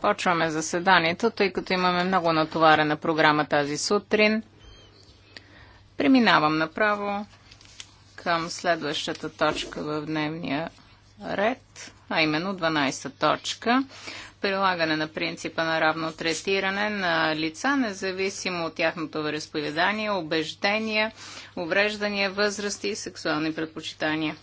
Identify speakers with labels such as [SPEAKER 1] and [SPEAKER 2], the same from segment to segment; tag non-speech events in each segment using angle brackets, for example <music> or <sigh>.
[SPEAKER 1] Почваме заседанието, тъй като имаме много натоварена програма тази сутрин. Преминавам направо към следващата точка в дневния ред, а именно 12-та точка. Прилагане на принципа на равно третиране на лица, независимо от тяхното вероисповедание, убеждения, увреждания, възрасти и сексуални предпочитания.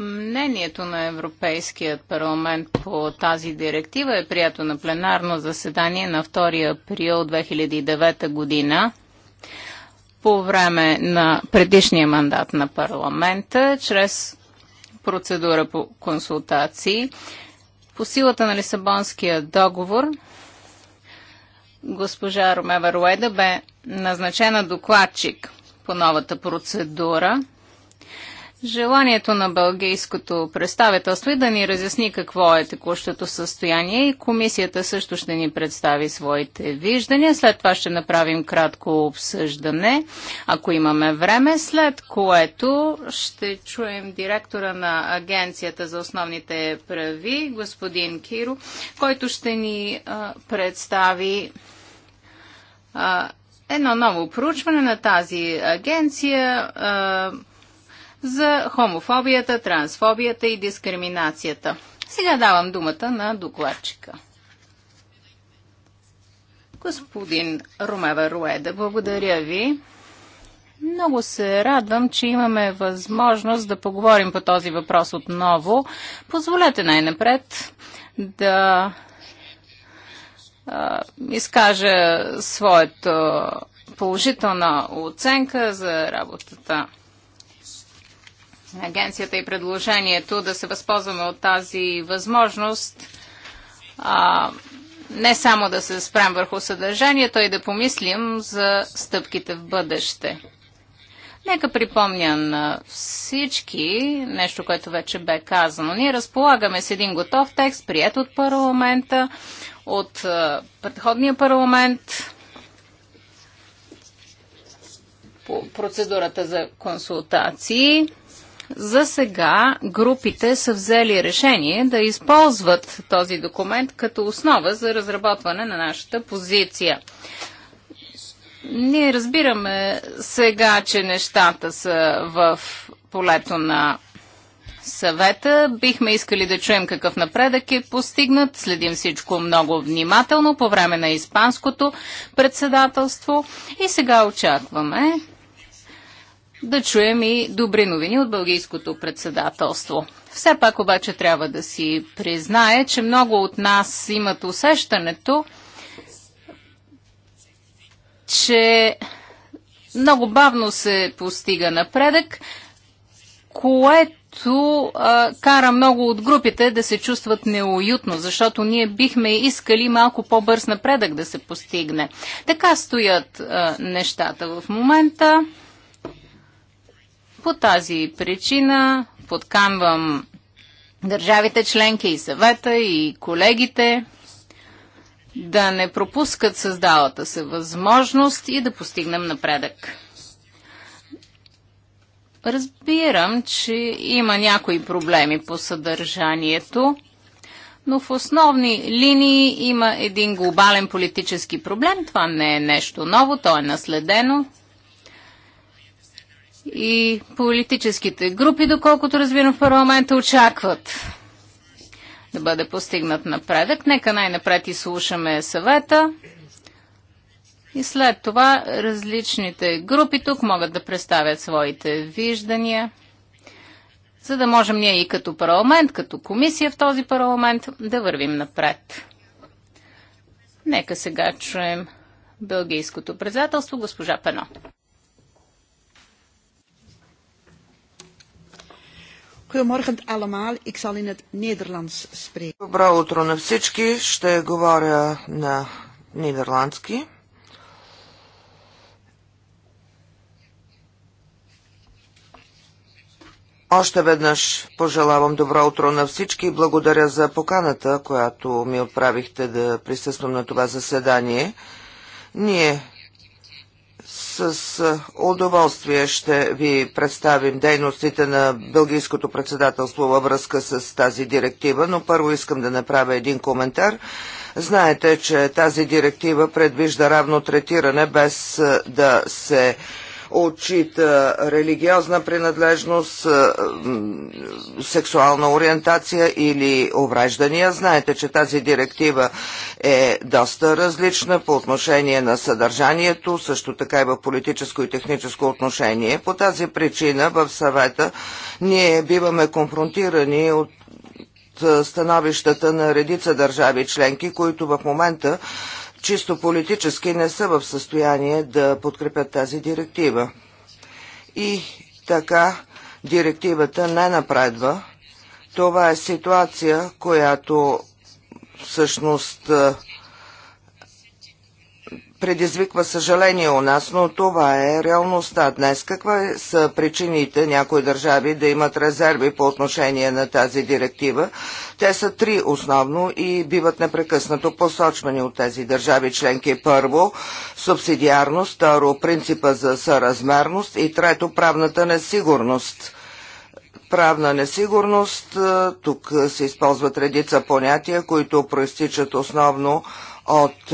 [SPEAKER 1] Мнението на Европейският парламент по тази директива е прието на пленарно заседание на 2 април 2009 година по време на предишния мандат на парламента, чрез процедура по консултации. По силата на Лисабонския договор, госпожа Ромева Руеда бе назначена докладчик по новата процедура – желанието на бългейското представителство е да ни разясни какво е текущото състояние и комисията също ще ни представи своите виждания. След това ще направим кратко обсъждане, ако имаме време, след което ще чуем директора на Агенцията за основните прави, господин Киро, който ще ни а, представи а, едно ново проучване на тази агенция. А, за хомофобията, трансфобията и дискриминацията. Сега давам думата на докладчика. Господин Ромева Руеда, благодаря ви. Много се радвам, че имаме възможност да поговорим по този въпрос отново. Позволете най-напред да а, изкажа своето положителна оценка за работата агенцията и предложението да се възползваме от тази възможност а, не само да се спрем върху съдържанието, и да помислим за стъпките в бъдеще. Нека припомня на всички нещо, което вече бе казано. Ние разполагаме с един готов текст, прият от парламента, от предходния парламент, по процедурата за консултации. За сега групите са взели решение да използват този документ като основа за разработване на нашата позиция. Ние разбираме сега, че нещата са в полето на съвета. Бихме искали да чуем какъв напредък е постигнат. Следим всичко много внимателно по време на испанското председателство и сега очакваме да чуем и добри новини от бългийското председателство. Все пак обаче трябва да си признае, че много от нас имат усещането, че много бавно се постига напредък, което а, кара много от групите да се чувстват неуютно, защото ние бихме искали малко по-бърз напредък да се постигне. Така стоят а, нещата в момента. По тази причина подканвам държавите членки и съвета и колегите да не пропускат създалата се възможност и да постигнем напредък. Разбирам, че има някои проблеми по съдържанието, но в основни линии има един глобален политически проблем. Това не е нещо ново, то е наследено и политическите групи, доколкото разбирам в парламента, очакват да бъде постигнат напредък. Нека най-напред слушаме съвета и след това различните групи тук могат да представят своите виждания, за да можем ние и като парламент, като комисия в този парламент да вървим напред. Нека сега чуем Белгийското председателство, госпожа Пено. Goedemorgen allemaal,
[SPEAKER 2] ik zal in het Nederlands spreken.
[SPEAKER 3] Добро утро на всички, ще говоря на нидерландски. Още веднъж пожелавам добро утро на всички и благодаря за поканата, която ми отправихте да присъствам на това заседание. Ние с удоволствие ще ви представим дейностите на Бългийското председателство във връзка с тази директива, но първо искам да направя един коментар. Знаете, че тази директива предвижда равно третиране без да се отчита религиозна принадлежност, сексуална ориентация или увреждания. Знаете, че тази директива е доста различна по отношение на съдържанието, също така и в политическо и техническо отношение. По тази причина в съвета ние биваме конфронтирани от становищата на редица държави членки, които в момента чисто политически не са в състояние да подкрепят тази директива. И така директивата не напредва. Това е ситуация, която всъщност предизвиква съжаление у нас, но това е реалността днес. Каква е- са причините някои държави да имат резерви по отношение на тази директива? Те са три основно и биват непрекъснато посочвани от тези държави членки. Първо, субсидиарност, второ, принципа за съразмерност и трето, правната несигурност правна несигурност. Тук се използват редица понятия, които проистичат основно от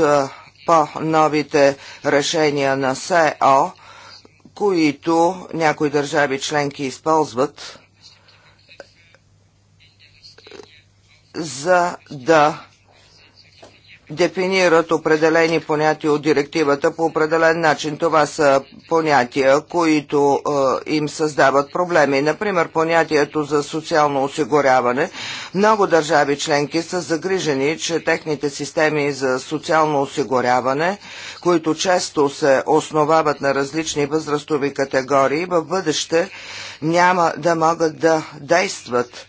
[SPEAKER 3] по новите решения на СЕО, които някои държави членки използват, за да дефинират определени понятия от директивата по определен начин. Това са понятия, които е, им създават проблеми. Например, понятието за социално осигуряване. Много държави членки са загрижени, че техните системи за социално осигуряване, които често се основават на различни възрастови категории, в бъдеще няма да могат да действат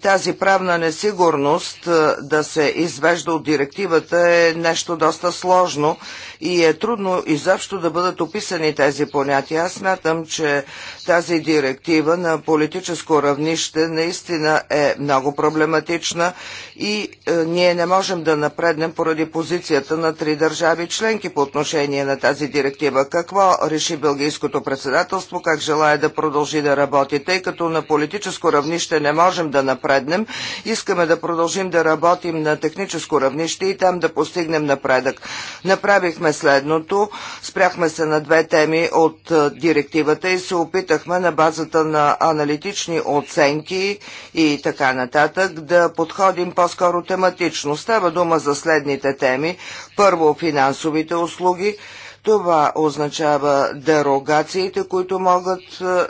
[SPEAKER 3] тази правна несигурност да се извежда от директивата е нещо доста сложно и е трудно изобщо да бъдат описани тези понятия. Аз смятам, че тази директива на политическо равнище наистина е много проблематична и ние не можем да напреднем поради позицията на три държави членки по отношение на тази директива. Какво реши Белгийското председателство, как желая да продължи да работи, тъй като на политическо равнище не можем да напреднем напреднем. Искаме да продължим да работим на техническо равнище и там да постигнем напредък. Направихме следното. Спряхме се на две теми от директивата и се опитахме на базата на аналитични оценки и така нататък да подходим по-скоро тематично. Става дума за следните теми. Първо финансовите услуги. Това означава дерогациите, които могат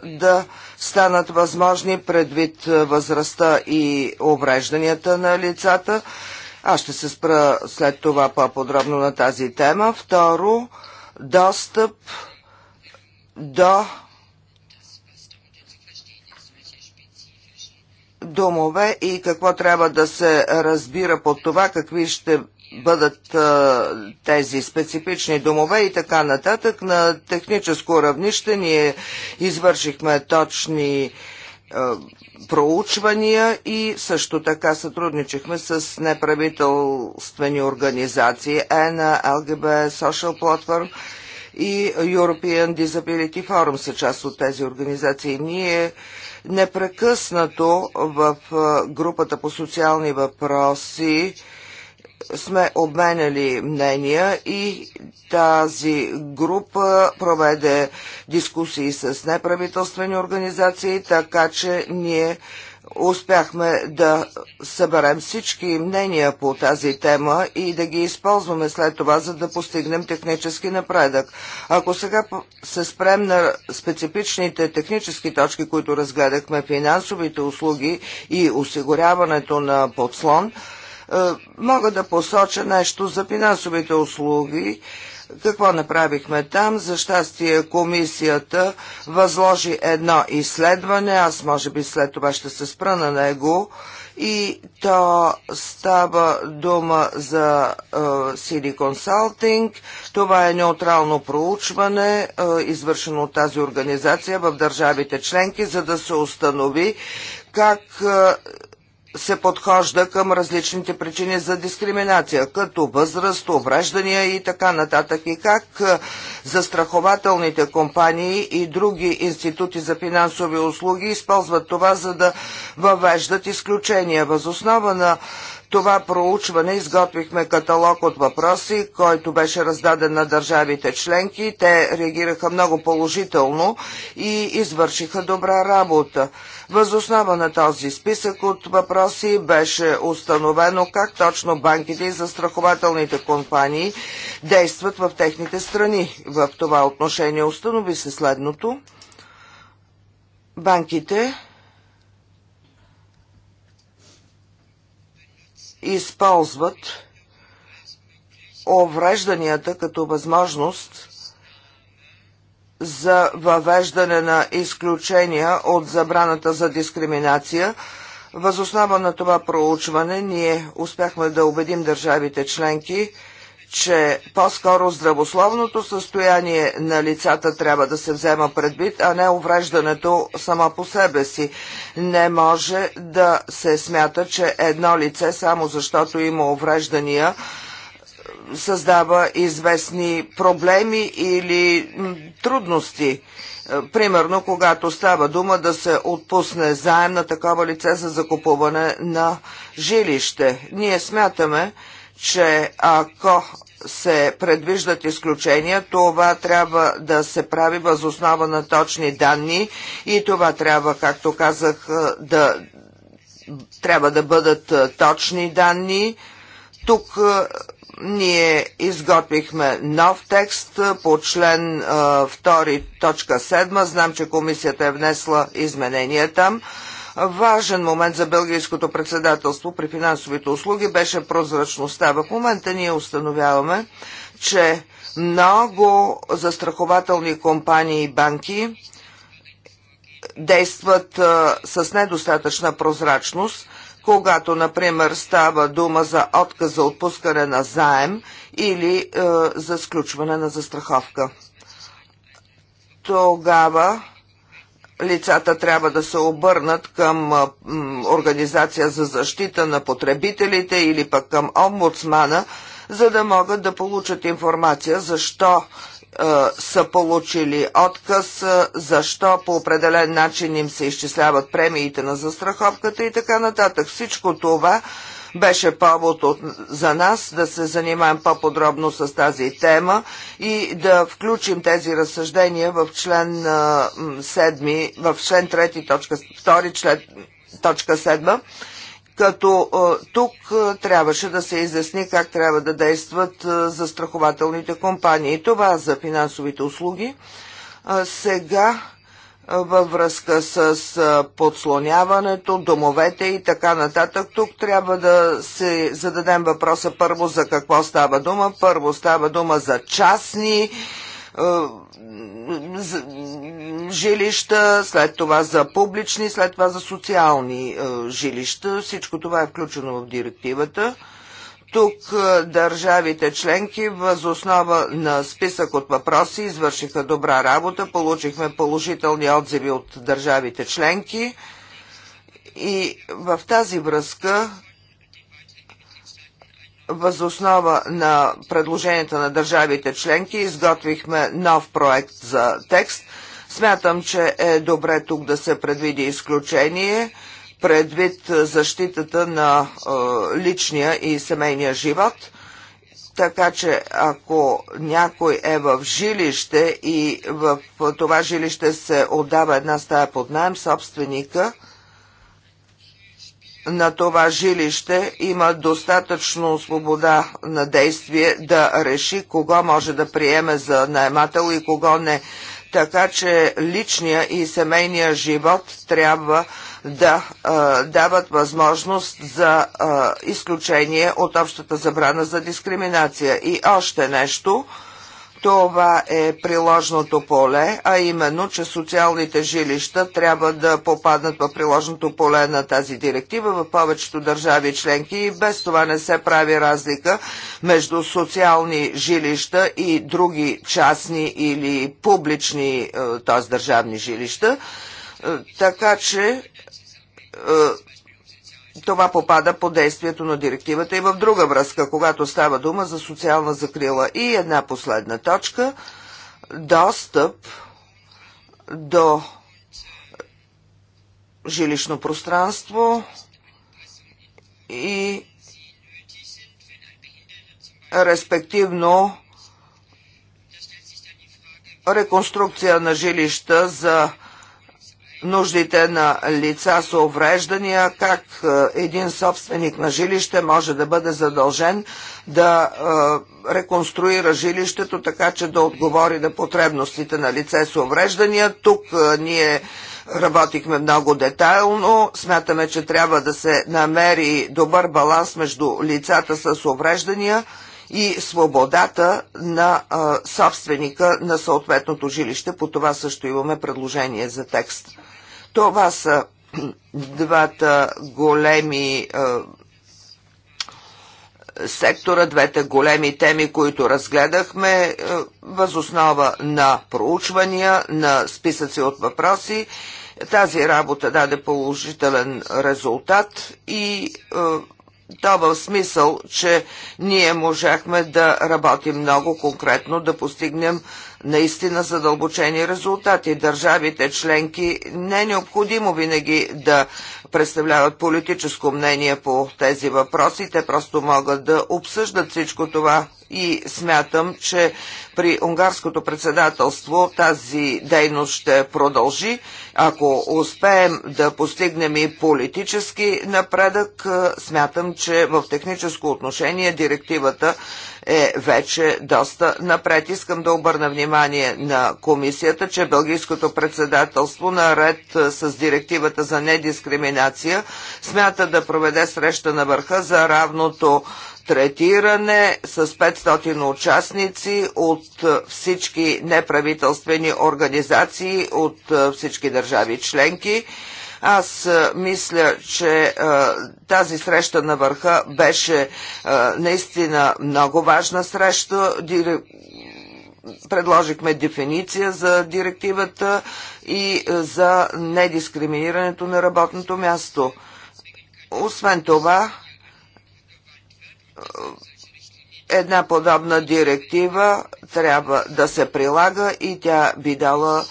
[SPEAKER 3] да станат възможни предвид е, възрастта и обрежданията на лицата. Аз ще се спра след това по-подробно на тази тема. Второ, достъп до домове и какво трябва да се разбира под това, какви ще бъдат тези специфични домове и така нататък. На техническо равнище ние извършихме точни проучвания и също така сътрудничихме с неправителствени организации ЕНА, ЛГБ, Social Platform и European Disability Forum са част от тези организации. Ние непрекъснато в групата по социални въпроси сме обменяли мнения и тази група проведе дискусии с неправителствени организации, така че ние успяхме да съберем всички мнения по тази тема и да ги използваме след това, за да постигнем технически напредък. Ако сега се спрем на специфичните технически точки, които разгледахме, финансовите услуги и осигуряването на подслон, е, мога да посоча нещо за финансовите услуги. Какво направихме там? За щастие комисията възложи едно изследване, аз може би след това ще се спра на него, и то става дума за CD е, Consulting. Това е неутрално проучване, е, извършено от тази организация в държавите членки, за да се установи как се подхожда към различните причини за дискриминация, като възраст, увреждания и така нататък, и как е, застрахователните компании и други институти за финансови услуги използват това, за да въвеждат изключения. Възоснова на това проучване изготвихме каталог от въпроси, който беше раздаден на държавите членки. Те реагираха много положително и извършиха добра работа. Възоснова на този списък от въпроси беше установено как точно банките и застрахователните компании действат в техните страни. В това отношение установи се следното. Банките използват уврежданията като възможност за въвеждане на изключения от забраната за дискриминация. Възоснова на това проучване ние успяхме да убедим държавите членки, че по-скоро здравословното състояние на лицата трябва да се взема предвид, а не увреждането само по себе си. Не може да се смята, че едно лице, само защото има увреждания, създава известни проблеми или трудности. Е, примерно, когато става дума да се отпусне заем на такова лице за закупуване на жилище. Ние смятаме, че ако се предвиждат изключения, това трябва да се прави възоснова на точни данни и това трябва, както казах, е, да трябва да бъдат е, точни данни. Тук ние изготвихме нов текст по член 2, 7. Знам, че комисията е внесла изменения там. Важен момент за бългийското председателство при финансовите услуги беше прозрачността. В момента ние установяваме, че много застрахователни компании и банки действат а, с недостатъчна прозрачност когато, например, става дума за отказ за отпускане на заем или е, за сключване на застраховка. Тогава лицата трябва да се обърнат към е, Организация за защита на потребителите или пък към омбудсмана, за да могат да получат информация защо е, са получили отказ, е, защо по определен начин им се изчисляват премиите на застраховката и така нататък. Всичко това беше повод от, за нас да се занимаем по-подробно с тази тема и да включим тези разсъждения в член 7, е, в член 3, точка 2, член, точка 7 като тук трябваше да се изясни как трябва да действат застрахователните компании. Това за финансовите услуги. Сега във връзка с подслоняването, домовете и така нататък. Тук трябва да се зададем въпроса първо за какво става дума. Първо става дума за частни жилища, след това за публични, след това за социални е, жилища. Всичко това е включено в директивата. Тук е, държавите членки възоснова на списък от въпроси извършиха добра работа, получихме положителни отзиви от държавите членки и в тази връзка Възоснова на предложенията на държавите членки изготвихме нов проект за текст – Смятам, че е добре тук да се предвиди изключение предвид защитата на е, личния и семейния живот – така че ако някой е в жилище и в това жилище се отдава една стая под найем, собственика на това жилище има достатъчно свобода на действие да реши кого може да приеме за наемател и кого не така че личния и семейния живот трябва да а, дават възможност за а, изключение от общата забрана за дискриминация. И още нещо – това е приложното поле, а именно, че социалните жилища трябва да попаднат в приложното поле на тази директива в повечето държави членки и без това не се прави разлика между социални жилища и други частни или публични, е, т.е. държавни жилища. Е, така че е, това попада по действието на директивата и в друга връзка, когато става дума за социална закрила. И една последна точка – достъп до жилищно пространство и респективно реконструкция на жилища за нуждите на лица с увреждания, как е, един собственик на жилище може да бъде задължен да е, реконструира жилището, така че да отговори на потребностите на лице с увреждания. Тук е, ние работихме много детайлно. Смятаме, че трябва да се намери добър баланс между лицата с увреждания и свободата на а, собственика на съответното жилище. По това също имаме предложение за текст. Това са <clears throat> двата големи сектора, двете големи теми, които разгледахме, възоснова на проучвания, на списъци от въпроси. Тази работа даде положителен резултат и то в смисъл, че ние можахме да работим много конкретно, да постигнем наистина задълбочени резултати. Държавите членки не е необходимо винаги да представляват политическо мнение по тези въпроси. Те просто могат да обсъждат всичко това и смятам, че при унгарското председателство тази дейност ще продължи. Ако успеем да постигнем и политически напредък, смятам, че в техническо отношение директивата е вече доста напред. Искам да обърна внимание на комисията, че Бългийското председателство наред с директивата за недискриминация смята да проведе среща на върха за равното третиране с 500 участници от всички неправителствени организации, от всички държави членки. Аз мисля, че тази среща на върха беше наистина много важна среща предложихме дефиниция за директивата и за недискриминирането на работното място. Освен това, една подобна директива трябва да се прилага и тя би дала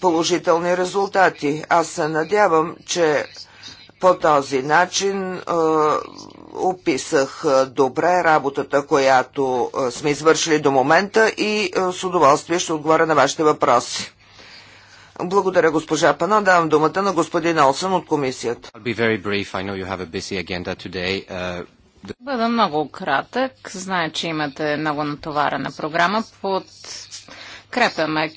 [SPEAKER 3] положителни резултати. Аз се надявам, че по този начин е, описах добре работата, която сме извършили до момента и е, с удоволствие ще отговоря на вашите въпроси. Благодаря, госпожа Пано. Давам думата на господин Олсен от комисията.
[SPEAKER 1] Uh, Бъда много кратък. Знае, че имате много натоварена програма. Под подкрепяме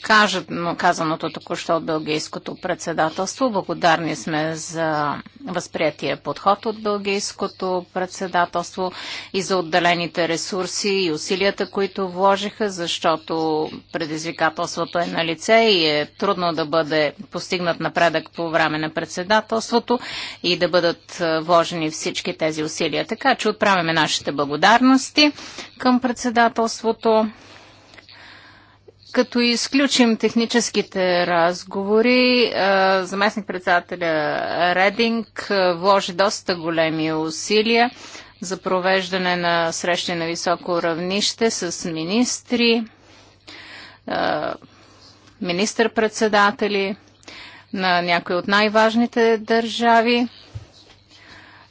[SPEAKER 1] казаното току-що от Белгийското председателство. Благодарни сме за възприятие подход от Белгийското председателство и за отделените ресурси и усилията, които вложиха, защото предизвикателството е на лице и е трудно да бъде постигнат напредък по време на председателството и да бъдат е, вложени всички тези усилия. Така че отправяме нашите благодарности към председателството. Като изключим техническите разговори, заместник-председателя Рединг вложи доста големи усилия за провеждане на срещи на високо равнище с министри, министър-председатели на някои от най-важните държави,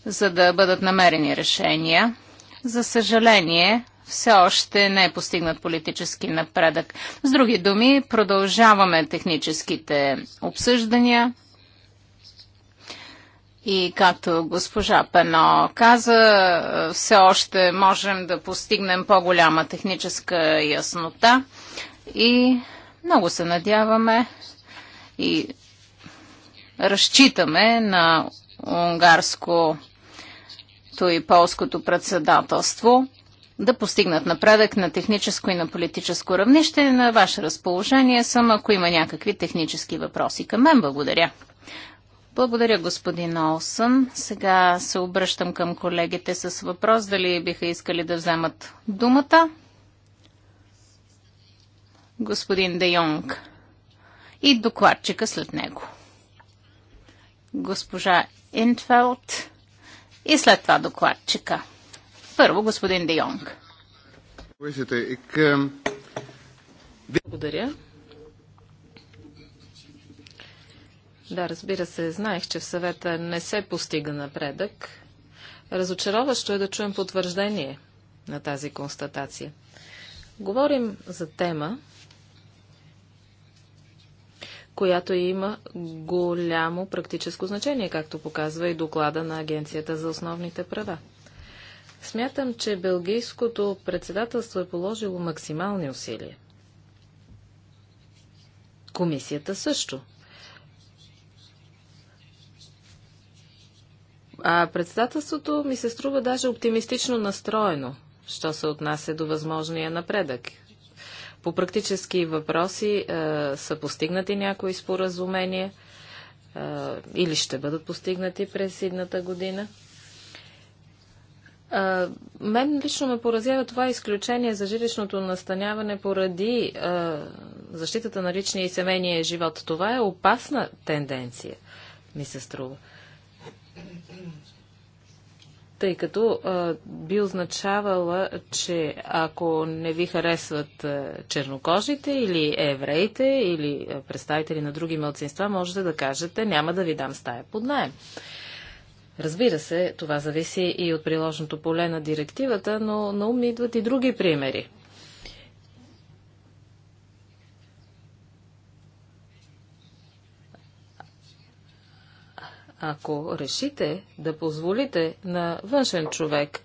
[SPEAKER 1] за да бъдат намерени решения. За съжаление, все още не е постигнат политически напредък. С други думи, продължаваме техническите обсъждания. И както госпожа Пено каза, все още можем да постигнем по-голяма техническа яснота и много се надяваме и разчитаме на унгарското и полското председателство да постигнат напредък на техническо и на политическо равнище. На ваше разположение съм, ако има някакви технически въпроси към мен. Благодаря. Благодаря, господин Олсън. Сега се обръщам към колегите с въпрос дали биха искали да вземат думата. Господин Де Йонг и докладчика след него. Госпожа Интфелт, и след това докладчика. Първо, господин Де Йонг.
[SPEAKER 3] Благодаря.
[SPEAKER 2] Да, разбира се, знаех, че в съвета не се постига напредък. Разочароващо е да чуем потвърждение на тази констатация. Говорим за тема, която има голямо практическо значение, както показва и доклада на Агенцията за основните права. Смятам, че Белгийското председателство е положило максимални усилия. Комисията също. А председателството ми се струва даже оптимистично настроено, що се отнася до възможния напредък. По практически въпроси е, са постигнати някои споразумения е, или ще бъдат постигнати през едната година. А, мен лично ме поразява това изключение за жилищното настаняване поради а, защитата на личния и семейния живот. Това е опасна тенденция, ми се струва. Тъй като а, би означавала, че ако не ви харесват а, чернокожите или евреите или представители на други мълцинства, можете да кажете няма да ви дам стая под найем. Разбира се, това зависи и от приложното поле на директивата, но на ум идват и други примери. Ако решите да позволите на външен човек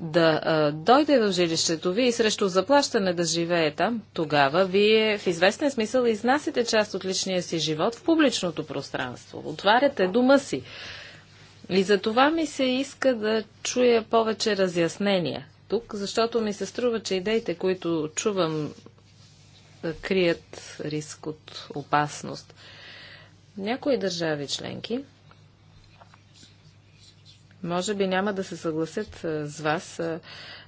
[SPEAKER 2] да а, дойде в жилището ви и срещу заплащане да живее там, тогава вие в известен смисъл изнасяте част от личния си живот в публичното пространство. Отваряте дома си и за това ми се иска да чуя повече разяснения тук, защото ми се струва, че идеите, които чувам, крият риск от опасност. Някои държави членки може би няма да се съгласят с вас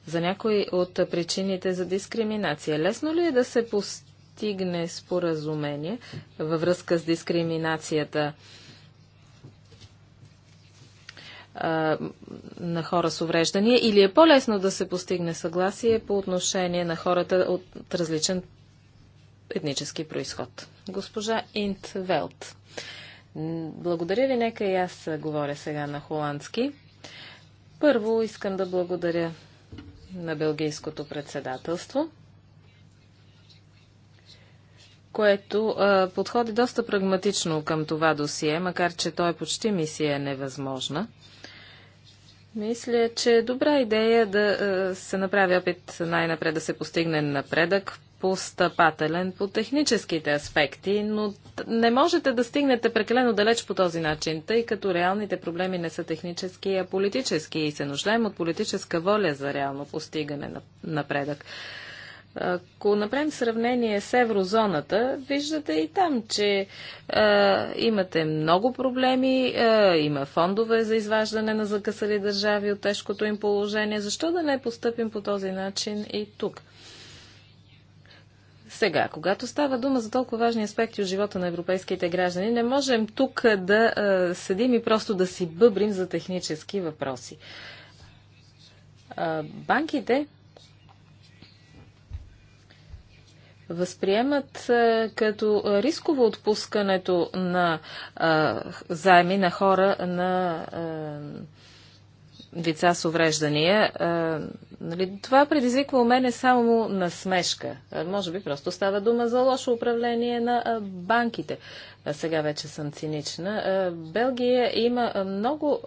[SPEAKER 2] за някои от причините за дискриминация. Лесно ли е да се постигне споразумение във връзка с дискриминацията? а, на хора с увреждания или е по-лесно да се постигне съгласие по отношение на хората от различен етнически происход. Госпожа Инт Велт. Благодаря ви, нека и аз говоря сега на холандски. Първо искам да благодаря на Белгийското председателство, което а, подходи доста прагматично към това досие, макар че то е почти мисия невъзможна. Мисля, че е добра идея да е, се направи опит най-напред да се постигне напредък постъпателен по техническите аспекти, но не можете да стигнете прекалено далеч по този начин, тъй като реалните проблеми не са технически, а политически и се нуждаем от политическа воля за реално постигане на напредък. Ако направим сравнение с еврозоната, виждате и там, че а, е, имате много проблеми, а, е, има фондове за изваждане на закъсали държави от тежкото им положение. Защо да не поступим по този начин и тук? Сега, когато става дума за толкова важни аспекти от живота на европейските граждани, не можем тук да а, е, седим и просто да си бъбрим за технически въпроси. А, банките възприемат е, като рисково отпускането на заеми на хора на е, деца с увреждания. Нали, това предизвиква у мене само смешка. Може би просто става дума за лошо управление на банките. Сега вече съм цинична. Белгия има много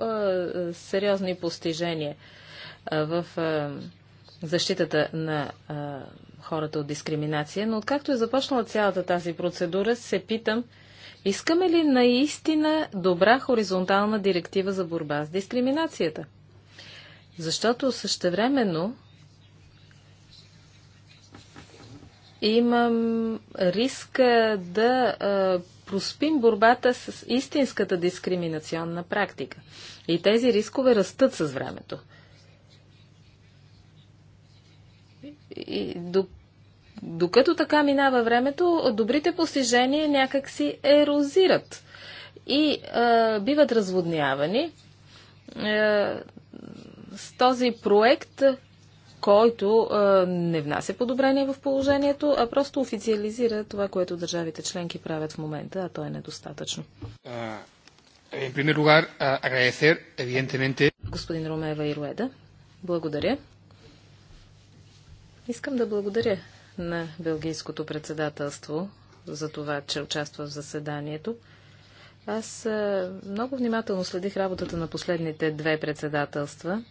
[SPEAKER 2] сериозни постижения в защитата на хората от дискриминация, но откакто е започнала цялата тази процедура, се питам, искаме ли наистина добра хоризонтална директива за борба с дискриминацията? Защото същевременно имам риск да проспим борбата с истинската дискриминационна практика. И тези рискове растат с времето. И до докато така минава времето, добрите постижения някак си ерозират и е, биват разводнявани Е, с този проект, който е, не внася подобрение в положението, а просто официализира това, което държавите членки правят в момента, а то е недостатъчно. En primer lugar, agradecer, evidentemente. Господин Ромева и Руеда, благодаря. Искам да благодаря на Белгийското председателство за това, че участва в заседанието. Аз много внимателно следих работата на последните две председателства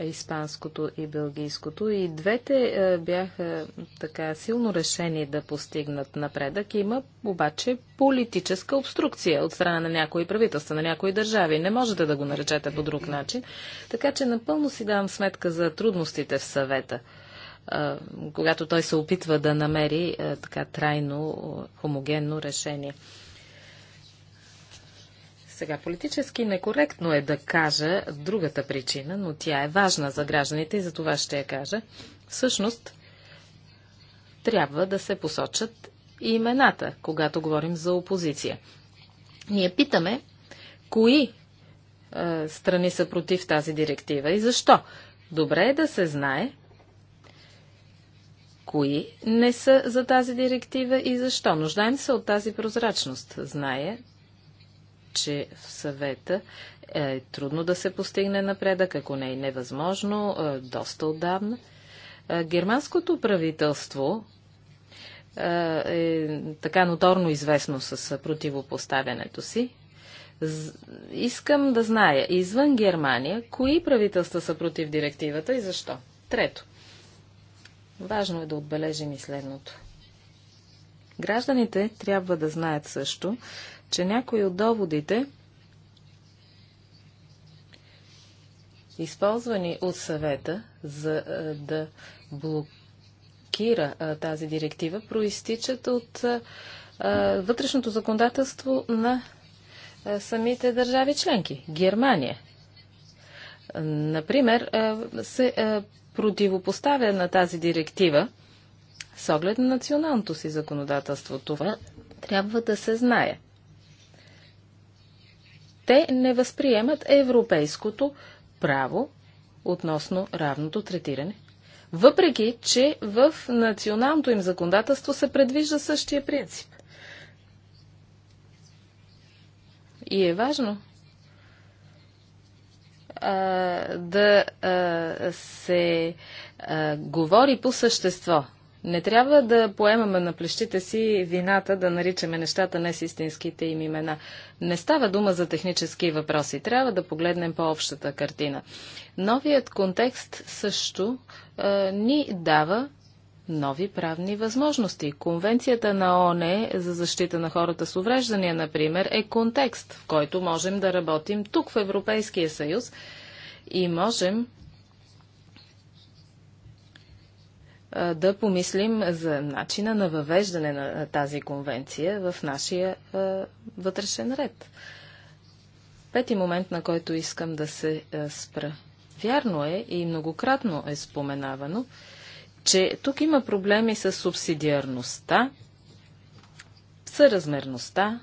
[SPEAKER 2] испанското и белгийското. И двете бяха така силно решени да постигнат напредък. Има обаче политическа обструкция от страна на някои правителства, на някои държави. Не можете да го наречете по друг начин. Така че напълно си давам сметка за трудностите в съвета когато той се опитва да намери така трайно, хомогенно решение. Сега, политически некоректно е да кажа другата причина, но тя е важна за гражданите и за това ще я кажа. Всъщност, трябва да се посочат и имената, когато говорим за опозиция. Ние питаме, кои е, страни са против тази директива и защо. Добре е да се знае, кои не са за тази директива и защо. Нуждаем се от тази прозрачност. Зная, че в съвета е трудно да се постигне напредък, ако не е невъзможно, е, доста отдавна. Е, германското правителство е, е така ноторно известно с противопоставянето си. Искам да зная, извън Германия, кои правителства са против директивата и защо? Трето. Важно е да отбележим и следното. Гражданите трябва да знаят също, че някои от доводите, използвани от съвета за да блокира тази директива, проистичат от вътрешното законодателство на самите държави членки. Германия. Например, се противопоставя на тази директива с оглед на националното си законодателство. Това трябва да се знае. Те не възприемат европейското право относно равното третиране. Въпреки, че в националното им законодателство се предвижда същия принцип. И е важно да се говори по същество. Не трябва да поемаме на плещите си вината да наричаме нещата не с истинските им имена. Не става дума за технически въпроси. Трябва да погледнем по-общата картина. Новият контекст също а, ни дава нови правни възможности. Конвенцията на ОНЕ за защита на хората с увреждания, например, е контекст, в който можем да работим тук в Европейския съюз и можем да помислим за начина на въвеждане на тази конвенция в нашия вътрешен ред. Пети момент, на който искам да се спра. Вярно е и многократно е споменавано, че тук има проблеми с субсидиарността, съразмерността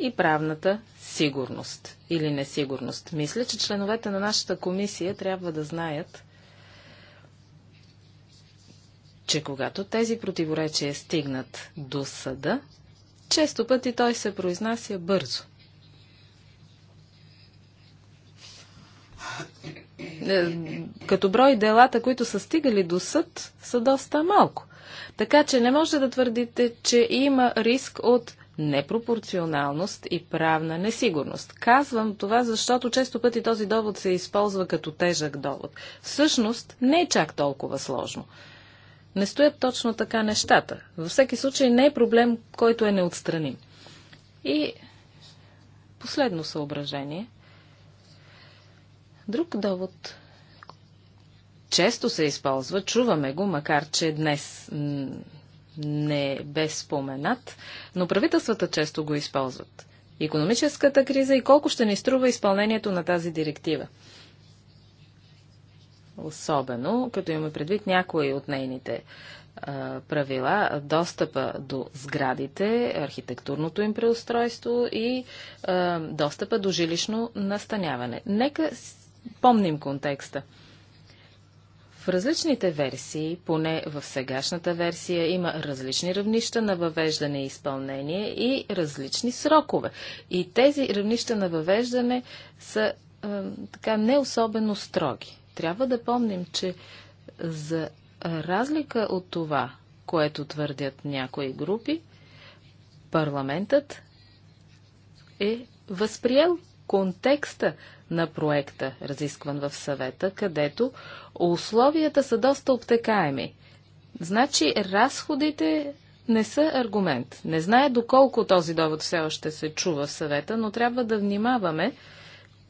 [SPEAKER 2] и правната сигурност или несигурност. Мисля, че членовете на нашата комисия трябва да знаят, че когато тези противоречия стигнат до съда, често пъти той се произнася бързо. Е, като брой делата, които са стигали до съд, са доста малко. Така че не може да твърдите, че има риск от непропорционалност и правна несигурност. Казвам това, защото често пъти този довод се използва като тежък довод. Всъщност не е чак толкова сложно. Не стоят точно така нещата. Във всеки случай не е проблем, който е неотстраним. И последно съображение. Друг довод често се използва, чуваме го, макар че днес не е без споменат, но правителствата често го използват. Економическата криза и колко ще ни струва изпълнението на тази директива. Особено, като имаме предвид някои от нейните а, правила, достъпа до сградите, архитектурното им преустройство и а, достъпа до жилищно настаняване. Нека помним контекста. В различните версии, поне в сегашната версия, има различни равнища на въвеждане и изпълнение и различни срокове. И тези равнища на въвеждане са е, така не особено строги. Трябва да помним, че за разлика от това, което твърдят някои групи, парламентът е възприел контекста на проекта, разискван в съвета, където условията са доста обтекаеми. Значи разходите не са аргумент. Не знае доколко този довод все още се чува в съвета, но трябва да внимаваме,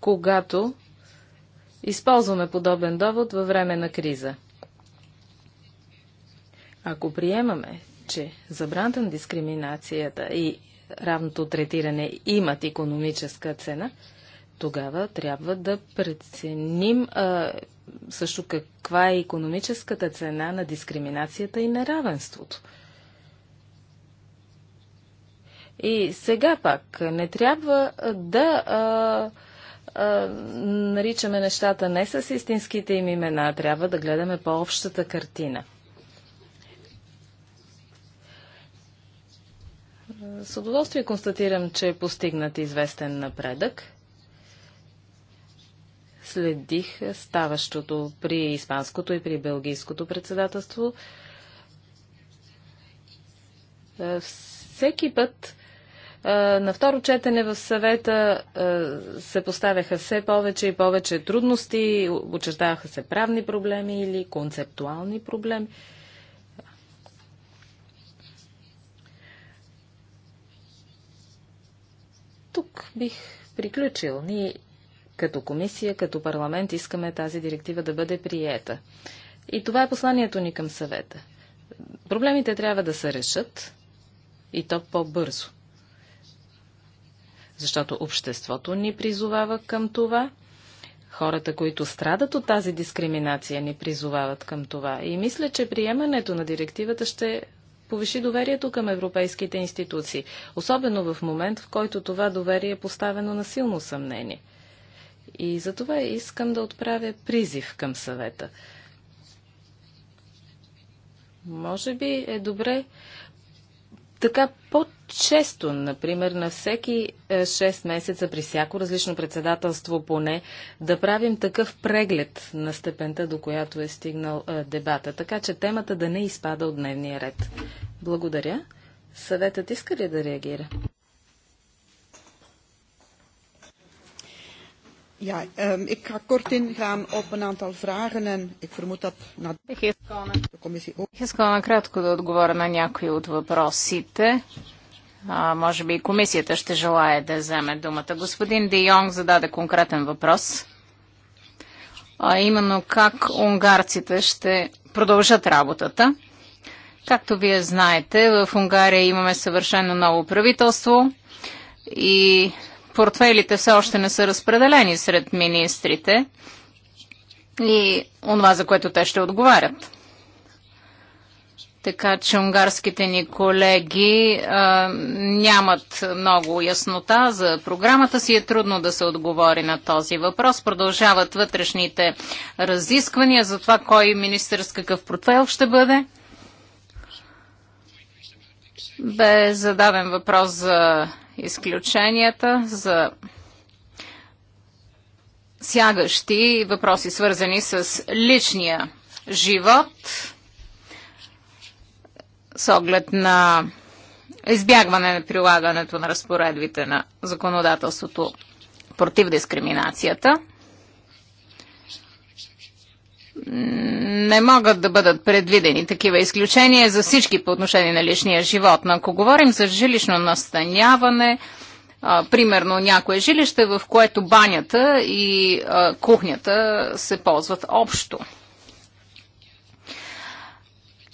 [SPEAKER 2] когато използваме подобен довод във време на криза. Ако приемаме, че забраната на дискриминацията и равното третиране имат економическа цена, тогава трябва да преценим а, също каква е економическата цена на дискриминацията и неравенството. И сега пак не трябва да а, а, наричаме нещата не с истинските им имена, трябва да гледаме по-общата картина. С удоволствие констатирам, че е постигнат известен напредък – следих ставащото при испанското и при белгийското председателство. Е, всеки път е, на второ четене в съвета е, се поставяха все повече и повече трудности, очертаваха се правни проблеми или концептуални проблеми. Тук бих приключил. Ние като комисия, като парламент искаме тази директива да бъде приета. И това е посланието ни към съвета. Проблемите трябва да се решат и то по-бързо. Защото обществото ни призовава към това, хората, които страдат от тази дискриминация, ни призовават към това. И мисля, че приемането на директивата ще повиши доверието към европейските институции, особено в момент, в който това доверие е поставено на силно съмнение – и за това искам да отправя призив към съвета. Може би е добре така по-често, например, на всеки 6 е, месеца при всяко различно председателство поне, да правим такъв преглед на степента, до която е стигнал е, дебата, така че темата да не изпада от дневния ред. Благодаря. Съветът иска ли да реагира?
[SPEAKER 3] Ja, um, ik ga kort ingaan op een aantal vragen en ik vermoed dat на... Бих искала, на... комисия...
[SPEAKER 1] искала накратко да отговоря на някои от въпросите. А, може би и комисията ще желая да вземе думата. Господин Де Йонг зададе конкретен въпрос, а именно как унгарците ще продължат работата. Както вие знаете, в Унгария имаме съвършено ново правителство и портфелите все още не са разпределени сред министрите и онова, за което те ще отговарят. Така че унгарските ни колеги а, нямат много яснота за програмата си. Е трудно да се отговори на този въпрос. Продължават вътрешните разисквания за това кой министър с какъв портфел ще бъде. Бе зададен въпрос за изключенията за сягащи въпроси, свързани с личния живот, с оглед на избягване на прилагането на разпоредбите на законодателството против дискриминацията – не могат да бъдат предвидени такива изключения за всички по отношение на личния живот. Но ако говорим за жилищно настаняване, а, примерно някое жилище, в което банята и а, кухнята се ползват общо.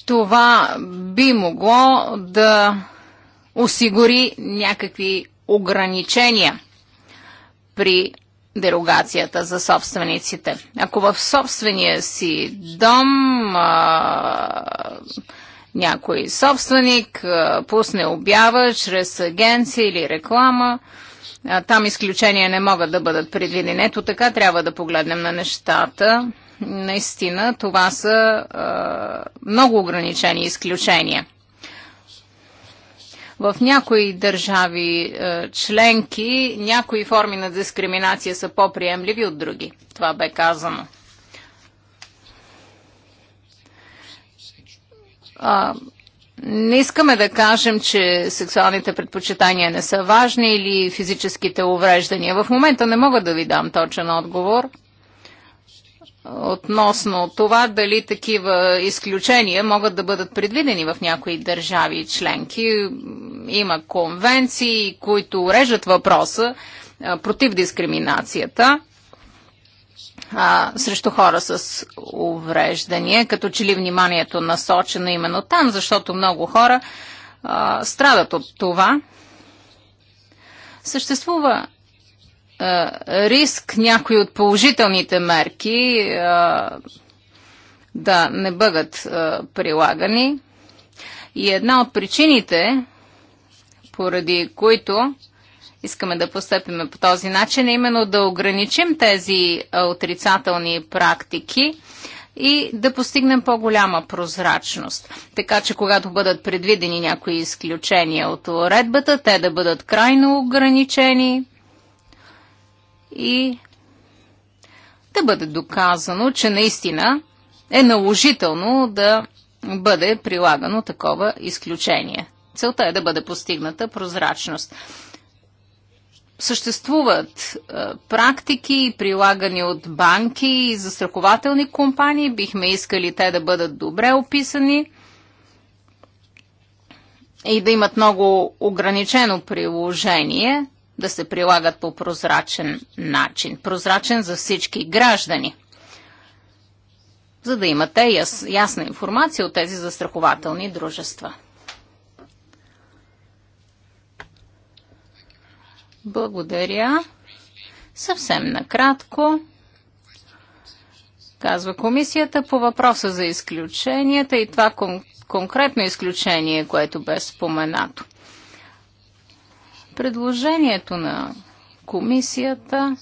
[SPEAKER 1] Това би могло да осигури някакви ограничения при дерогацията за собствениците. Ако в собствения си дом а, някой собственик а, пусне обява чрез агенция или реклама, а, там изключения не могат да бъдат предвидени. Ето така трябва да погледнем на нещата. Наистина, това са а, много ограничени изключения. В някои държави е, членки някои форми на дискриминация са по-приемливи от други. Това бе казано. А, не искаме да кажем, че сексуалните предпочитания не са важни или физическите увреждания. В момента не мога да ви дам точен отговор относно това дали такива изключения могат да бъдат предвидени в някои държави и членки. Има конвенции, които режат въпроса против дискриминацията а, срещу хора с увреждания, като че ли вниманието насочено именно там, защото много хора а, страдат от това. Съществува е, риск някои от положителните мерки е, да не бъдат е, прилагани. И една от причините, поради които искаме да постъпиме по този начин, е именно да ограничим тези отрицателни практики и да постигнем по-голяма прозрачност. Така че когато бъдат предвидени някои изключения от уредбата, те да бъдат крайно ограничени, и да бъде доказано, че наистина е наложително да бъде прилагано такова изключение. Целта е да бъде постигната прозрачност. Съществуват е, практики, прилагани от банки и застрахователни компании. Бихме искали те да бъдат добре описани и да имат много ограничено приложение – да се прилагат по прозрачен начин. Прозрачен за всички граждани. За да имате яс, ясна информация от тези застрахователни дружества. Благодаря. Съвсем накратко. Казва комисията по въпроса за изключенията и това кон- конкретно изключение, което бе споменато. Предложението на комисията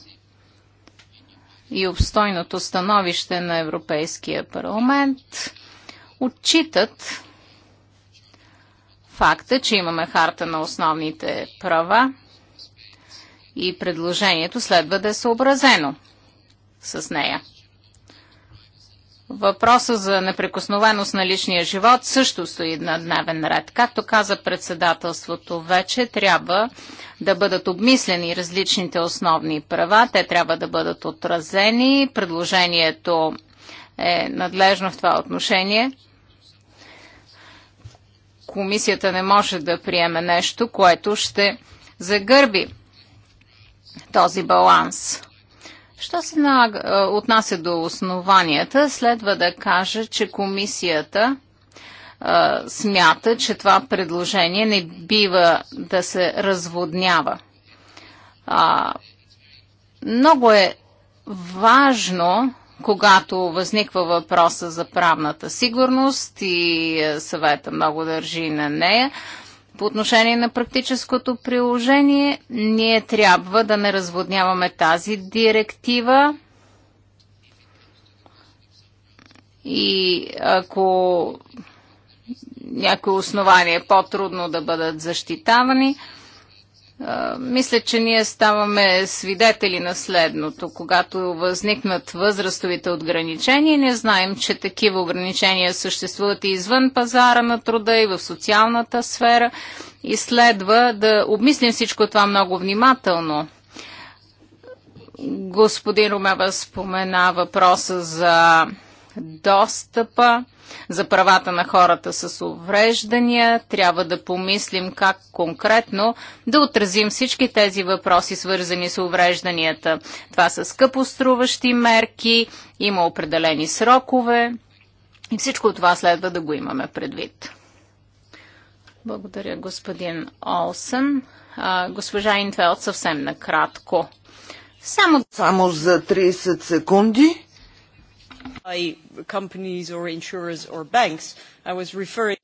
[SPEAKER 1] и обстойното становище на Европейския парламент отчитат факта, че имаме харта на основните права и предложението следва да е съобразено с нея. Въпроса за неприкосновеност на личния живот също стои на дневен ред. Както каза председателството вече, трябва да бъдат обмислени различните основни права. Те трябва да бъдат отразени. Предложението е надлежно в това отношение. Комисията не може да приеме нещо, което ще загърби този баланс. Що се на, отнася до основанията, следва да кажа, че комисията а, смята, че това предложение не бива да се разводнява. А, много е важно, когато възниква въпроса за правната сигурност и съвета много държи на нея, по отношение на практическото приложение, ние трябва да не разводняваме тази директива. И ако някои основания е по-трудно да бъдат защитавани, мисля, че ние ставаме свидетели на следното. Когато възникнат възрастовите ограничения, не знаем, че такива ограничения съществуват и извън пазара на труда и в социалната сфера. И следва да обмислим всичко това много внимателно. Господин Румева спомена въпроса за достъпа за правата на хората с увреждания. Трябва да помислим как конкретно да отразим всички тези въпроси, свързани с уврежданията. Това са скъпоструващи мерки, има определени срокове и всичко това следва да го имаме предвид. Благодаря, господин Олсън. А, госпожа Интвелт съвсем накратко.
[SPEAKER 3] Само... Само за 30 секунди.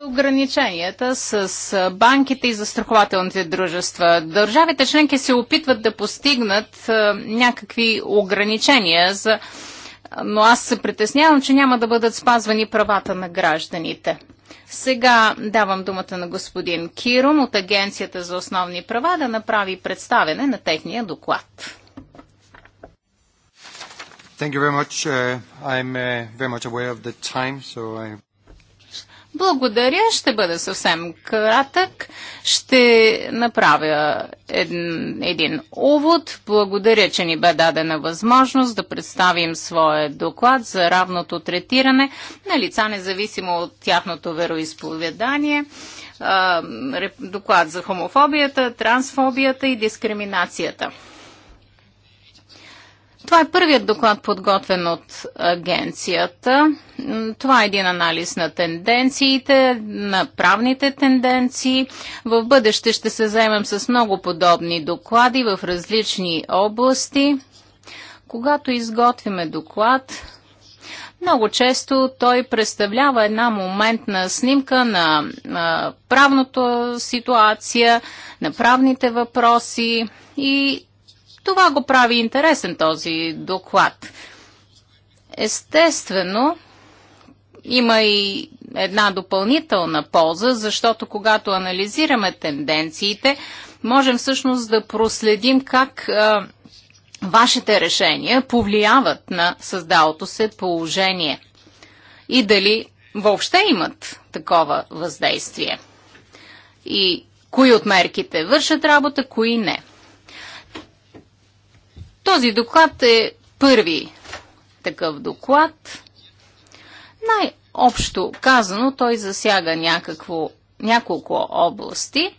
[SPEAKER 1] Ограниченията с банките и застрахователните дружества. Държавите членки се опитват да постигнат някакви ограничения за но аз се притеснявам, че няма да бъдат спазвани правата на гражданите. Сега давам думата на господин Киром от Агенцията за основни права да направи представене на техния доклад. Thank you very much. Uh, I'm uh, very much aware of the time, so I... Благодаря, ще бъда съвсем кратък. Ще направя един, един увод. Благодаря, че ни бе дадена възможност да представим своя доклад за равното третиране на лица, независимо от тяхното вероисповедание доклад за хомофобията, трансфобията и дискриминацията. Това е първият доклад, подготвен от агенцията. Това е един анализ на тенденциите, на правните тенденции. В бъдеще ще се займем с много подобни доклади в различни области. Когато изготвиме доклад, много често той представлява една моментна снимка на, на правната ситуация, на правните въпроси и това го прави интересен този доклад. Естествено, има и една допълнителна полза, защото когато анализираме тенденциите, можем всъщност да проследим как а, вашите решения повлияват на създалото се положение и дали въобще имат такова въздействие. И кои от мерките вършат работа, кои не. Този доклад е първи такъв доклад. Най-общо казано, той засяга някакво, няколко области.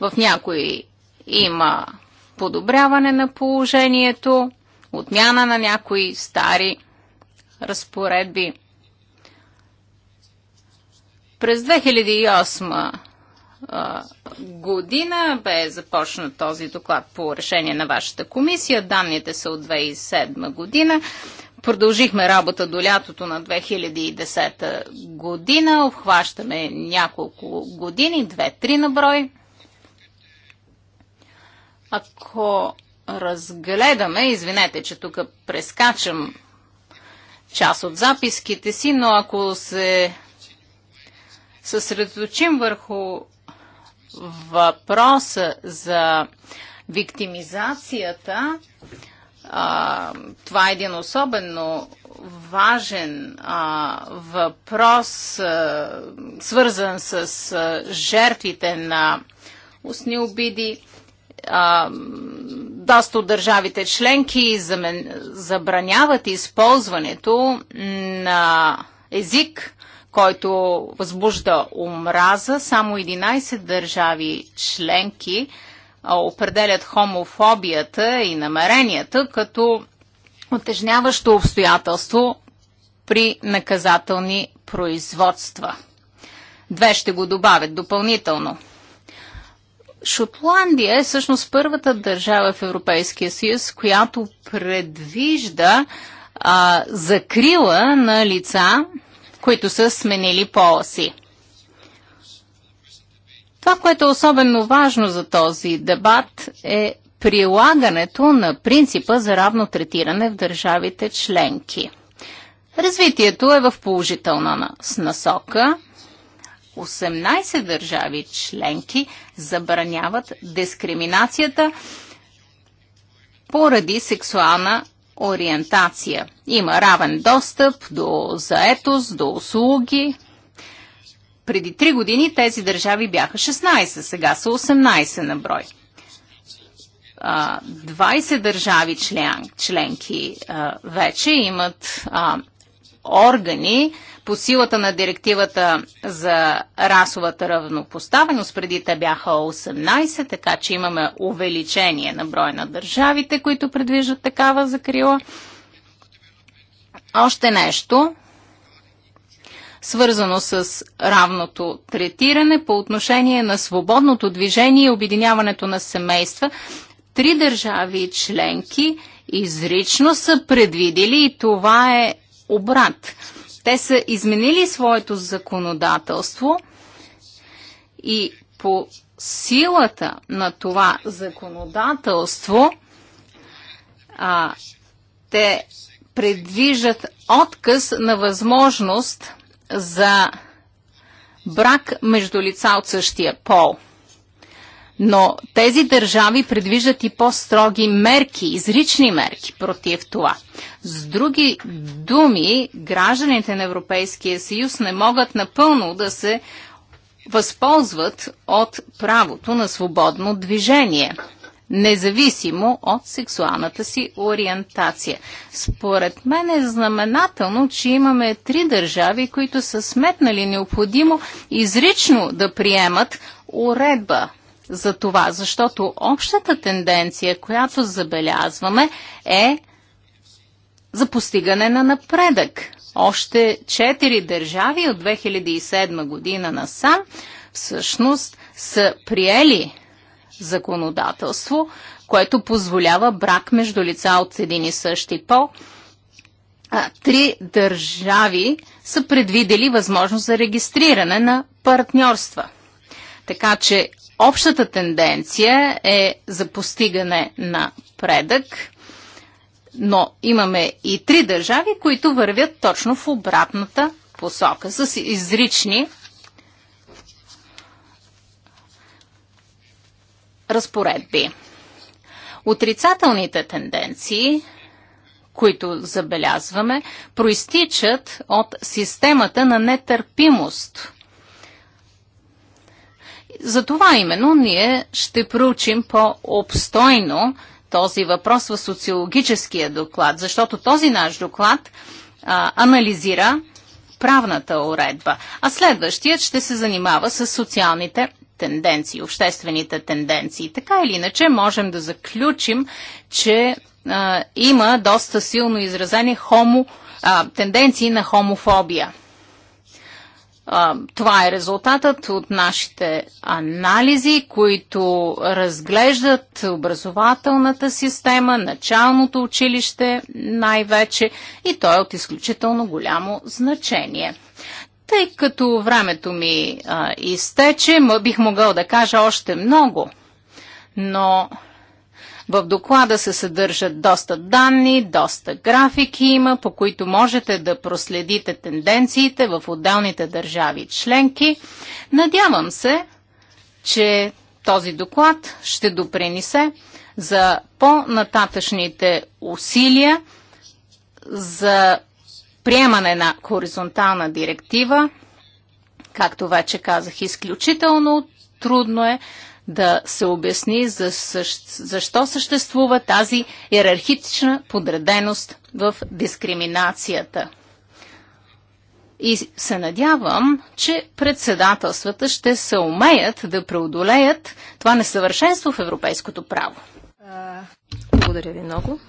[SPEAKER 1] В някои има подобряване на положението, отмяна на някои стари разпоредби. През 2008 година бе започнат този доклад по решение на вашата комисия. Данните са от 2007 година. Продължихме работа до лятото на 2010 година. Обхващаме няколко години, две-три на брой. Ако разгледаме, извинете, че тук прескачам част от записките си, но ако се съсредоточим върху въпроса за виктимизацията, а, това е един особено важен а, въпрос, а, свързан с а, жертвите на устни обиди. А, доста от държавите членки замен, забраняват използването на език, който възбужда омраза. Само 11 държави членки определят хомофобията и намеренията като отежняващо обстоятелство при наказателни производства. Две ще го добавят допълнително. Шотландия е всъщност първата държава в Европейския съюз, която предвижда а, закрила на лица, които са сменили пола си. Това, което е особено важно за този дебат е прилагането на принципа за равно третиране в държавите членки. Развитието е в положителна насока. 18 държави членки забраняват дискриминацията поради сексуална ориентация. Има равен достъп до заетост, до услуги. Преди три години тези държави бяха 16, сега са 18 на брой. 20 държави член, членки вече имат органи, по силата на директивата за расовата равнопоставеност. Преди те бяха 18, така че имаме увеличение на броя на държавите, които предвиждат такава закрила. Още нещо, свързано с равното третиране по отношение на свободното движение и обединяването на семейства. Три държави членки изрично са предвидели и това е обрат те са изменили своето законодателство и по силата на това законодателство а, те предвижат отказ на възможност за брак между лица от същия пол – но тези държави предвиждат и по-строги мерки, изрични мерки против това. С други думи, гражданите на Европейския съюз не могат напълно да се възползват от правото на свободно движение независимо от сексуалната си ориентация. Според мен е знаменателно, че имаме три държави, които са сметнали необходимо изрично да приемат уредба за това, защото общата тенденция, която забелязваме е за постигане на напредък. Още четири държави от 2007 година насам всъщност са приели законодателство, което позволява брак между лица от един и същи пол. Три държави са предвидели възможност за регистриране на партньорства. Така че общата тенденция е за постигане на предък, но имаме и три държави, които вървят точно в обратната посока, с изрични разпоредби. Отрицателните тенденции, които забелязваме, проистичат от системата на нетърпимост – за това именно ние ще проучим по-обстойно този въпрос в социологическия доклад, защото този наш доклад а, анализира правната уредба, а следващият ще се занимава с социалните тенденции, обществените тенденции. Така или иначе можем да заключим, че а, има доста силно изразени хомо, а, тенденции на хомофобия – това е резултатът от нашите анализи, които разглеждат образователната система, началното училище най-вече и то е от изключително голямо значение. Тъй като времето ми а, изтече, бих могъл да кажа още много, но в доклада се съдържат доста данни, доста графики има, по които можете да проследите тенденциите в отделните държави членки. Надявам се, че този доклад ще допринесе за по-нататъчните усилия за приемане на хоризонтална директива. Както вече казах, изключително трудно е да се обясни за същ... защо съществува тази иерархична подреденост в дискриминацията. И се надявам, че председателствата ще се умеят да преодолеят това несъвършенство в европейското право. Благодаря ви много.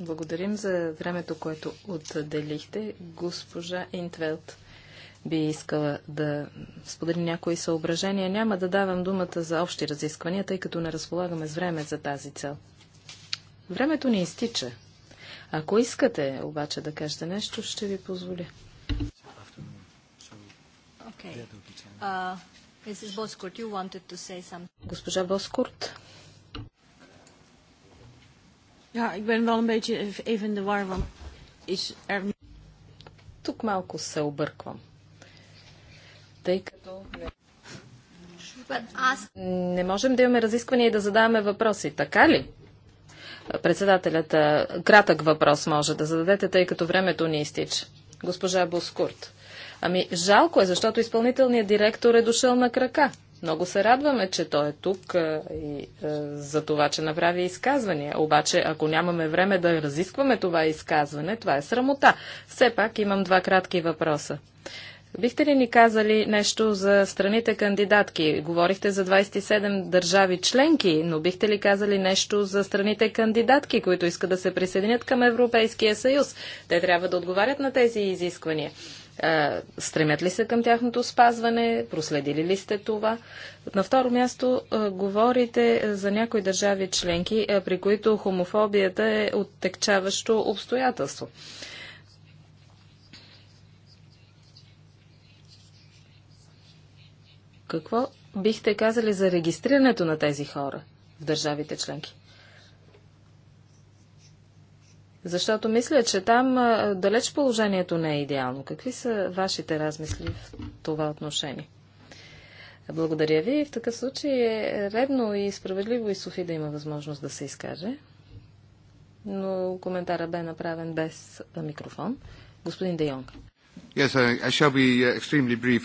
[SPEAKER 2] Благодарим за времето, което отделихте, госпожа Интвелт би искала да сподели някои съображения. Няма да давам думата за общи разисквания, тъй като не разполагаме с време за тази цел. Времето ни изтича. Ако искате обаче да кажете нещо, ще ви позволя. Okay. Uh, Госпожа Боскурт. Ja, ik ben wel een beetje even in de war, want is er... Тук малко се обърквам тъй като не можем да имаме разисквания и да задаваме въпроси, така ли? Председателят, кратък въпрос може да зададете, тъй като времето ни изтича. Госпожа Боскурт. Ами, жалко е, защото изпълнителният директор е дошъл на крака. Много се радваме, че той е тук и за това, че направи изказвания. Обаче, ако нямаме време да разискваме това изказване, това е срамота. Все пак имам два кратки въпроса. Бихте ли ни казали нещо за страните кандидатки? Говорихте за 27 държави членки, но бихте ли казали нещо за страните кандидатки, които искат да се присъединят към Европейския съюз? Те трябва да отговарят на тези изисквания. стремят ли се към тяхното спазване? Проследили ли сте това? На второ място говорите за някои държави членки, при които хомофобията е оттекчаващо обстоятелство. Какво бихте казали за регистрирането на тези хора в държавите членки? Защото мисля, че там далеч положението не е идеално. Какви са вашите размисли в това отношение? Благодаря ви. В такъв случай е редно и справедливо и Софи да има възможност да се изкаже. Но коментара бе направен без микрофон. Господин Де Йонг.
[SPEAKER 3] Yes, I shall be uh, extremely brief.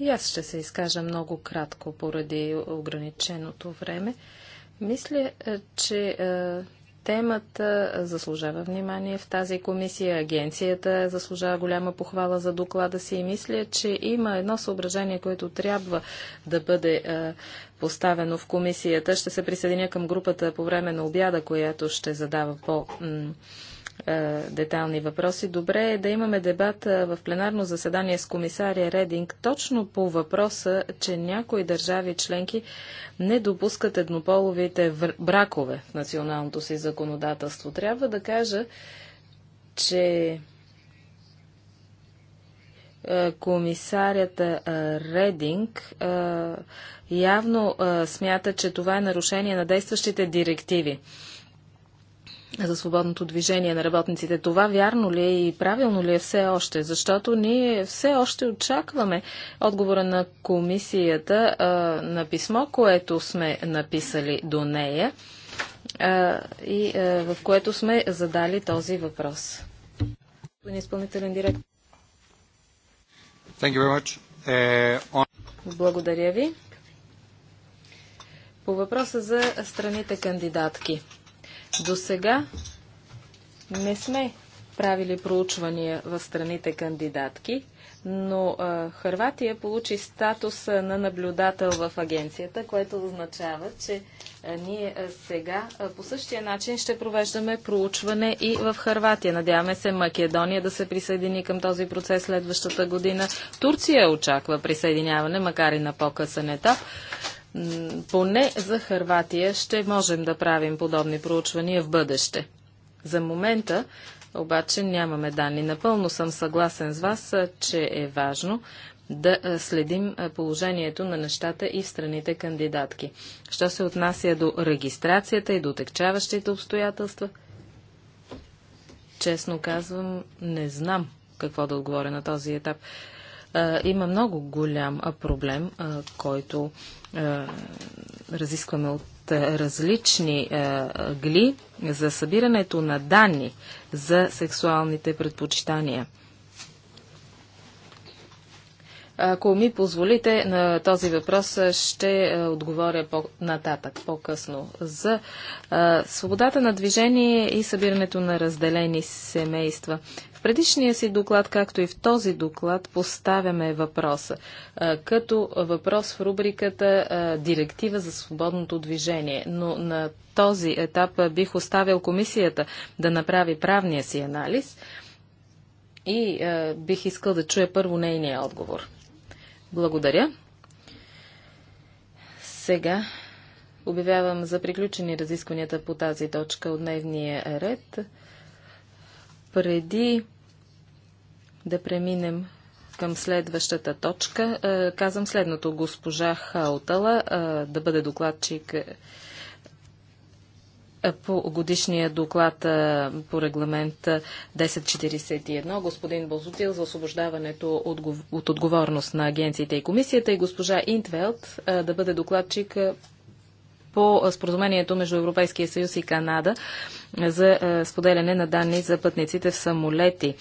[SPEAKER 2] И аз ще се изкажа много кратко поради ограниченото време. Мисля, е, че е, темата заслужава внимание в тази комисия. Агенцията заслужава голяма похвала за доклада си и мисля, че има едно съображение, което трябва да бъде е, поставено в комисията. Ще се присъединя към групата по време на обяда, която ще задава по- е, детални въпроси. Добре е да имаме дебат е, в пленарно заседание с комисария Рединг точно по въпроса, че някои държави членки не допускат еднополовите бракове в националното си законодателство. Трябва да кажа, че е, комисарията Рединг явно смята, че това е нарушение на действащите директиви за свободното движение на работниците. Това вярно ли е и правилно ли е все още? Защото ние все още очакваме отговора на комисията а, на писмо, което сме написали до нея а, и а, в което сме задали този въпрос. Изпълнителен директор. Uh, Благодаря ви. По въпроса за страните кандидатки. До сега не сме правили проучвания в страните кандидатки, но а, Харватия получи статус на наблюдател в агенцията, което означава, че а, ние а, сега а, по същия начин ще провеждаме проучване и в Харватия. Надяваме се Македония да се присъедини към този процес следващата година. Турция очаква присъединяване, макар и на по-късен етап. Поне за Харватия ще можем да правим подобни проучвания в бъдеще. За момента обаче нямаме данни. Напълно съм съгласен с вас, че е важно да следим положението на нещата и в страните кандидатки. Що се отнася до регистрацията и до текчаващите обстоятелства? Честно казвам, не знам какво да отговоря на този етап има много голям проблем, който разискваме от различни гли за събирането на данни за сексуалните предпочитания. Ако ми позволите, на този въпрос ще отговоря по-нататък, по-късно. За свободата на движение и събирането на разделени семейства. В предишния си доклад, както и в този доклад, поставяме въпроса като въпрос в рубриката Директива за свободното движение. Но на този етап бих оставил комисията да направи правния си анализ и бих искал да чуя първо нейния отговор. Благодаря. Сега обявявам за приключени разискванията по тази точка от дневния ред. Преди да преминем към следващата точка, е, казвам следното. Госпожа Хаутала е, да бъде докладчик е, по годишния доклад по регламент 1041, господин Бозутил за освобождаването от, от отговорност на агенциите и комисията и госпожа Интвелт да бъде докладчик по споразумението между Европейския съюз и Канада за споделяне на данни за пътниците в самолети.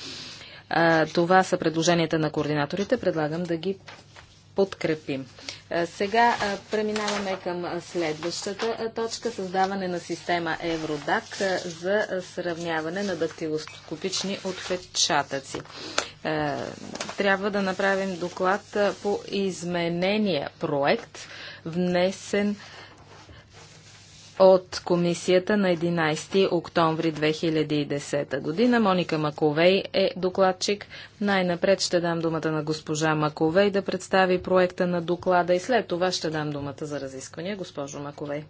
[SPEAKER 2] Това са предложенията на координаторите. Предлагам да ги подкрепим. Сега преминаваме към следващата точка създаване на система Евродак за сравняване на дактилоскопични отпечатъци. Трябва да направим доклад по изменения проект, внесен от комисията на 11 октомври 2010 година. Моника Маковей е докладчик. Най-напред ще дам думата на госпожа Маковей да представи проекта на доклада и след това ще дам думата за разисквания. Госпожо Маковей.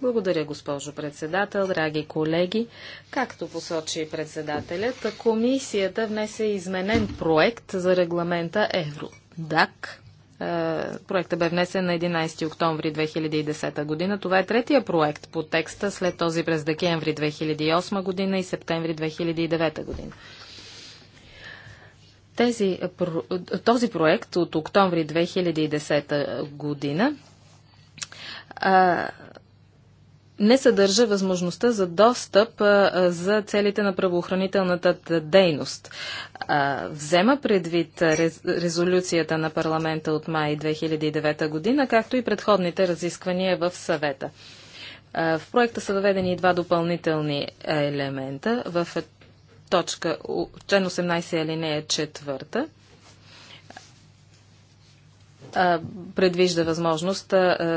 [SPEAKER 2] Благодаря, госпожо председател, драги колеги. Както посочи председателят, комисията внесе изменен проект за регламента Евро. ДАК е, проектът бе внесен на 11 октомври 2010 година. Това е третия проект по текста след този през декември 2008 година и септември 2009 година. Тези, е, е, този проект от октомври 2010 година а, не съдържа възможността за достъп а, за целите на правоохранителната дейност. А, взема предвид рез, резолюцията на парламента от май 2009 година, както и предходните разисквания в съвета. А, в проекта са въведени два допълнителни елемента в е, точка, член 18 алинея 4 предвижда възможност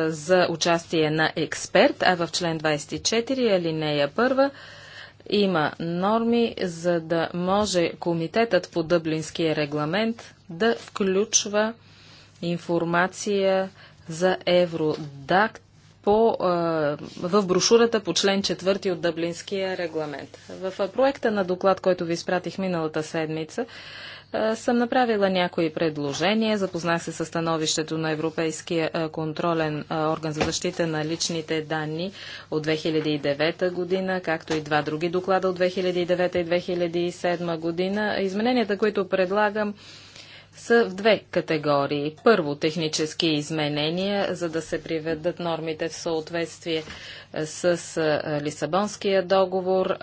[SPEAKER 2] за участие на експерт, а в член 24, алинея 1, има норми, за да може комитетът по Дъблинския регламент да включва информация за Евродакт по, в брошурата по член 4 от Дъблинския регламент. В проекта на доклад, който ви изпратих миналата седмица, е, съм направила някои предложения. Запознах се с становището на Европейския е, контролен е, орган за защита на личните данни от 2009 година, както и два други доклада от 2009 и 2007 година. Измененията, които предлагам, са в две категории. Първо, технически изменения, за да се приведат нормите в съответствие е, с е, Лисабонския договор, е,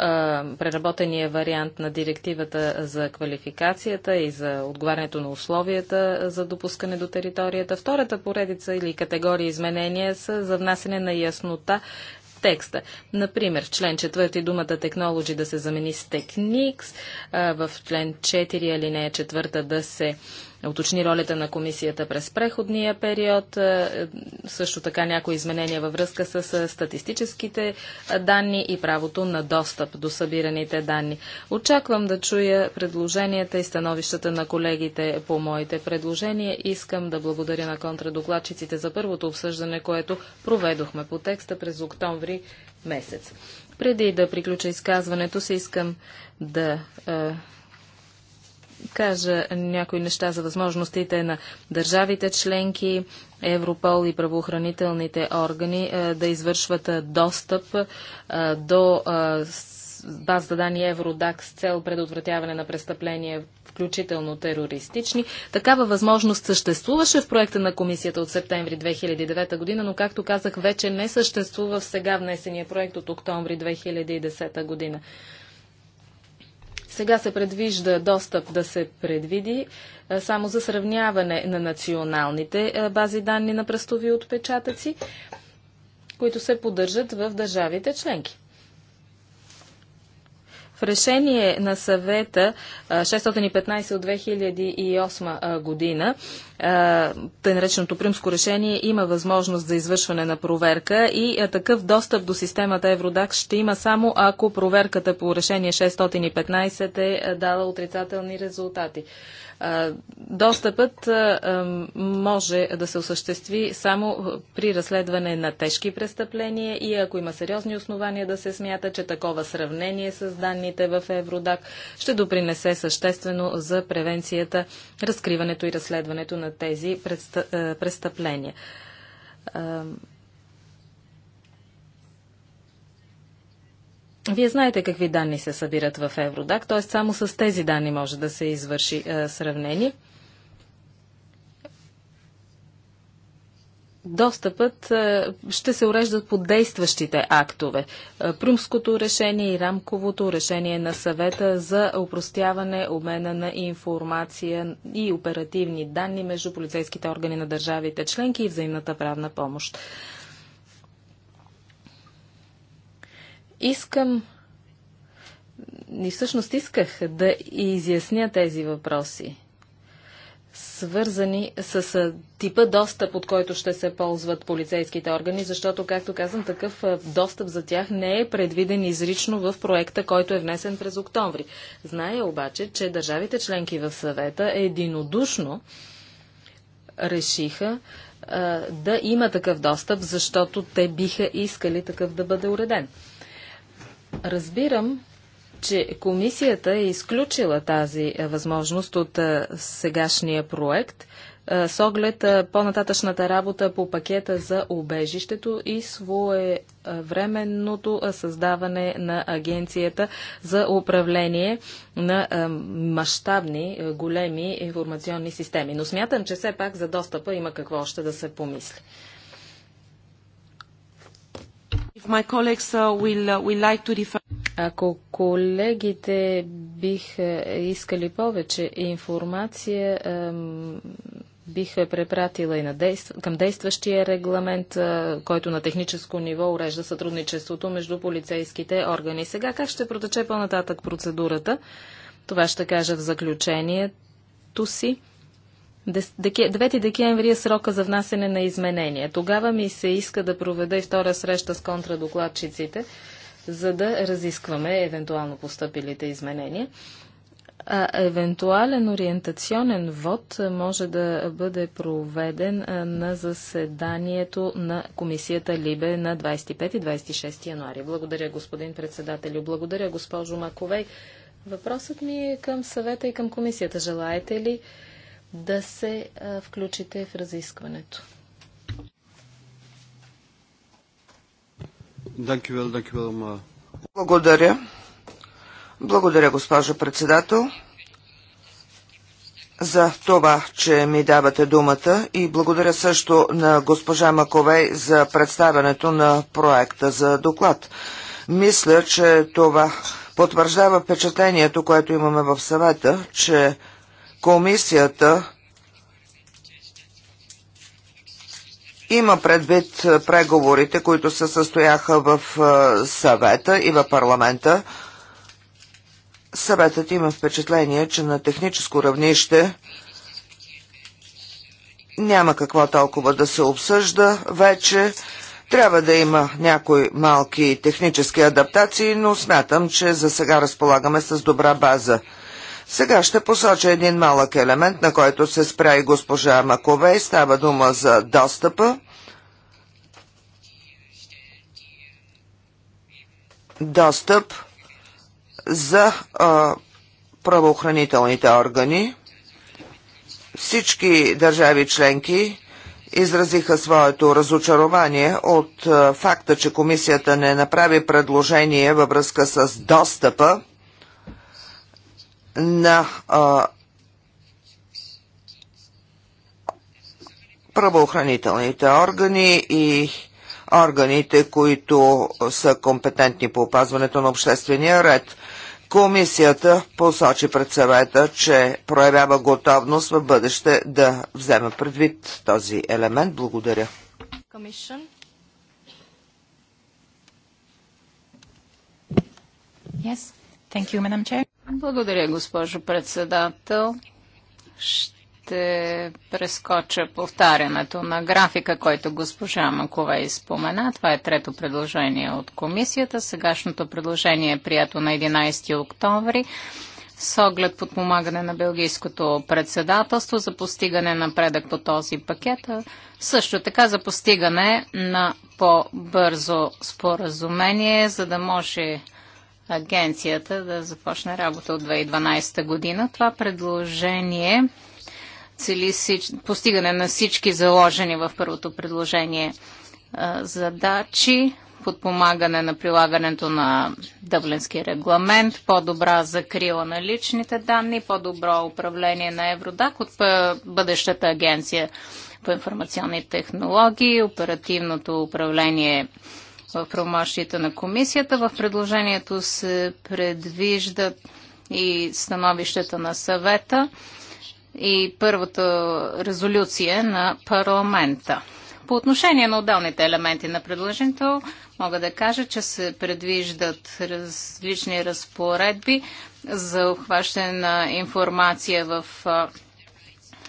[SPEAKER 2] преработения вариант на директивата за квалификацията и за отговарянето на условията за допускане до територията. Втората поредица или категория изменения са за внасене на яснота текста. Например, в член 4 думата Technology да се замени с техникс, в член 4 алинея 4 да се уточни ролята на комисията през преходния период, е, също така някои изменения във връзка с е, статистическите е, данни и правото на достъп до събираните данни. Очаквам да чуя предложенията и становищата на колегите по моите предложения. Искам да благодаря на контрадокладчиците за първото обсъждане, което проведохме по текста през октомври месец. Преди да приключа изказването си, искам да е, кажа някои неща за възможностите на държавите членки, Европол и правоохранителните органи е, да извършват е, достъп е, до база данни Евродак с цел предотвратяване на престъпления, включително терористични. Такава възможност съществуваше в проекта на комисията от септември 2009 година, но както казах, вече не съществува в сега внесения проект от октомври 2010 година. Сега се предвижда достъп да се предвиди е, само за сравняване на националните е, бази данни на пръстови отпечатъци, които се поддържат в държавите членки. В решение на съвета 615 от 2008 година, тъй нареченото примско решение, има възможност за извършване на проверка и такъв достъп до системата Евродак ще има само ако проверката по решение 615 е дала отрицателни резултати. Достъпът може да се осъществи само при разследване на тежки престъпления и ако има сериозни основания да се смята, че такова сравнение с данните в Евродак ще допринесе съществено за превенцията, разкриването и разследването на тези престъпления. Вие знаете какви данни се събират в Евродак, т.е. само с тези данни може да се извърши е, сравнение. Достъпът е, ще се уреждат по действащите актове. Е, Прумското решение и рамковото решение на съвета за упростяване обмена на информация и оперативни данни между полицейските органи на държавите членки и взаимната правна помощ. Искам и всъщност исках да изясня тези въпроси, свързани с типа достъп, от който ще се ползват полицейските органи, защото, както казвам, такъв достъп за тях не е предвиден изрично в проекта, който е внесен през октомври. Зная обаче, че държавите членки в съвета единодушно решиха а, да има такъв достъп, защото те биха искали такъв да бъде уреден. Разбирам, че комисията е изключила тази е, възможност от е, сегашния проект е, с оглед по-нататъчната работа по пакета за обежището и своевременното създаване на Агенцията за управление на мащабни, големи информационни системи. Но смятам, че все пак за достъпа има какво още да се помисли.
[SPEAKER 3] Uh,
[SPEAKER 2] uh, Ако колегите бих е, искали повече информация, бих е препратила и на действ... към действащия регламент, който на техническо ниво урежда сътрудничеството между полицейските органи. Сега как ще протече по-нататък процедурата? Това ще кажа в заключението си. 9 декември е срока за внасене на изменения. Тогава ми се иска да проведа и втора среща с контрадокладчиците, за да разискваме евентуално поступилите изменения. А, евентуален ориентационен вод може да бъде проведен на заседанието на комисията Либе на 25 и 26 януари. Благодаря, господин председателю. Благодаря, госпожо Маковей. Въпросът ми е към съвета и към комисията. Желаете ли? да се включите в разискването.
[SPEAKER 3] Благодаря. Благодаря, госпожо председател, за това, че ми давате думата и благодаря също на госпожа Маковей за представянето на проекта за доклад. Мисля, че това потвърждава впечатлението, което имаме в съвета, че Комисията Има предвид преговорите, които се състояха в съвета и в парламента. Съветът има впечатление, че на техническо равнище няма какво толкова да се обсъжда вече. Трябва да има някои малки технически адаптации, но смятам, че за сега разполагаме с добра база. Сега ще посоча един малък елемент, на който се спря и госпожа Маковей. Става дума за достъпа. Достъп за а, правоохранителните органи. Всички държави членки изразиха своето разочарование от а, факта, че комисията не направи предложение във връзка с достъпа на а, правоохранителните органи и органите, които са компетентни по опазването на обществения ред. Комисията посочи пред съвета, че проявява готовност в бъдеще да вземе предвид този елемент. Благодаря.
[SPEAKER 1] Yes. You, благодаря, госпожо председател. Ще прескоча повтарянето на графика, който госпожа Макова изпомена. Това е трето предложение от комисията. Сегашното предложение е прието на 11 октомври с оглед подпомагане на Белгийското председателство за постигане на предък по този пакет, а също така за постигане на по-бързо споразумение, за да може агенцията да започне работа от 2012 година. Това предложение цели сич... постигане на всички заложени в първото предложение задачи, подпомагане на прилагането на Дъблински регламент, по-добра закрила на личните данни, по-добро управление на Евродак от бъдещата агенция по информационни технологии, оперативното управление в правомощията на комисията. В предложението се предвиждат и становищата на съвета и първата резолюция на парламента. По отношение на отделните елементи на предложението, мога да кажа, че се предвиждат различни разпоредби за обхващане на информация в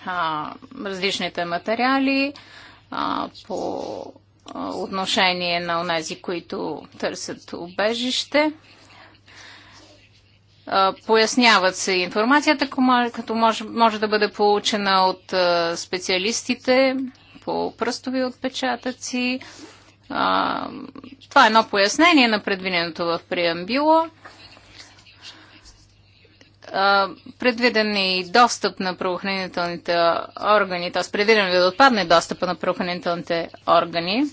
[SPEAKER 1] а, различните материали а, по отношение на онези, които търсят убежище. Поясняват се информацията, като може, може да бъде получена от специалистите по пръстови отпечатъци. Това е едно пояснение на предвиненото в преамбила предвиден е и достъп на правоохранителните органи, т.е. предвиден е да отпадне достъпа на правоохранителните органи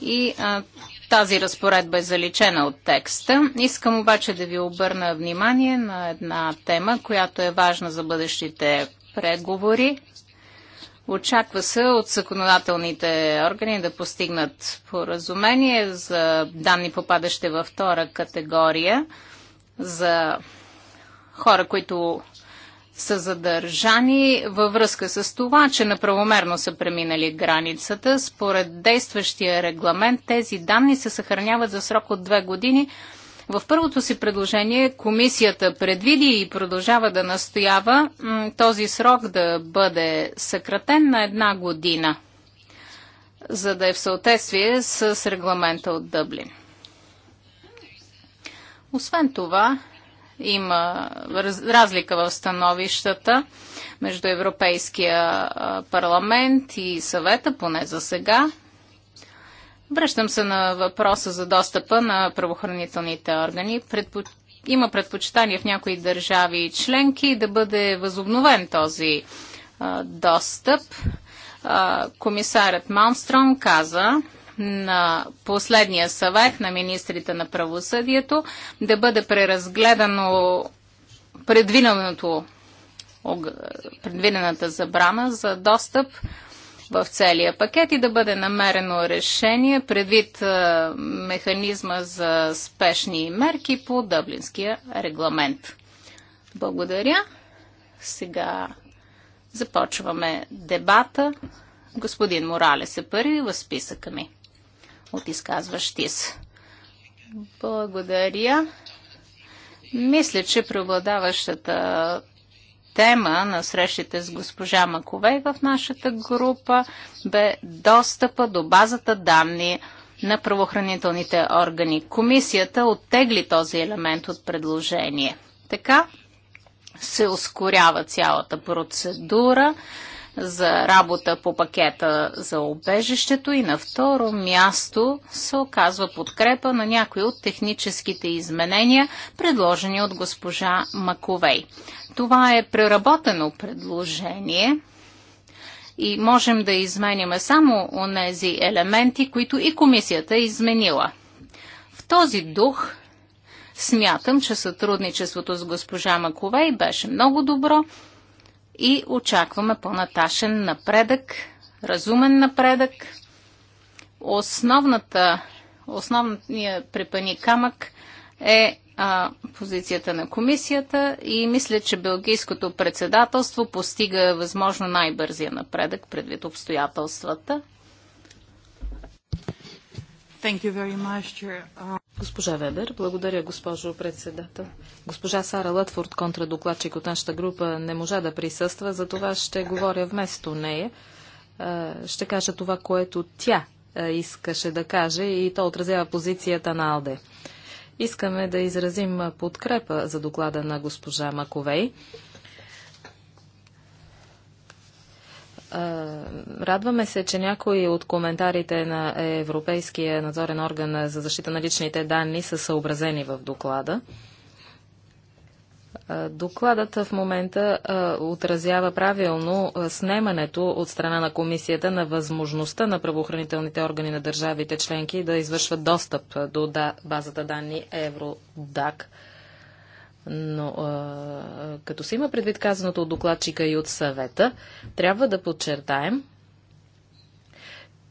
[SPEAKER 1] и а, тази разпоредба е заличена от текста. Искам обаче да ви обърна внимание на една тема, която е важна за бъдещите преговори. Очаква се от законодателните органи да постигнат поразумение за данни, попадащи във втора категория за хора, които са задържани във връзка с това, че неправомерно са преминали границата. Според действащия регламент тези данни се съхраняват за срок от две години. В първото си предложение комисията предвиди и продължава да настоява този срок да бъде съкратен на една година, за да е в съответствие с регламента от Дъблин. Освен това, има разлика в становищата между Европейския парламент и съвета, поне за сега. Връщам се на въпроса за достъпа на правоохранителните органи. Предпо... Има предпочитание в някои държави и членки да бъде възобновен този а, достъп. А, комисарят Малмстрон каза, на последния съвет на министрите на правосъдието да бъде преразгледано предвидената забрана за достъп в целия пакет и да бъде намерено решение предвид е, механизма за спешни мерки по Дъблинския регламент. Благодаря. Сега започваме дебата. Господин Моралес е първи в списъка ми от изказващи се. Благодаря. Мисля, че преобладаващата тема на срещите с госпожа Маковей в нашата група бе достъпа до базата данни на правоохранителните органи. Комисията оттегли този елемент от предложение. Така се ускорява цялата процедура за работа по пакета за обежището и на второ място се оказва подкрепа на някои от техническите изменения, предложени от госпожа Маковей. Това е преработено предложение и можем да изменяме само онези елементи, които и комисията е изменила. В този дух смятам, че сътрудничеството с госпожа Маковей беше много добро и очакваме по-наташен напредък, разумен напредък. Основната, основният препани камък е а, позицията на комисията и мисля, че Белгийското председателство постига възможно най-бързия напредък предвид обстоятелствата. Much, Госпожа Вебер, благодаря,
[SPEAKER 2] госпожо председател. Госпожа Сара Лътфорд, контрадокладчик от нашата група, не можа да присъства, за това ще говоря вместо нея. Ще кажа това, което тя искаше да каже и то отразява позицията на Алде. Искаме да изразим подкрепа за доклада на госпожа Маковей. Радваме се, че някои от коментарите на Европейския надзорен орган за защита на личните данни са съобразени в доклада. Докладът в момента отразява правилно снемането от страна на комисията на възможността на правоохранителните органи на държавите членки да извършват достъп до базата данни Евродак. Но а, като се има предвид казаното от докладчика и от съвета, трябва да подчертаем,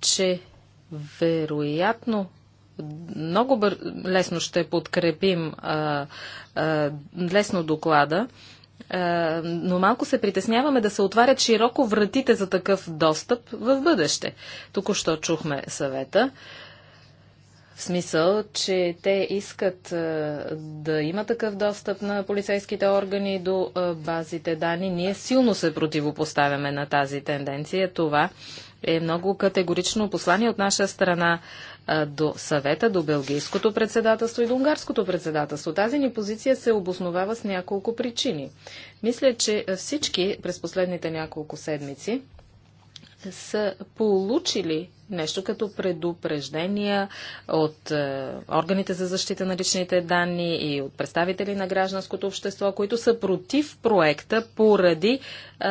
[SPEAKER 2] че вероятно много бър... лесно ще подкрепим а, а, лесно доклада, а, но малко се притесняваме да се отварят широко вратите за такъв достъп в бъдеще. Току-що чухме съвета. А, в смисъл, че те искат да има такъв достъп на полицейските органи до базите данни. Ние силно се противопоставяме на тази тенденция. Това е много категорично послание от наша страна до съвета, до Белгийското председателство и до Унгарското председателство. Тази ни позиция се обосновава с няколко причини. Мисля, че всички през последните няколко седмици са получили нещо като предупреждения от е, органите за защита на личните данни и от представители на гражданското общество, които са против проекта поради е,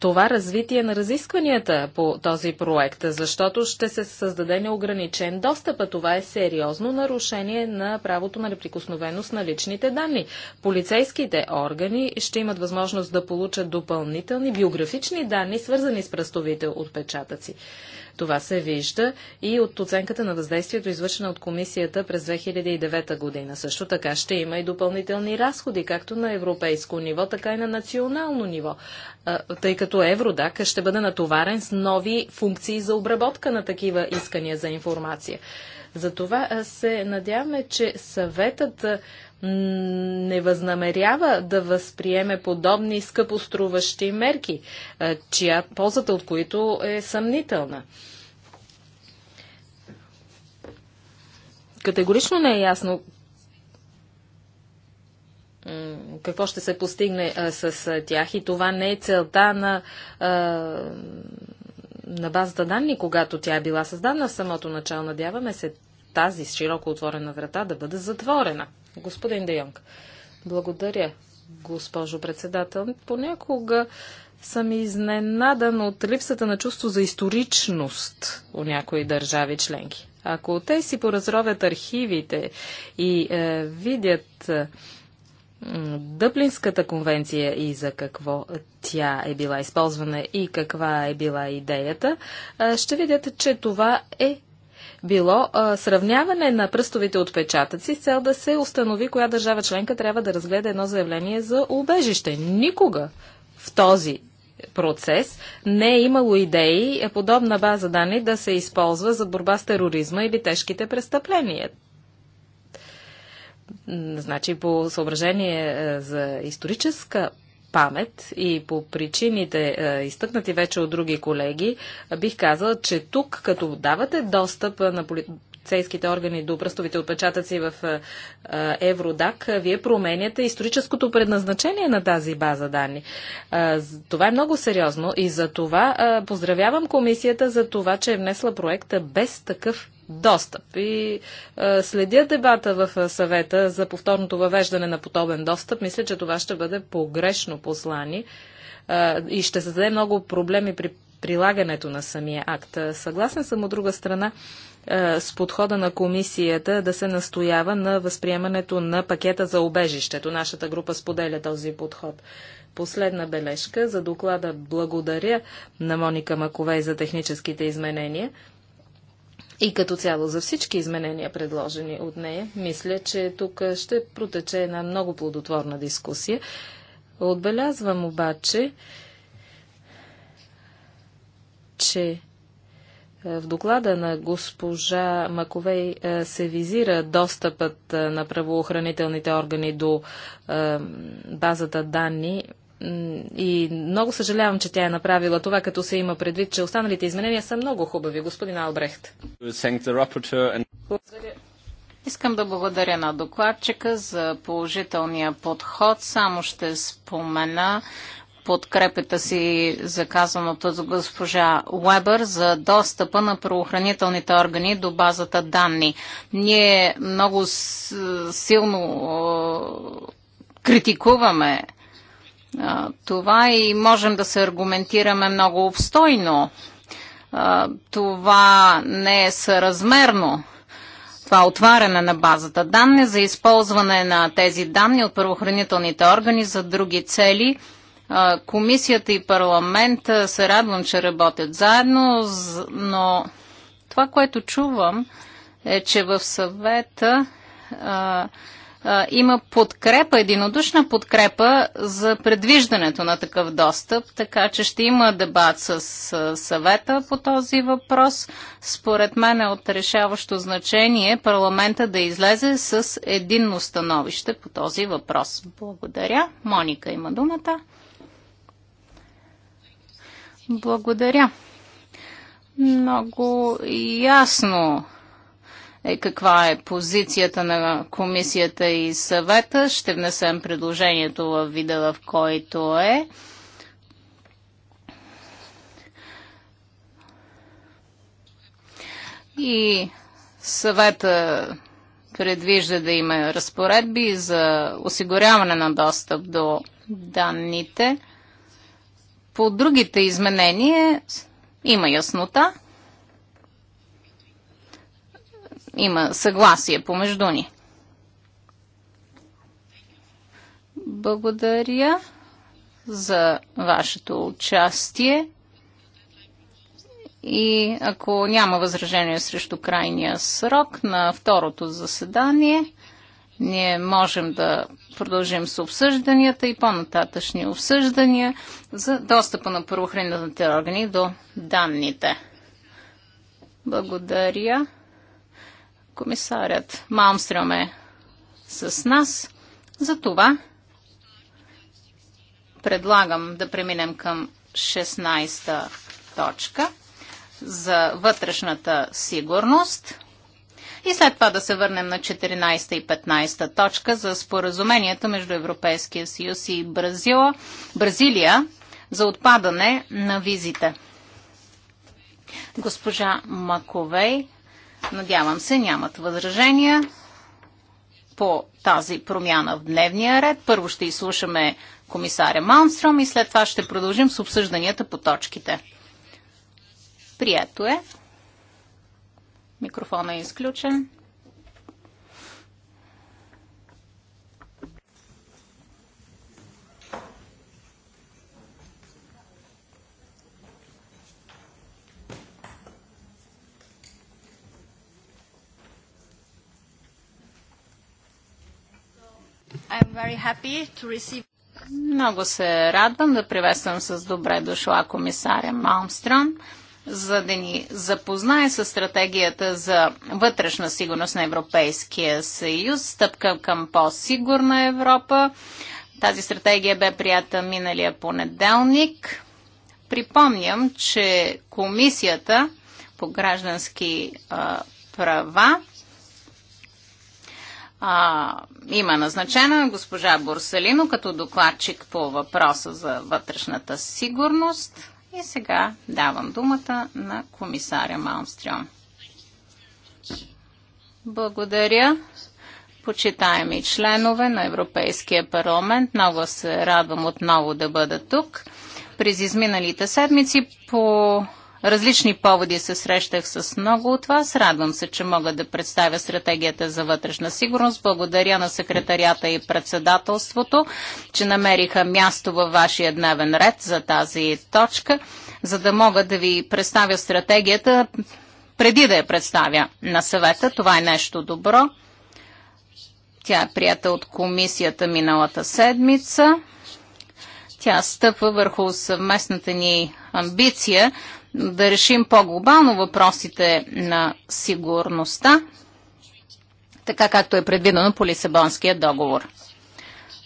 [SPEAKER 2] това развитие на разискванията по този проект, защото ще се създаде неограничен достъп, а това е сериозно нарушение на правото на неприкосновеност на личните данни. Полицейските органи ще имат възможност да получат допълнителни биографични данни, свързани с пръстовите отпечатъци. Това се вижда и от оценката на въздействието, извършена от комисията през 2009 година. Също така ще има и допълнителни разходи, както на европейско ниво, така и на национално ниво, тъй като Евродак ще бъде натоварен с нови функции за обработка на такива искания за информация. Затова се надяваме, че съветът не възнамерява да възприеме подобни скъпоструващи мерки, е, чия ползата от които е съмнителна. Категорично не е ясно какво ще се постигне е, с е, тях и това не е целта на, на базата данни, когато тя е била създадена в самото начало. Надяваме се тази широко отворена врата да бъде затворена. Господин Де Йонг, благодаря, госпожо председател. Понякога съм изненадан от липсата на чувство за историчност у някои държави членки. Ако те си поразровят архивите и е, видят е, Дъблинската конвенция и за какво тя е била използвана и каква е била идеята, е, ще видят, че това е било а, сравняване на пръстовите отпечатъци с цел да се установи коя държава членка трябва да разгледа едно заявление за убежище. Никога в този процес не е имало идеи е подобна база данни да се използва за борба с тероризма или тежките престъпления. Значи по съображение е, за историческа памет и по причините, е, изтъкнати вече от други колеги, бих казала, че тук, като давате достъп е, на полицейските органи до пръстовите отпечатъци в е, Евродак, вие променяте историческото предназначение на тази база данни. това е много сериозно и за това поздравявам комисията за това, че е внесла проекта без такъв достъп. И а, е, следя дебата в е, съвета за повторното въвеждане на подобен достъп. Мисля, че това ще бъде погрешно послание е, и ще създаде много проблеми при прилагането на самия акт. Съгласен съм от друга страна с подхода на комисията да се настоява на възприемането на пакета за обежището. Нашата група споделя този подход. Последна бележка за доклада благодаря на Моника Маковей за техническите изменения. И като цяло за всички изменения, предложени от нея, мисля, че тук ще протече една много плодотворна дискусия. Отбелязвам обаче, че е, в доклада на госпожа Маковей е, се визира достъпът е, на правоохранителните органи до базата данни и много съжалявам, че тя е направила това, като се има предвид, че останалите изменения са много хубави,
[SPEAKER 1] господин Албрехт. Искам да благодаря на докладчика за положителния подход. Само ще спомена подкрепата си за казаното от госпожа Уебър за достъпа на правоохранителните органи до базата данни. Ние много силно критикуваме това и можем да се аргументираме много обстойно. Това не е съразмерно. Това отваряне на базата данни за използване на тези данни от правоохранителните органи за други цели. Комисията и парламент се радвам, че работят заедно, но това, което чувам е, че в съвета има подкрепа, единодушна подкрепа за предвиждането на такъв достъп, така че ще има дебат с съвета по този въпрос. Според мен е от решаващо значение парламента да излезе с единно становище по този въпрос. Благодаря. Моника има думата. Благодаря. Много ясно е каква е позицията на комисията и съвета. Ще внесем предложението в вида, в който е. И съвета предвижда да има разпоредби за осигуряване на достъп до данните. По другите изменения има яснота. има съгласие помежду ни. Благодаря за вашето участие. И ако няма възражение срещу крайния срок на второто заседание, ние можем да продължим с обсъжданията и по-нататъчни обсъждания за достъпа на правоохранителните органи до данните. Благодаря комисарят Малмстрем е с нас. За това предлагам да преминем към 16-та точка за вътрешната сигурност. И след това да се върнем на 14 и 15 точка за споразумението между Европейския съюз и Бразила, Бразилия за отпадане на визите. Госпожа Маковей Надявам се, нямат възражения по тази промяна в дневния ред. Първо ще изслушаме комисаря Малмстром и след това ще продължим с обсъжданията по точките. Прието е. Микрофонът е изключен. Много се радвам да приветствам с добре дошла комисаря Малмстрън, за да ни запознае с стратегията за вътрешна сигурност на Европейския съюз, стъпка към по-сигурна Европа. Тази стратегия бе прията миналия понеделник. Припомням, че комисията по граждански а, права а, има назначена госпожа Борселино като докладчик по въпроса за вътрешната сигурност. И сега давам думата на комисаря Малмстрём. Благодаря. Почитаеми членове на Европейския парламент, много се радвам отново да бъда тук. През изминалите седмици по различни поводи се срещах с много от вас. Радвам се, че мога да представя стратегията за вътрешна сигурност. Благодаря на секретарията и председателството, че намериха място във вашия дневен ред за тази точка, за да мога да ви представя стратегията преди да я представя на съвета. Това е нещо добро. Тя е прията от комисията миналата седмица. Тя стъпва върху съвместната ни амбиция да решим по-глобално въпросите на сигурността, така както е предвидено по Лисабонския договор.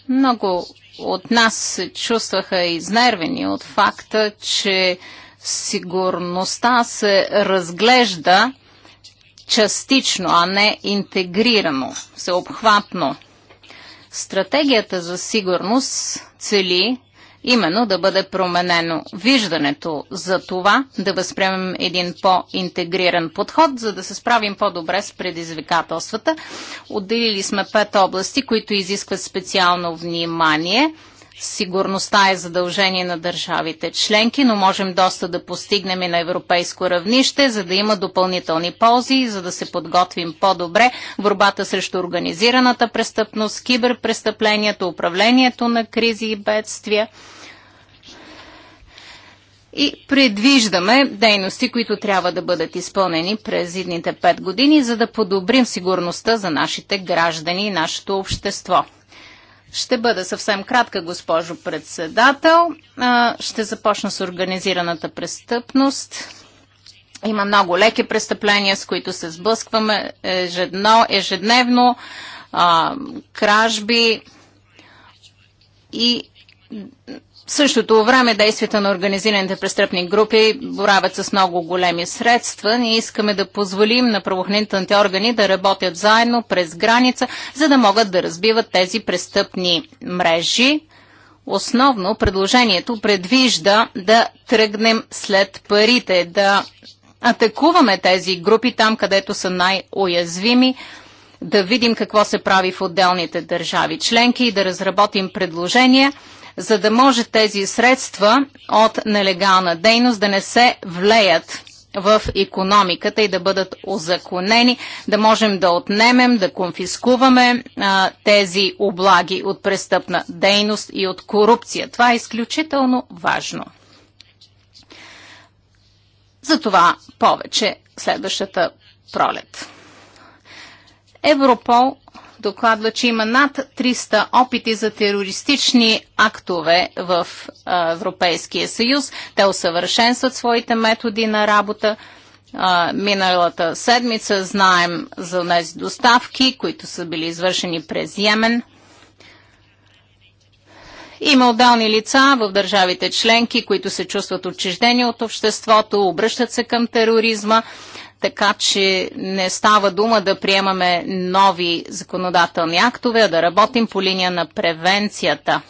[SPEAKER 1] Много от нас се чувстваха изнервени от факта, че сигурността се разглежда частично, а не интегрирано, всеобхватно. Стратегията за сигурност цели именно да бъде променено виждането за това, да възприемем един по-интегриран подход, за да се справим по-добре с предизвикателствата. Отделили сме пет области, които изискват специално внимание – Сигурността е задължение на държавите членки, но можем доста да постигнем и на европейско равнище, за да има допълнителни ползи, за да се подготвим по-добре в борбата срещу организираната престъпност, киберпрестъплението, управлението на кризи и бедствия. И предвиждаме дейности, които трябва да бъдат изпълнени през едните пет години, за да подобрим сигурността за нашите граждани и нашето общество. Ще бъда съвсем кратка, госпожо председател. Ще започна с организираната престъпност. Има много леки престъпления, с които се сблъскваме ежедно, ежедневно, кражби и в същото време действията на организираните престъпни групи боравят с много големи средства. Ние искаме да позволим на правоохранителните органи да работят заедно през граница, за да могат да разбиват тези престъпни мрежи. Основно предложението предвижда да тръгнем след парите, да атакуваме тези групи там, където са най-уязвими, да видим какво се прави в отделните държави членки и да разработим предложения – за да може тези средства от нелегална дейност да не се влеят в економиката и да бъдат озаконени, да можем да отнемем, да конфискуваме а, тези облаги от престъпна дейност и от корупция. Това е изключително важно. За това повече следващата пролет. Европол докладва, че има над 300 опити за терористични актове в Европейския съюз. Те усъвършенстват своите методи на работа. миналата седмица знаем за тези доставки, които са били извършени през Йемен. Има отделни лица в държавите членки, които се чувстват отчуждени от обществото, обръщат се към тероризма така че не става дума да приемаме нови законодателни актове, а да работим по линия на превенцията.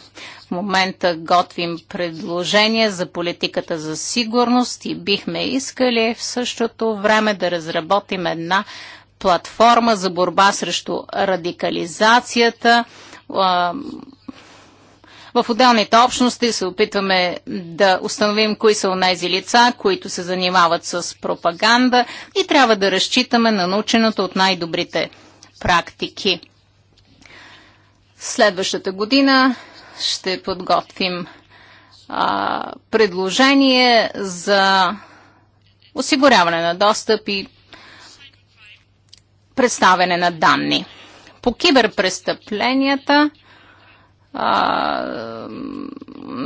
[SPEAKER 1] В момента готвим предложение за политиката за сигурност и бихме искали в същото време да разработим една платформа за борба срещу радикализацията, в отделните общности се опитваме да установим кои са онези лица, които се занимават с пропаганда и трябва да разчитаме на наученото от най-добрите практики. Следващата година ще подготвим а, предложение за осигуряване на достъп и представяне на данни. По киберпрестъпленията а,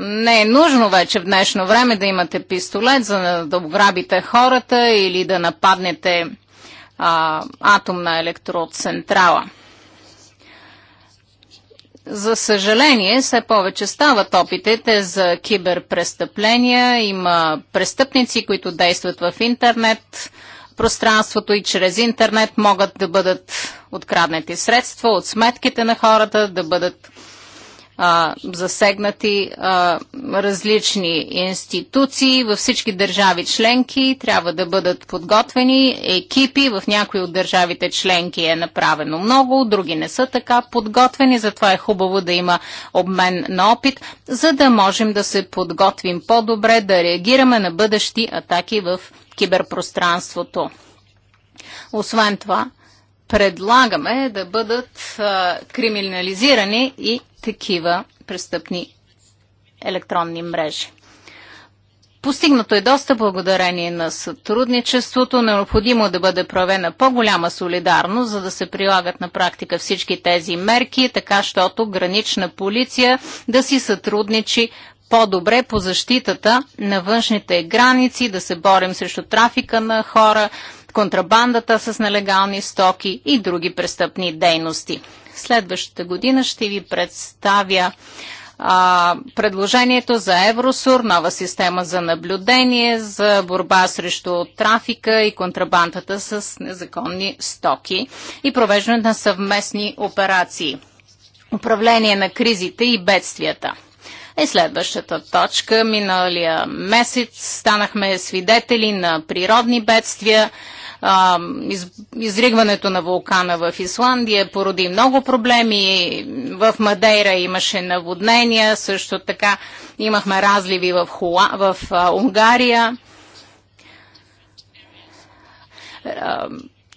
[SPEAKER 1] не е нужно вече в днешно време да имате пистолет, за да ограбите хората или да нападнете а, атомна електроцентрала. За съжаление, все повече стават опитите за киберпрестъпления. Има престъпници, които действат в интернет пространството и чрез интернет могат да бъдат откраднати средства от сметките на хората, да бъдат а, засегнати а, различни институции във всички държави членки. Трябва да бъдат подготвени екипи. В някои от държавите членки е направено много, други не са така подготвени. Затова е хубаво да има обмен на опит, за да можем да се подготвим по-добре, да реагираме на бъдещи атаки в киберпространството. Освен това, предлагаме да бъдат а, криминализирани и такива престъпни електронни мрежи. Постигнато е доста благодарение на сътрудничеството. Необходимо е да бъде проявена по-голяма солидарност, за да се прилагат на практика всички тези мерки, така щото гранична полиция да си сътрудничи по-добре по защитата на външните граници, да се борим срещу трафика на хора, контрабандата с нелегални стоки и други престъпни дейности. Следващата година ще ви представя а, предложението за Евросур, нова система за наблюдение, за борба срещу трафика и контрабандата с незаконни стоки и провеждане на съвместни операции. Управление на кризите и бедствията е следващата точка. Миналия месец станахме свидетели на природни бедствия, а, из, изригването на вулкана в Исландия породи много проблеми. В Мадейра имаше наводнения, също така имахме разливи в, Хула, в а, Унгария. А,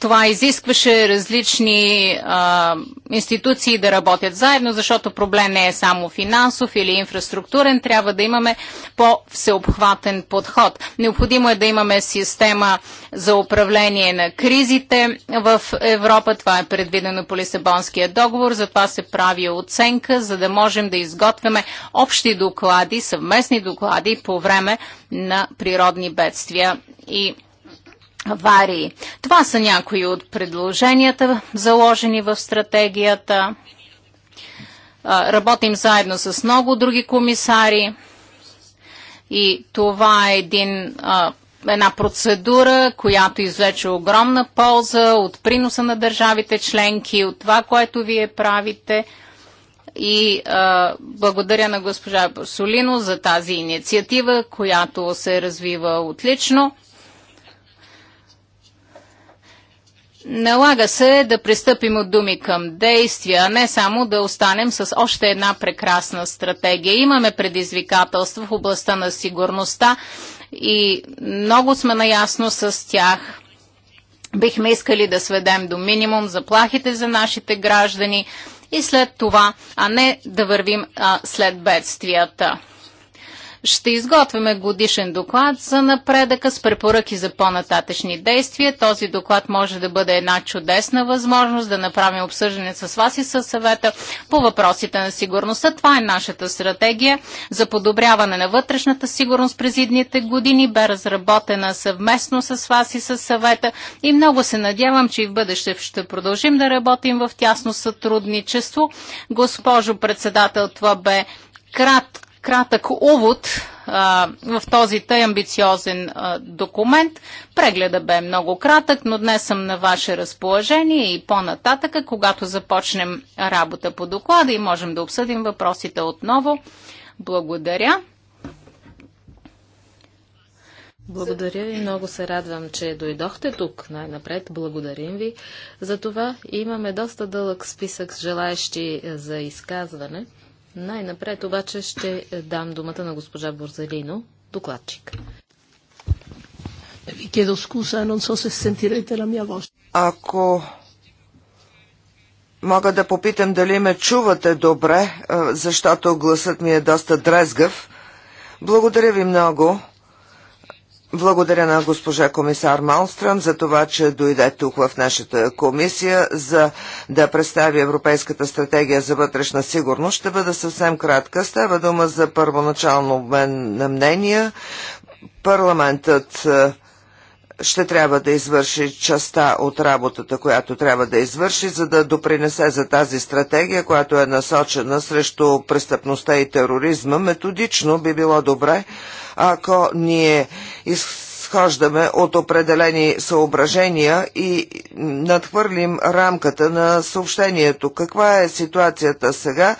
[SPEAKER 1] това изискваше различни а, институции да работят заедно, защото проблем не е само финансов или инфраструктурен, трябва да имаме по-всеобхватен подход. Необходимо е да имаме система за управление на кризите в Европа. Това е предвидено по Лисабонския договор, затова се прави оценка, за да можем да изготвяме общи доклади, съвместни доклади по време на природни бедствия и аварии. Това са някои от предложенията, заложени в стратегията. Работим заедно с много други комисари и това е един, една процедура, която извлече огромна полза от приноса на държавите членки, от това, което вие правите и а, благодаря на госпожа Басолино за тази инициатива, която се развива отлично. Налага се да пристъпим от думи към действия, а не само да останем с още една прекрасна стратегия. Имаме предизвикателства в областта на сигурността и много сме наясно с тях. Бихме искали да сведем до минимум заплахите за нашите граждани и след това, а не да вървим а, след бедствията. Ще изготвяме годишен доклад за напредъка с препоръки за по-нататъчни действия. Този доклад може да бъде една чудесна възможност да направим обсъждане с вас и със съвета по въпросите на сигурността. Това е нашата стратегия за подобряване на вътрешната сигурност през идните години. Бе разработена съвместно с вас и със съвета и много се надявам, че и в бъдеще ще продължим да работим в тясно сътрудничество. Госпожо председател, това бе кратко кратък увод а, в този тъй амбициозен а, документ. Прегледа бе много кратък, но днес съм на ваше разположение и по-нататъка, когато започнем работа по доклада и можем да обсъдим въпросите отново. Благодаря. Благодаря ви, много се радвам, че дойдохте тук.
[SPEAKER 2] Най-напред благодарим ви. За това имаме доста дълъг списък с желаящи за изказване. Най-напред обаче ще дам думата на госпожа Борзалино,
[SPEAKER 3] докладчик. Ако мога да попитам дали ме чувате добре, е, защото гласът ми е доста дрезгав. Благодаря ви много. Благодаря на госпожа комисар Малстрам за това, че дойде тук в нашата комисия за да представи Европейската стратегия за вътрешна сигурност. Ще бъда съвсем кратка. Става дума за първоначално обмен на мнения. Парламентът ще трябва да извърши частта от работата, която трябва да извърши, за да допринесе за тази стратегия, която е насочена срещу престъпността и тероризма. Методично би било добре, ако ние изхождаме от определени съображения и надхвърлим рамката на съобщението. Каква е ситуацията сега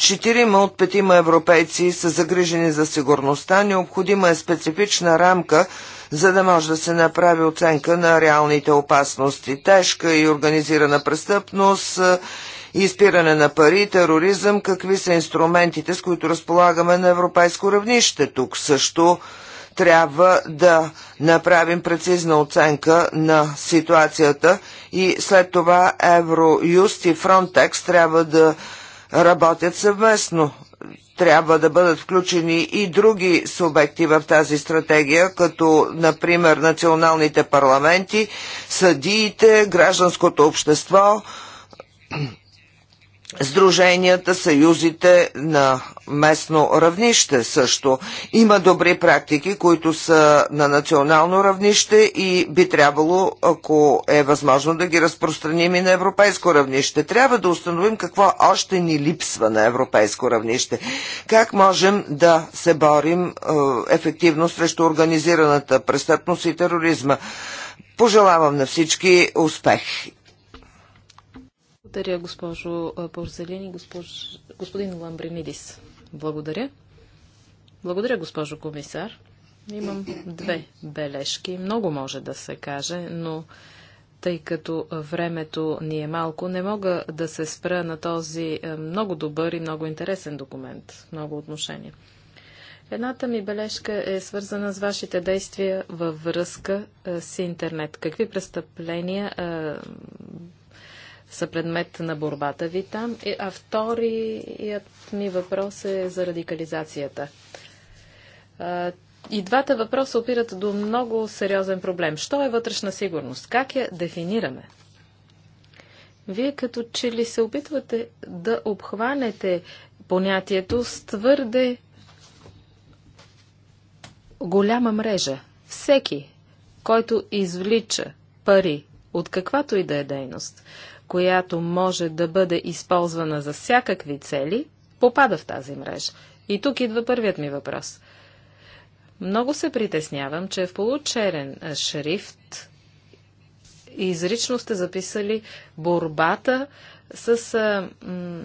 [SPEAKER 3] Четирима от петима европейци са загрижени за сигурността. Необходима е специфична рамка, за да може да се направи оценка на реалните опасности. Тежка и организирана престъпност, изпиране на пари, тероризъм, какви са инструментите, с които разполагаме на европейско равнище. Тук също трябва да направим прецизна оценка на ситуацията и след това Евроюст и Фронтекс трябва да работят съвместно. Трябва да бъдат включени и други субекти в тази стратегия, като например националните парламенти, съдиите, гражданското общество, <clears throat> сдруженията, съюзите на местно равнище също. Има добри практики, които са на национално равнище и би трябвало, ако е възможно, да ги разпространим и на европейско равнище. Трябва да установим какво още ни липсва на европейско равнище. Как можем да се борим е, ефективно срещу организираната престъпност и тероризма. Пожелавам на всички успех
[SPEAKER 2] благодаря, госпожо Порзелин и господин Ламбринидис. Благодаря. Благодаря, госпожо комисар.
[SPEAKER 3] Имам две
[SPEAKER 2] бележки. Много може да се каже, но тъй като времето ни е малко, не мога да се спра на този е, много добър и много интересен документ много отношения. Едната ми бележка е свързана с вашите действия във връзка е, с интернет. Какви престъпления е, са предмет на борбата ви там. А вторият ми въпрос е за радикализацията. И двата въпроса опират до много сериозен проблем. Що е вътрешна сигурност? Как я дефинираме? Вие като че ли се опитвате да обхванете понятието с твърде голяма мрежа. Всеки, който извлича пари от каквато и да е дейност, която може да бъде използвана за всякакви цели, попада в тази мрежа. И тук идва първият ми въпрос. Много се притеснявам, че в получерен шрифт изрично сте записали борбата с а, м,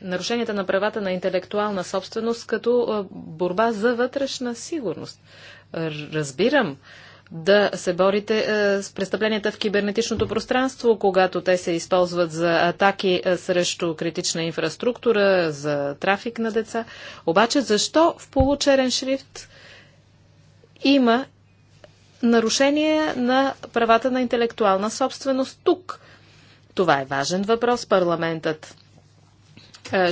[SPEAKER 2] нарушенията на правата на интелектуална собственост като а, борба за вътрешна сигурност. Разбирам да се борите е, с престъпленията в кибернетичното пространство, когато те се използват за атаки е, срещу критична инфраструктура, за трафик на деца. Обаче защо в получерен шрифт има нарушение на правата на интелектуална собственост тук? Това е важен въпрос. Парламентът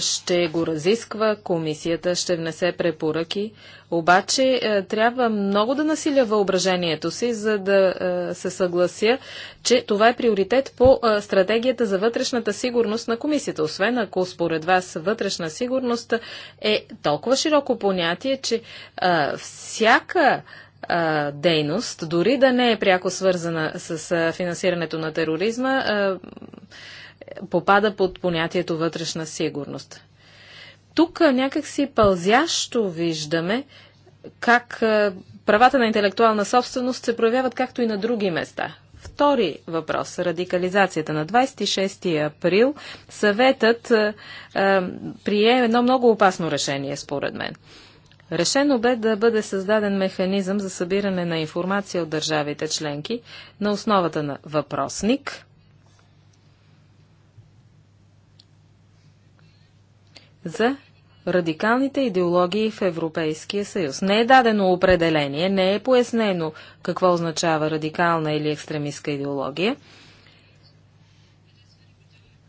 [SPEAKER 2] ще го разисква, комисията ще внесе препоръки, обаче трябва много да насиля въображението си, за да се съглася, че това е приоритет по стратегията за вътрешната сигурност на комисията. Освен ако според вас вътрешна сигурност е толкова широко понятие, че всяка дейност, дори да не е пряко свързана с финансирането на тероризма, попада под понятието вътрешна сигурност. Тук някакси пълзящо виждаме как правата на интелектуална собственост се проявяват както и на други места. Втори въпрос – радикализацията. На 26 април съветът е, прие едно много опасно решение, според мен. Решено бе да бъде създаден механизъм за събиране на информация от държавите членки на основата на въпросник – за радикалните идеологии в Европейския съюз. Не е дадено определение, не е пояснено какво означава радикална или екстремистска идеология.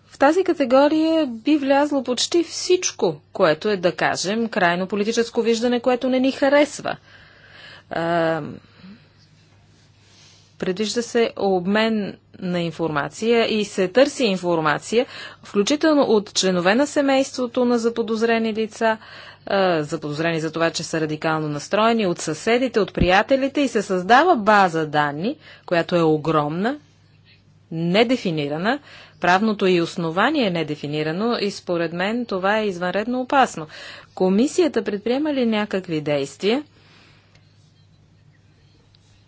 [SPEAKER 2] В тази категория би влязло почти всичко, което е, да кажем, крайно политическо виждане, което не ни харесва. предвижда се обмен на информация и се търси информация, включително от членове на семейството на заподозрени лица, заподозрени за това, че са радикално настроени, от съседите, от приятелите и се създава база данни, която е огромна, недефинирана, правното и основание е недефинирано и според мен това е извънредно опасно. Комисията предприема ли някакви действия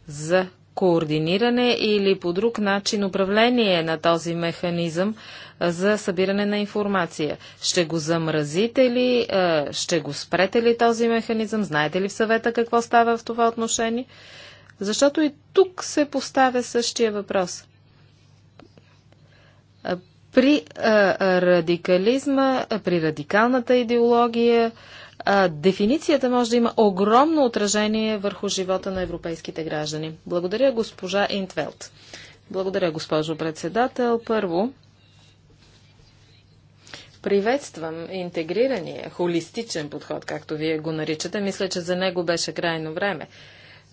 [SPEAKER 2] за координиране или по друг начин управление на този механизъм за събиране на информация? Ще го замразите ли? Ще го спрете ли този механизъм? Знаете ли в съвета какво става в това отношение? Защото и тук се поставя същия въпрос. При радикализма, при радикалната идеология, а, дефиницията може да има огромно отражение върху живота на европейските граждани. Благодаря госпожа Интвелт. Благодаря госпожо председател. Първо, приветствам интегрирания, холистичен подход, както вие го наричате. Мисля, че за него беше крайно време.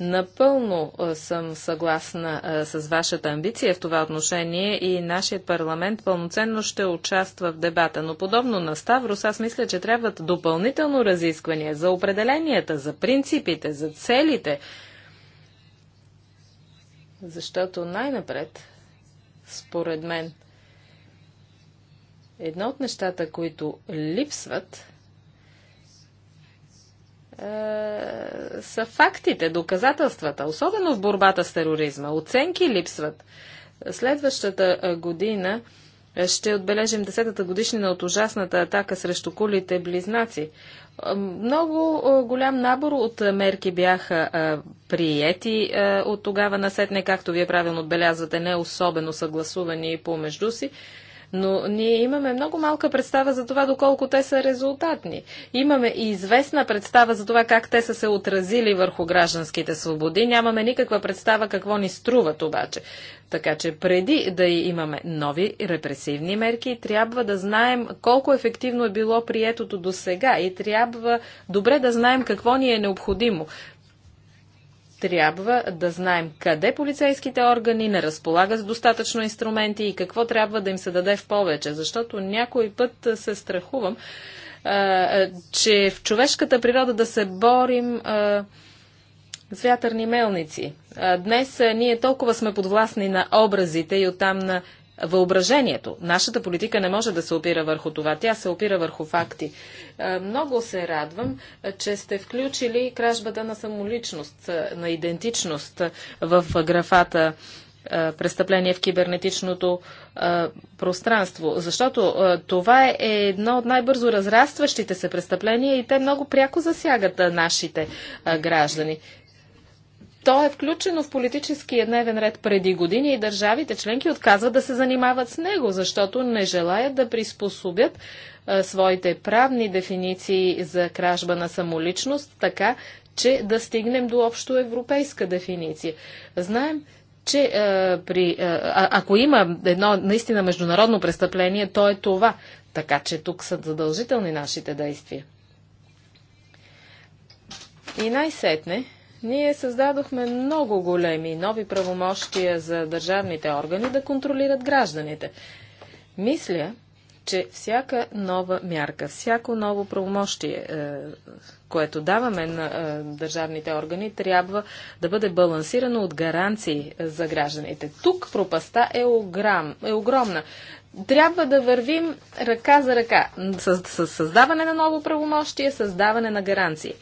[SPEAKER 2] Напълно съм съгласна с вашата амбиция в това отношение и нашият парламент пълноценно ще участва в дебата. Но подобно на Ставрос, аз мисля, че трябват допълнително разисквания за определенията, за принципите, за целите. Защото най-напред, според мен, едно от нещата, които липсват е, са фактите, доказателствата, особено в борбата с тероризма. Оценки липсват. Следващата е, година ще отбележим 10-та годишнина от ужасната атака срещу кулите близнаци. Е, много голям набор от мерки бяха приети от тогава насетне, както вие правилно отбелязвате, не особено съгласувани помежду си но ние имаме много малка представа за това доколко те са резултатни. Имаме и известна представа за това как те са се отразили върху гражданските свободи. Нямаме никаква представа какво ни струват обаче. Така че преди да имаме нови репресивни мерки, трябва да знаем колко ефективно е било приетото до сега и трябва добре да знаем какво ни е необходимо трябва да знаем къде полицейските органи не разполагат с достатъчно инструменти и какво трябва да им се даде в повече, защото някой път се страхувам, че в човешката природа да се борим с вятърни мелници. днес ние толкова сме подвластни на образите и оттам на въображението. Нашата политика не може да се опира върху това. Тя се опира върху факти. Много се радвам, че сте включили кражбата на самоличност, на идентичност в графата престъпление в кибернетичното пространство. Защото това е едно от най-бързо разрастващите се престъпления и те много пряко засягат нашите граждани. То е включено в политическия дневен ред преди години и държавите членки отказват да се занимават с него, защото не желаят да приспособят а, своите правни дефиниции за кражба на самоличност, така че да стигнем до общо европейска дефиниция. Знаем, че а, при, а, ако има едно наистина международно престъпление, то е това. Така че тук са задължителни нашите действия. И най-сетне, ние създадохме много големи нови правомощия за държавните органи да контролират гражданите. Мисля, че всяка нова мярка, всяко ново правомощие, е, което даваме на е, държавните органи, трябва да бъде балансирано от гаранции за гражданите. Тук пропаста е, огром, е огромна. Трябва да вървим ръка за ръка с, с създаване на ново правомощие, създаване на гаранции.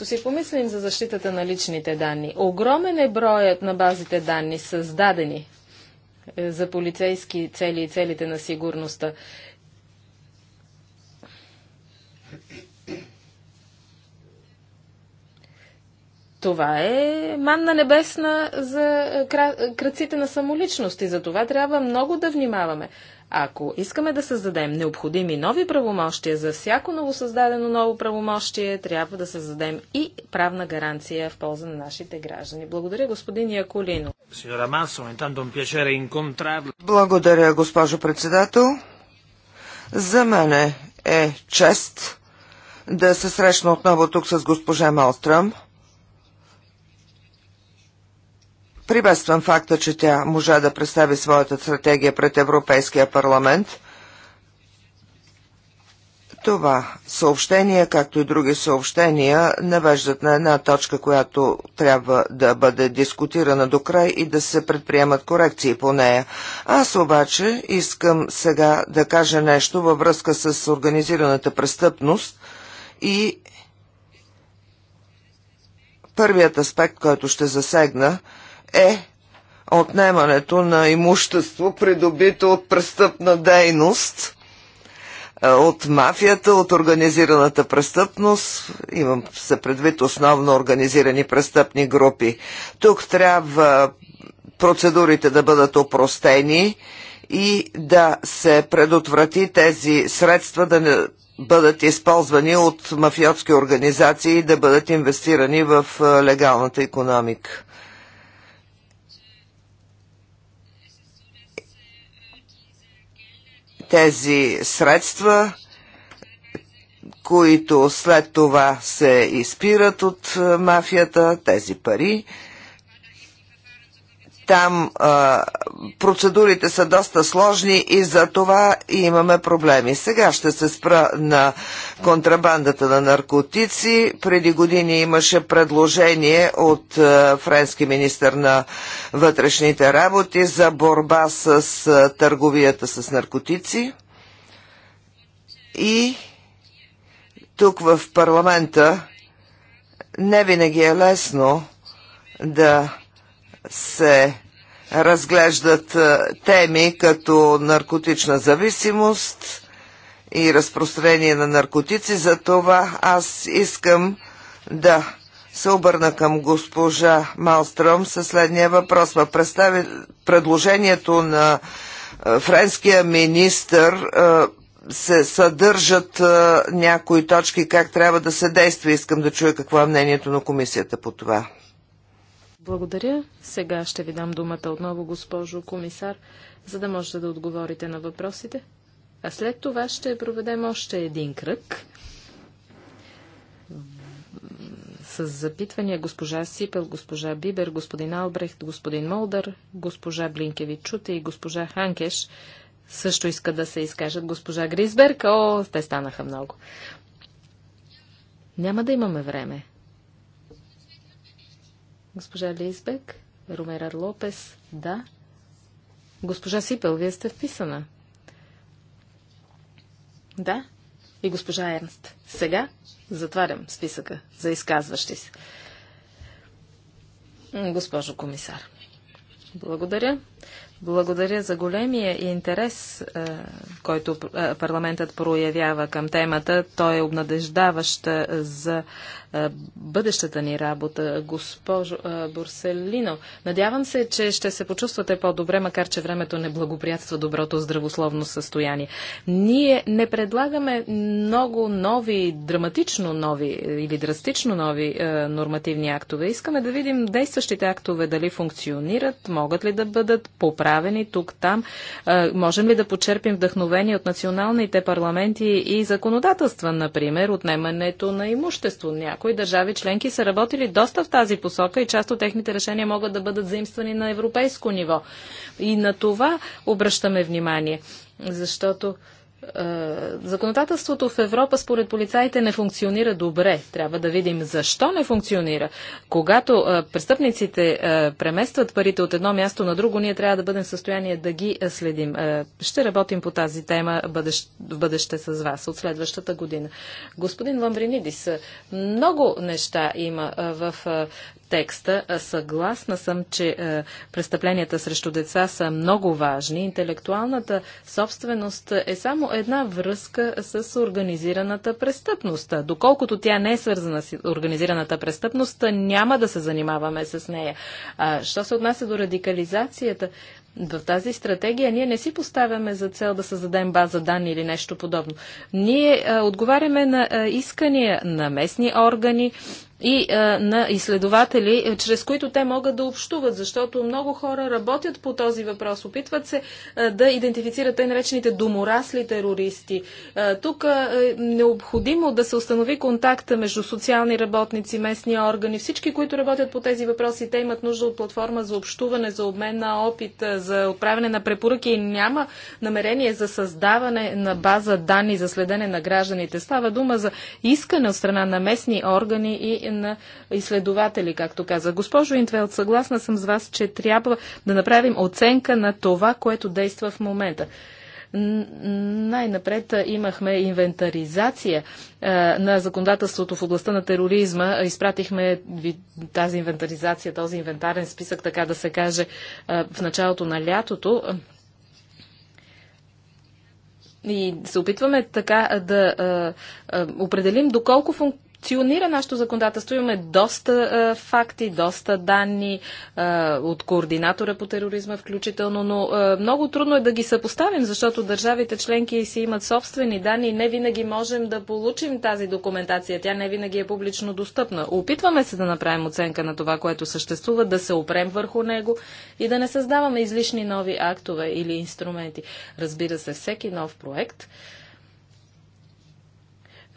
[SPEAKER 2] Като си помислим за защитата на личните данни, огромен е броят на базите данни, създадени е, за полицейски цели и целите на сигурността. Това е манна небесна за е, е, кръците на самоличности. За това трябва много да внимаваме. Ако искаме да създадем необходими нови правомощия за всяко новосъздадено ново правомощие, трябва да създадем и правна гаранция в полза на нашите граждани. Благодаря, господин Яколино.
[SPEAKER 3] Благодаря, госпожо председател. За мен е чест да се срещна отново тук с госпожа Малстръм. Приветствам факта, че тя можа да представи своята стратегия пред Европейския парламент. Това съобщение, както и други съобщения, навеждат на една точка, която трябва да бъде дискутирана до край и да се предприемат корекции по нея. Аз обаче искам сега да кажа нещо във връзка с организираната престъпност и първият аспект, който ще засегна – е отнемането на имущество, придобито от престъпна дейност, е, от мафията, от организираната престъпност. Имам се предвид основно организирани престъпни групи. Тук трябва процедурите да бъдат опростени и да се предотврати тези средства да не бъдат използвани от мафиотски организации и да бъдат инвестирани в е, легалната економика. тези средства, които след това се изпират от мафията, тези пари – там а, процедурите са доста сложни и за това имаме проблеми. Сега ще се спра на контрабандата на наркотици. Преди години имаше предложение от а, френски министр на вътрешните работи за борба с а, търговията с наркотици. И тук в парламента не винаги е лесно да се разглеждат е, теми като наркотична зависимост и разпространение на наркотици. За това аз искам да се обърна към госпожа Малстром със следния въпрос. Ма представи предложението на е, френския министр е, се съдържат някои точки как трябва да се действа. Искам да чуя какво е мнението на комисията по това.
[SPEAKER 2] Благодаря. Сега ще ви дам думата отново, госпожо комисар, за да можете да отговорите на въпросите. А след това ще проведем още един кръг с запитвания госпожа Сипел, госпожа Бибер, господин Албрехт, господин Молдър, госпожа Блинкевич и госпожа Ханкеш също иска да се изкажат. Госпожа Гризберг, о, те станаха много. Няма да имаме време. Госпожа Лейсбек, Румера Лопес, да. Госпожа Сипел, вие сте вписана. Да. И госпожа Ернст. Сега затварям списъка за изказващи се. Госпожо комисар. Благодаря. Благодаря за големия интерес, е, който е, парламентът проявява към темата. Той е обнадеждаващ е, за бъдещата ни работа. Госпожо Борселино, надявам се, че ще се почувствате по-добре, макар че времето не благоприятства доброто здравословно състояние. Ние не предлагаме много нови, драматично нови или драстично нови нормативни актове. Искаме да видим действащите актове дали функционират, могат ли да бъдат поправени направени тук-там. Можем ли да почерпим вдъхновение от националните парламенти и законодателства, например, отнемането на имущество? Някои държави членки са работили доста в тази посока и част от техните решения могат да бъдат заимствани на европейско ниво. И на това обръщаме внимание, защото е, законодателството в Европа според полицаите не функционира добре. Трябва да видим защо не функционира. Когато е, престъпниците е, преместват парите от едно място на друго, ние трябва да бъдем в състояние да ги следим. ще работим по тази тема в бъдеще с вас от следващата година. Господин Ламбринидис, много неща има в текста. Съгласна съм, че е, престъпленията срещу деца са много важни. Интелектуалната собственост е само една връзка с организираната престъпност. Доколкото тя не е свързана с организираната престъпност, няма да се занимаваме с нея. А, що се отнася до радикализацията, в тази стратегия ние не си поставяме за цел да създадем база данни или нещо подобно. Ние а, е, отговаряме на а, е, искания на местни органи, и а, е, на изследователи, е, чрез които те могат да общуват, защото много хора работят по този въпрос, опитват се а, е, да идентифицират те наречените доморасли терористи. А, тук е необходимо да се установи контакта между социални работници, местни органи, всички, които работят по тези въпроси, те имат нужда от платформа за общуване, за обмен на опит, за отправяне на препоръки и няма намерение за създаване на база данни за следене на гражданите. Става дума за искане от страна на местни органи и на изследователи, както каза. Госпожо Интвелт, съгласна съм с вас, че трябва да направим оценка на това, което действа в момента. Най-напред имахме инвентаризация на законодателството в областта на тероризма. Изпратихме тази инвентаризация, този инвентарен списък, така да се каже, в началото на лятото. И се опитваме така да а, а, определим доколко фун функционира нашето законодателство. Имаме доста а, е, факти, доста данни а, е, от координатора по тероризма включително, но а, е, много трудно е да ги съпоставим, защото държавите членки си имат собствени данни и не винаги можем да получим тази документация. Тя не винаги е публично достъпна. Опитваме се да направим оценка на това, което съществува, да се опрем върху него и да не създаваме излишни нови актове или инструменти. Разбира се, всеки нов проект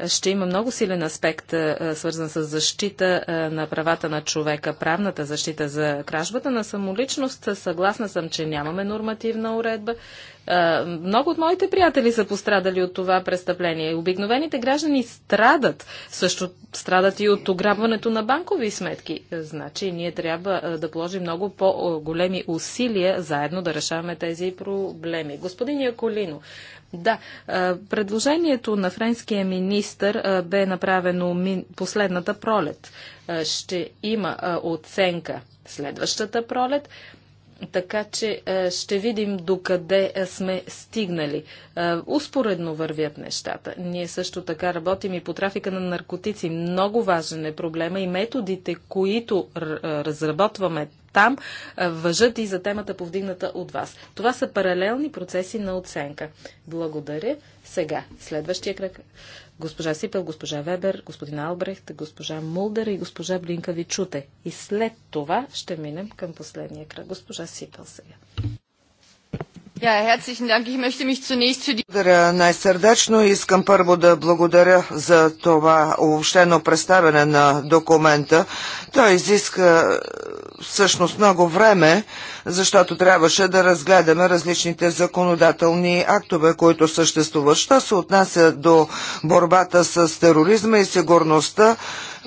[SPEAKER 2] ще има много силен аспект, свързан с защита на правата на човека, правната защита за кражбата на самоличност. Съгласна съм, че нямаме нормативна уредба. Много от моите приятели са пострадали от това престъпление. Обикновените граждани страдат, също страдат и от ограбването на банкови сметки. Значи ние трябва да положим много по-големи усилия заедно да решаваме тези проблеми. Господин Яколино, да, предложението на френския министр бе направено последната пролет. Ще има оценка следващата пролет. Така че ще видим докъде сме стигнали. Успоредно вървят нещата. Ние също така работим и по трафика на наркотици. Много важен е проблема и методите, които разработваме там е, въжат и за темата повдигната от вас. Това са паралелни процеси на оценка. Благодаря. Сега, следващия кръг. Госпожа Сипел, госпожа Вебер, господин Албрехт, госпожа Мулдер и госпожа Блинка Вичуте. И след това ще минем към последния кръг. Госпожа Сипел сега.
[SPEAKER 3] Благодаря най-сърдечно. Искам първо да благодаря за това обобщено представяне на документа. Той изиска е, всъщност много време, защото трябваше да разгледаме различните законодателни актове, които съществуват. Що се отнася до борбата с тероризма и сигурността,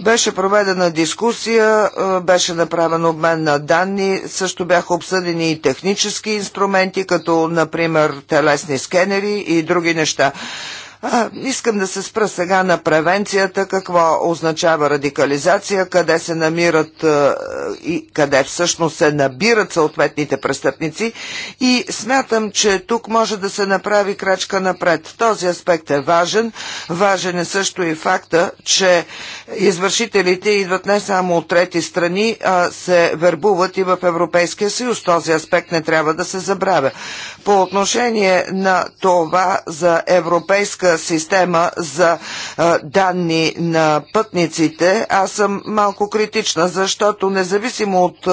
[SPEAKER 3] беше проведена дискусия, е, беше направен обмен на данни, също бяха обсъдени и технически инструменти, като например телесни скенери и други неща. А, искам да се спра сега на превенцията, какво означава радикализация, къде се намират а, и къде всъщност се набират съответните престъпници и смятам, че тук може да се направи крачка напред. Този аспект е важен. Важен е също и факта, че извършителите идват не само от трети страни, а се вербуват и в Европейския съюз. Този аспект не трябва да се забравя. По отношение на това за европейска система за данни на пътниците, аз съм малко критична, защото независимо от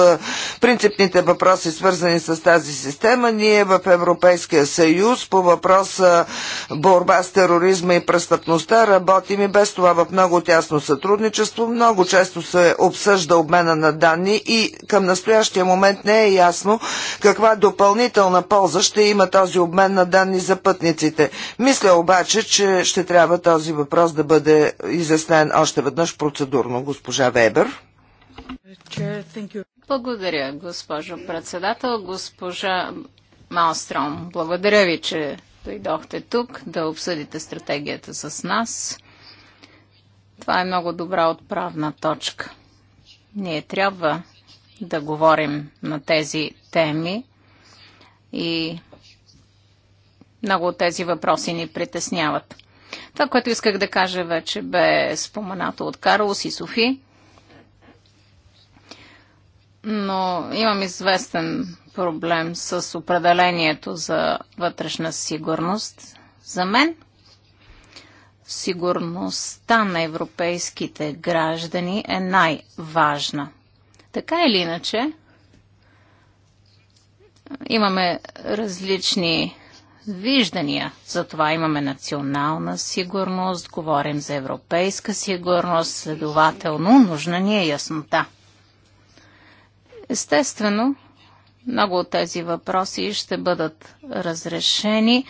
[SPEAKER 3] принципните въпроси, свързани с тази система, ние в Европейския съюз по въпроса борба с тероризма и престъпността работим и без това в много тясно сътрудничество. Много често се обсъжда обмена на данни и към настоящия момент не е ясно каква допълнителна полза ще има този обмен на данни за пътниците. Мисля обаче, че ще трябва този въпрос да бъде изяснен още веднъж процедурно, госпожа Вебер.
[SPEAKER 1] Благодаря, госпожо председател. Госпожа Малстром, благодаря ви, че дойдохте тук да обсъдите стратегията с нас. Това е много добра отправна точка. Ние трябва да говорим на тези теми и много от тези въпроси ни притесняват. Това, което исках да кажа вече бе споменато от Карлос и Софи, но имам известен проблем с определението за вътрешна сигурност. За мен сигурността на европейските граждани е най-важна. Така или иначе, имаме различни виждания. Затова имаме национална сигурност, говорим за европейска сигурност, следователно нужна ни е яснота. Естествено, много от тези въпроси ще бъдат разрешени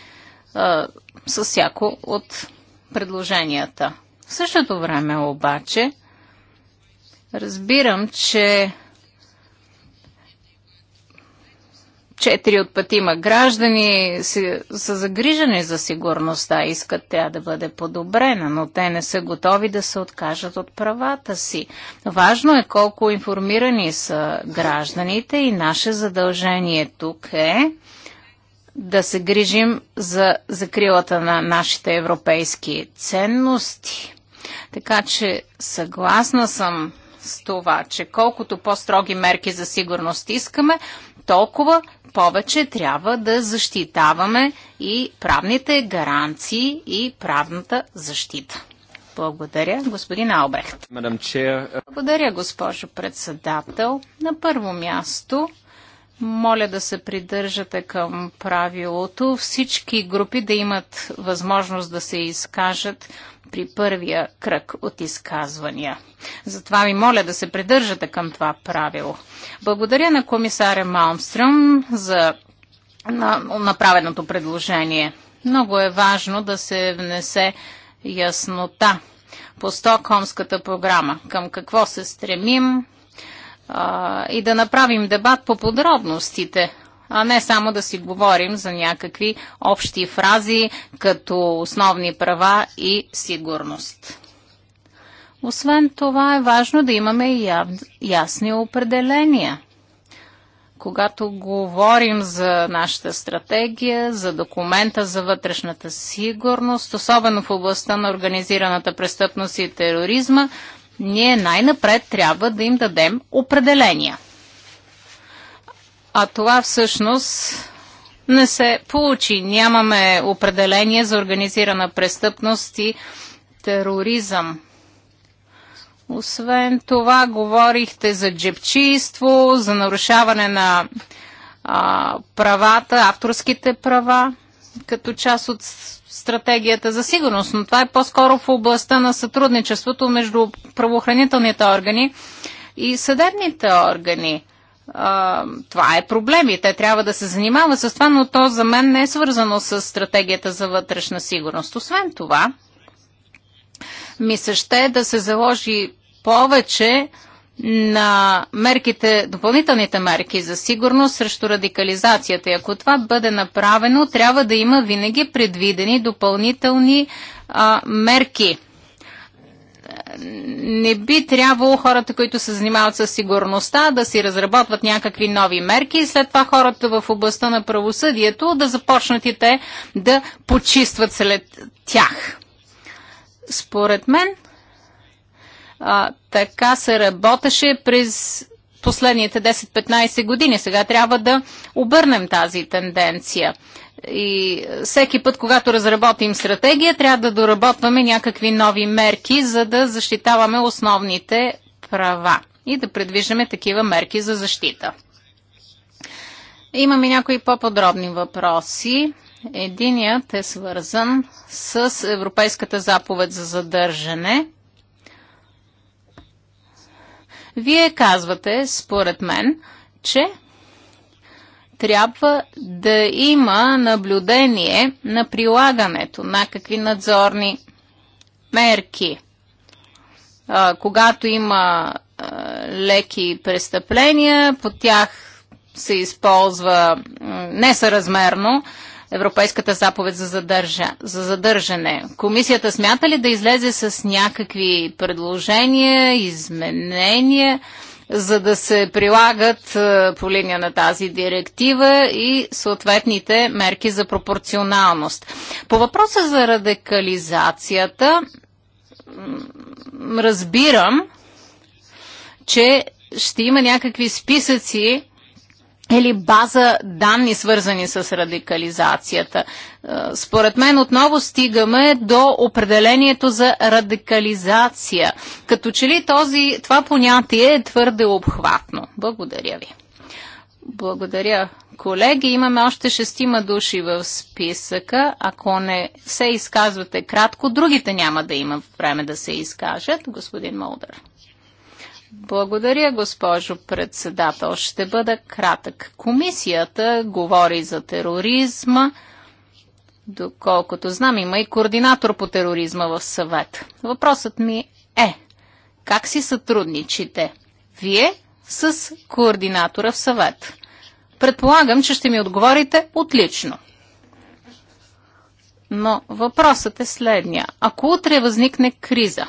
[SPEAKER 1] а, с всяко от предложенията. В същото време обаче разбирам, че четири от има граждани си, са загрижени за сигурността, искат тя да бъде подобрена, но те не са готови да се откажат от правата си. Важно е колко информирани са гражданите и наше задължение тук е да се грижим за закрилата на нашите европейски ценности. Така че съгласна съм с това, че колкото по-строги мерки за сигурност искаме, толкова повече трябва да защитаваме и правните гаранции и правната защита. Благодаря, господин Албрехт. Благодаря, госпожо председател. На първо място, моля да се придържате към правилото всички групи да имат възможност да се изкажат при първия кръг от изказвания. Затова ви моля да се придържате към това правило. Благодаря на комисаря Малмстрюм за направеното предложение. Много е важно да се внесе яснота по Стокхолмската програма, към какво се стремим а, и да направим дебат по подробностите а не само да си говорим за някакви общи фрази като основни права и сигурност. Освен това е важно да имаме и ясни определения. Когато говорим за нашата стратегия, за документа за вътрешната сигурност, особено в областта на организираната престъпност и тероризма, ние най-напред трябва да им дадем определения – а това всъщност не се получи. Нямаме определение за организирана престъпност и тероризъм. Освен това, говорихте за джепчийство, за нарушаване на а, правата, авторските права, като част от стратегията за сигурност, но това е по-скоро в областта на сътрудничеството между правоохранителните органи и съдебните органи а, това е проблем и те трябва да се занимават с това, но то за мен не е свързано с стратегията за вътрешна сигурност. Освен това, ми се ще да се заложи повече на мерките, допълнителните мерки за сигурност срещу радикализацията. И ако това бъде направено, трябва да има винаги предвидени допълнителни а, мерки не би трябвало хората, които се занимават с сигурността, да си разработват някакви нови мерки и след това хората в областта на правосъдието да започнат и те да почистват след тях. Според мен, а, така се работеше през последните 10-15 години. Сега трябва да обърнем тази тенденция. И всеки път, когато разработим стратегия, трябва да доработваме някакви нови мерки, за да защитаваме основните права и да предвиждаме такива мерки за защита. Имаме някои по-подробни въпроси. Единият е свързан с Европейската заповед за задържане. Вие казвате, според мен, че трябва да има наблюдение на прилагането на какви надзорни мерки. А, когато има а, леки престъпления, по тях се използва несъразмерно Европейската заповед за, задържа, за задържане. Комисията смята ли да излезе с някакви предложения, изменения? за да се прилагат е, по линия на тази директива и съответните мерки за пропорционалност. По въпроса за радикализацията, разбирам, че ще има някакви списъци или база данни, свързани с радикализацията. Е, според мен отново стигаме до определението за радикализация. Като че ли този, това понятие е твърде обхватно. Благодаря ви. Благодаря, колеги. Имаме още шестима души в списъка. Ако не се изказвате кратко, другите няма да имат време да се изкажат. Господин Молдър. Благодаря, госпожо председател. Ще бъда кратък. Комисията говори за тероризма. Доколкото знам, има и координатор по тероризма в съвет. Въпросът ми е, как си сътрудничите? Вие с координатора в съвет. Предполагам, че ще ми отговорите отлично. Но въпросът е следния. Ако утре възникне криза,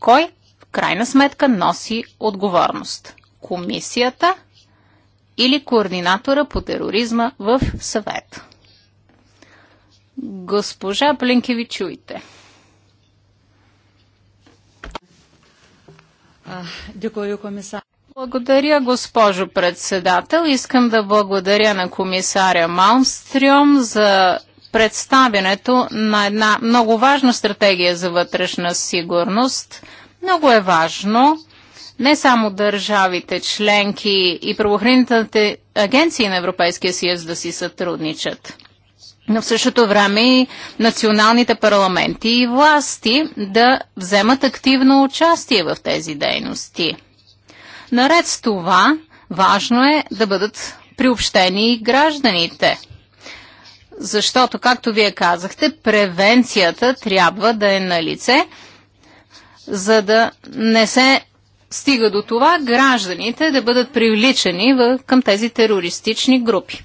[SPEAKER 1] кой крайна сметка носи отговорност. Комисията или координатора по тероризма в съвет. Госпожа Блинкеви, чуйте. Дякую, Благодаря, госпожо председател. Искам да благодаря на комисаря Малмстрюм за представянето на една много важна стратегия за вътрешна сигурност – много е важно не само държавите, членки и правоохранителните агенции на Европейския съюз да си сътрудничат но в същото време и националните парламенти и власти да вземат активно участие в тези дейности. Наред с това, важно е да бъдат приобщени и гражданите. Защото, както вие казахте, превенцията трябва да е на лице – за да не се стига до това гражданите да бъдат привличани в, към тези терористични групи.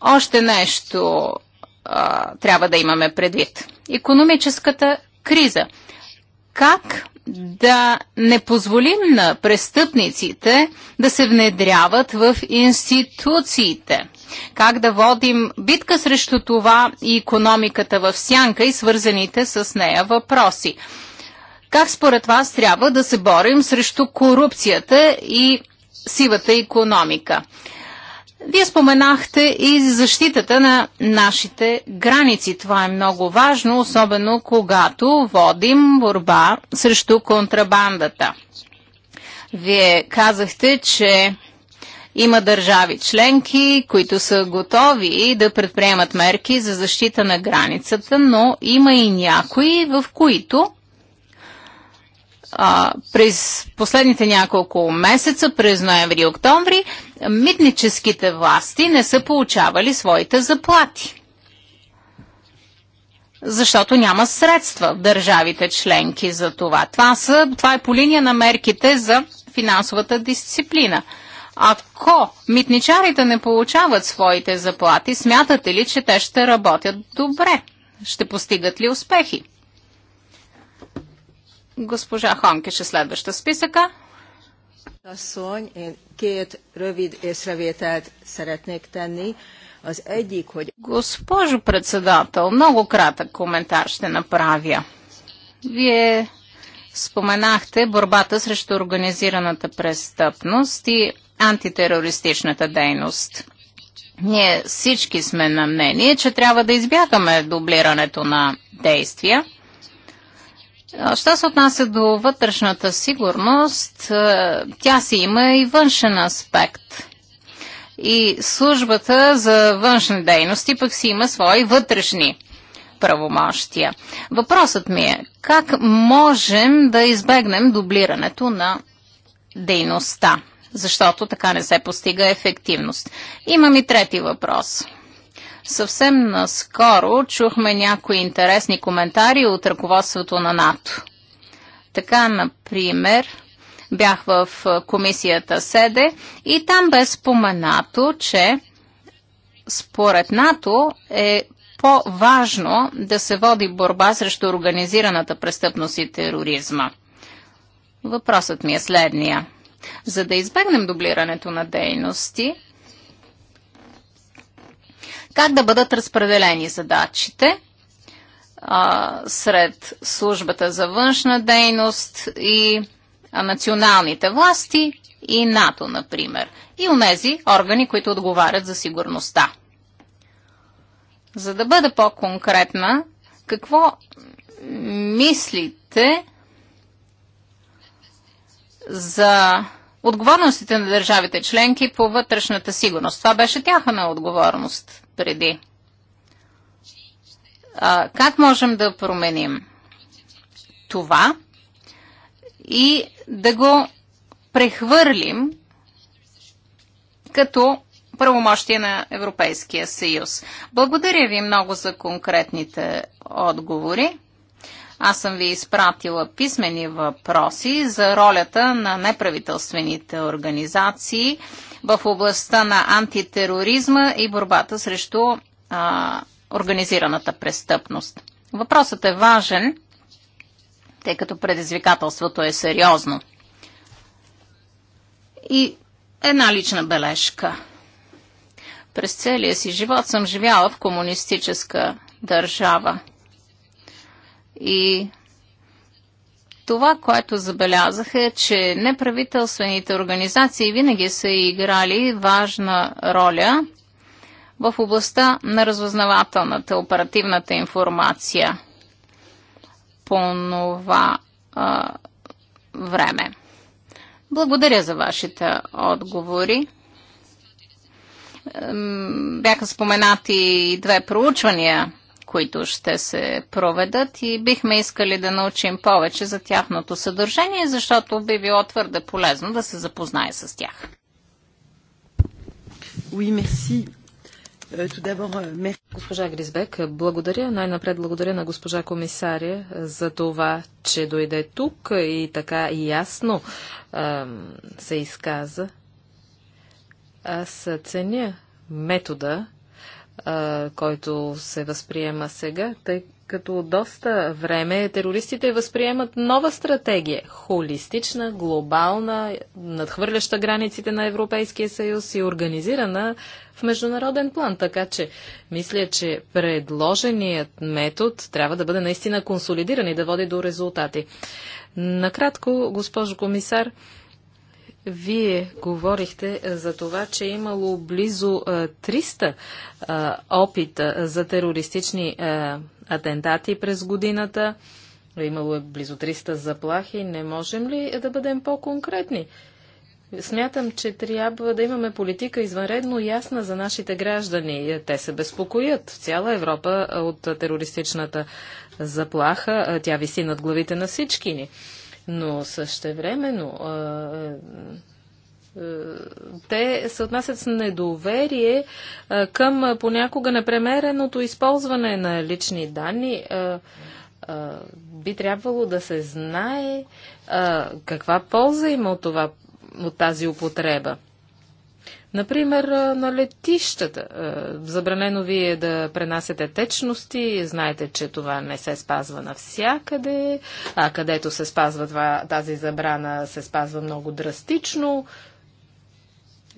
[SPEAKER 1] Още нещо а, трябва да имаме предвид. Економическата криза. Как да не позволим на престъпниците да се внедряват в институциите. Как да водим битка срещу това и економиката в сянка и свързаните с нея въпроси. Как според вас трябва да се борим срещу корупцията и сивата економика? Вие споменахте и защитата на нашите граници. Това е много важно, особено когато водим борба срещу контрабандата. Вие казахте, че има държави членки, които са готови да предприемат мерки за защита на границата, но има и някои, в които а, през последните няколко месеца, през ноември и октомври, митническите власти не са получавали своите заплати. Защото няма средства в държавите членки за това. Това, са, това е по линия на мерките за финансовата дисциплина. Ако митничарите не получават своите заплати, смятате ли, че те ще работят добре? Ще постигат ли успехи? Госпожа Хонкиш е ще следваща списъка. Госпожо председател, много кратък коментар ще направя. Вие споменахте борбата срещу организираната престъпност и антитерористичната дейност. Ние всички сме на мнение, че трябва да избягаме дублирането на действия – Що се отнася до вътрешната сигурност, е, тя си има и външен аспект. И службата за външни дейности пък си има свои вътрешни правомощия. Въпросът ми е, как можем да избегнем дублирането на дейността? Защото така не се постига ефективност. Имам и трети въпрос – Съвсем наскоро чухме някои интересни коментари от ръководството на НАТО. Така, например, бях в комисията СЕДЕ и там бе споменато, че според НАТО е по-важно да се води борба срещу организираната престъпност и тероризма. Въпросът ми е следния. За да избегнем дублирането на дейности, как да бъдат разпределени задачите а, сред службата за външна дейност и националните власти и НАТО, например, и онези органи, които отговарят за сигурността. За да бъда по-конкретна, какво мислите за отговорностите на държавите членки по вътрешната сигурност? Това беше тяхна отговорност преди. А, как можем да променим това и да го прехвърлим като правомощие на Европейския съюз. Благодаря ви много за конкретните отговори. Аз съм ви изпратила писмени въпроси за ролята на неправителствените организации в областта на антитероризма и борбата срещу а, организираната престъпност. Въпросът е важен, тъй като предизвикателството е сериозно. И една лична бележка. През целия си живот съм живяла в комунистическа държава. И това, което забелязах е, че неправителствените организации винаги са играли важна роля в областта на разузнавателната, оперативната информация по това а, време. Благодаря за вашите отговори. Бяха споменати и две проучвания които ще се проведат и бихме искали да научим повече за тяхното съдържание, защото би било твърде полезно да се запознае с тях.
[SPEAKER 2] Oui, merci. Euh, euh, госпожа Гризбек, благодаря. Най-напред благодаря на госпожа комисаря за това, че дойде тук и така ясно се изказа. Аз ценя метода, който се възприема сега, тъй като доста време терористите възприемат нова стратегия холистична, глобална, надхвърляща границите на Европейския съюз и организирана в международен план. Така че мисля, че предложеният метод трябва да бъде наистина консолидиран и да води до резултати. Накратко, госпожо комисар, вие говорихте е, за това, че е имало близо 300 е, е, опита за терористични атентати през годината. Имало е близо 300 заплахи. Не можем ли да бъдем по-конкретни? Смятам, че трябва да имаме политика извънредно ясна за нашите граждани. Те се безпокоят в цяла Европа от терористичната заплаха. Тя виси над главите на всички ни но същевременно те се отнасят с недоверие към понякога непремереното използване на лични данни. Би трябвало да се знае каква полза има от, това, от тази употреба. Например, на летищата. Забранено ви е да пренасяте течности. Знаете, че това не се спазва навсякъде. А където се спазва това, тази забрана, се спазва много драстично.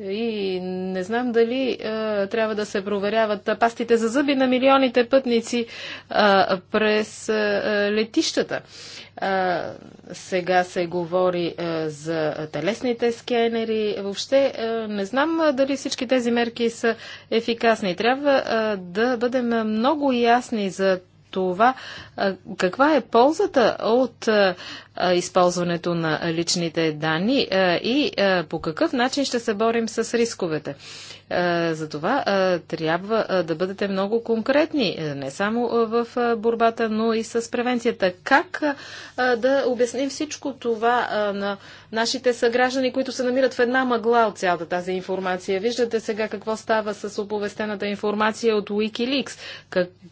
[SPEAKER 2] И не знам дали а, трябва да се проверяват пастите за зъби на милионите пътници а, през а, летищата. летищата. А, сега се говори а, за телесните скенери. Въобще а, не знам а, дали всички тези мерки са ефикасни. Трябва а, да бъдем много ясни за това каква е ползата от използването на личните данни и по какъв начин ще се борим с рисковете. Е, за това е, трябва е, да бъдете много конкретни, не само в борбата, но и с превенцията. Как да обясним всичко това на нашите съграждани, които се намират в една мъгла от цялата тази информация? Виждате сега какво става с оповестената информация от Wikileaks.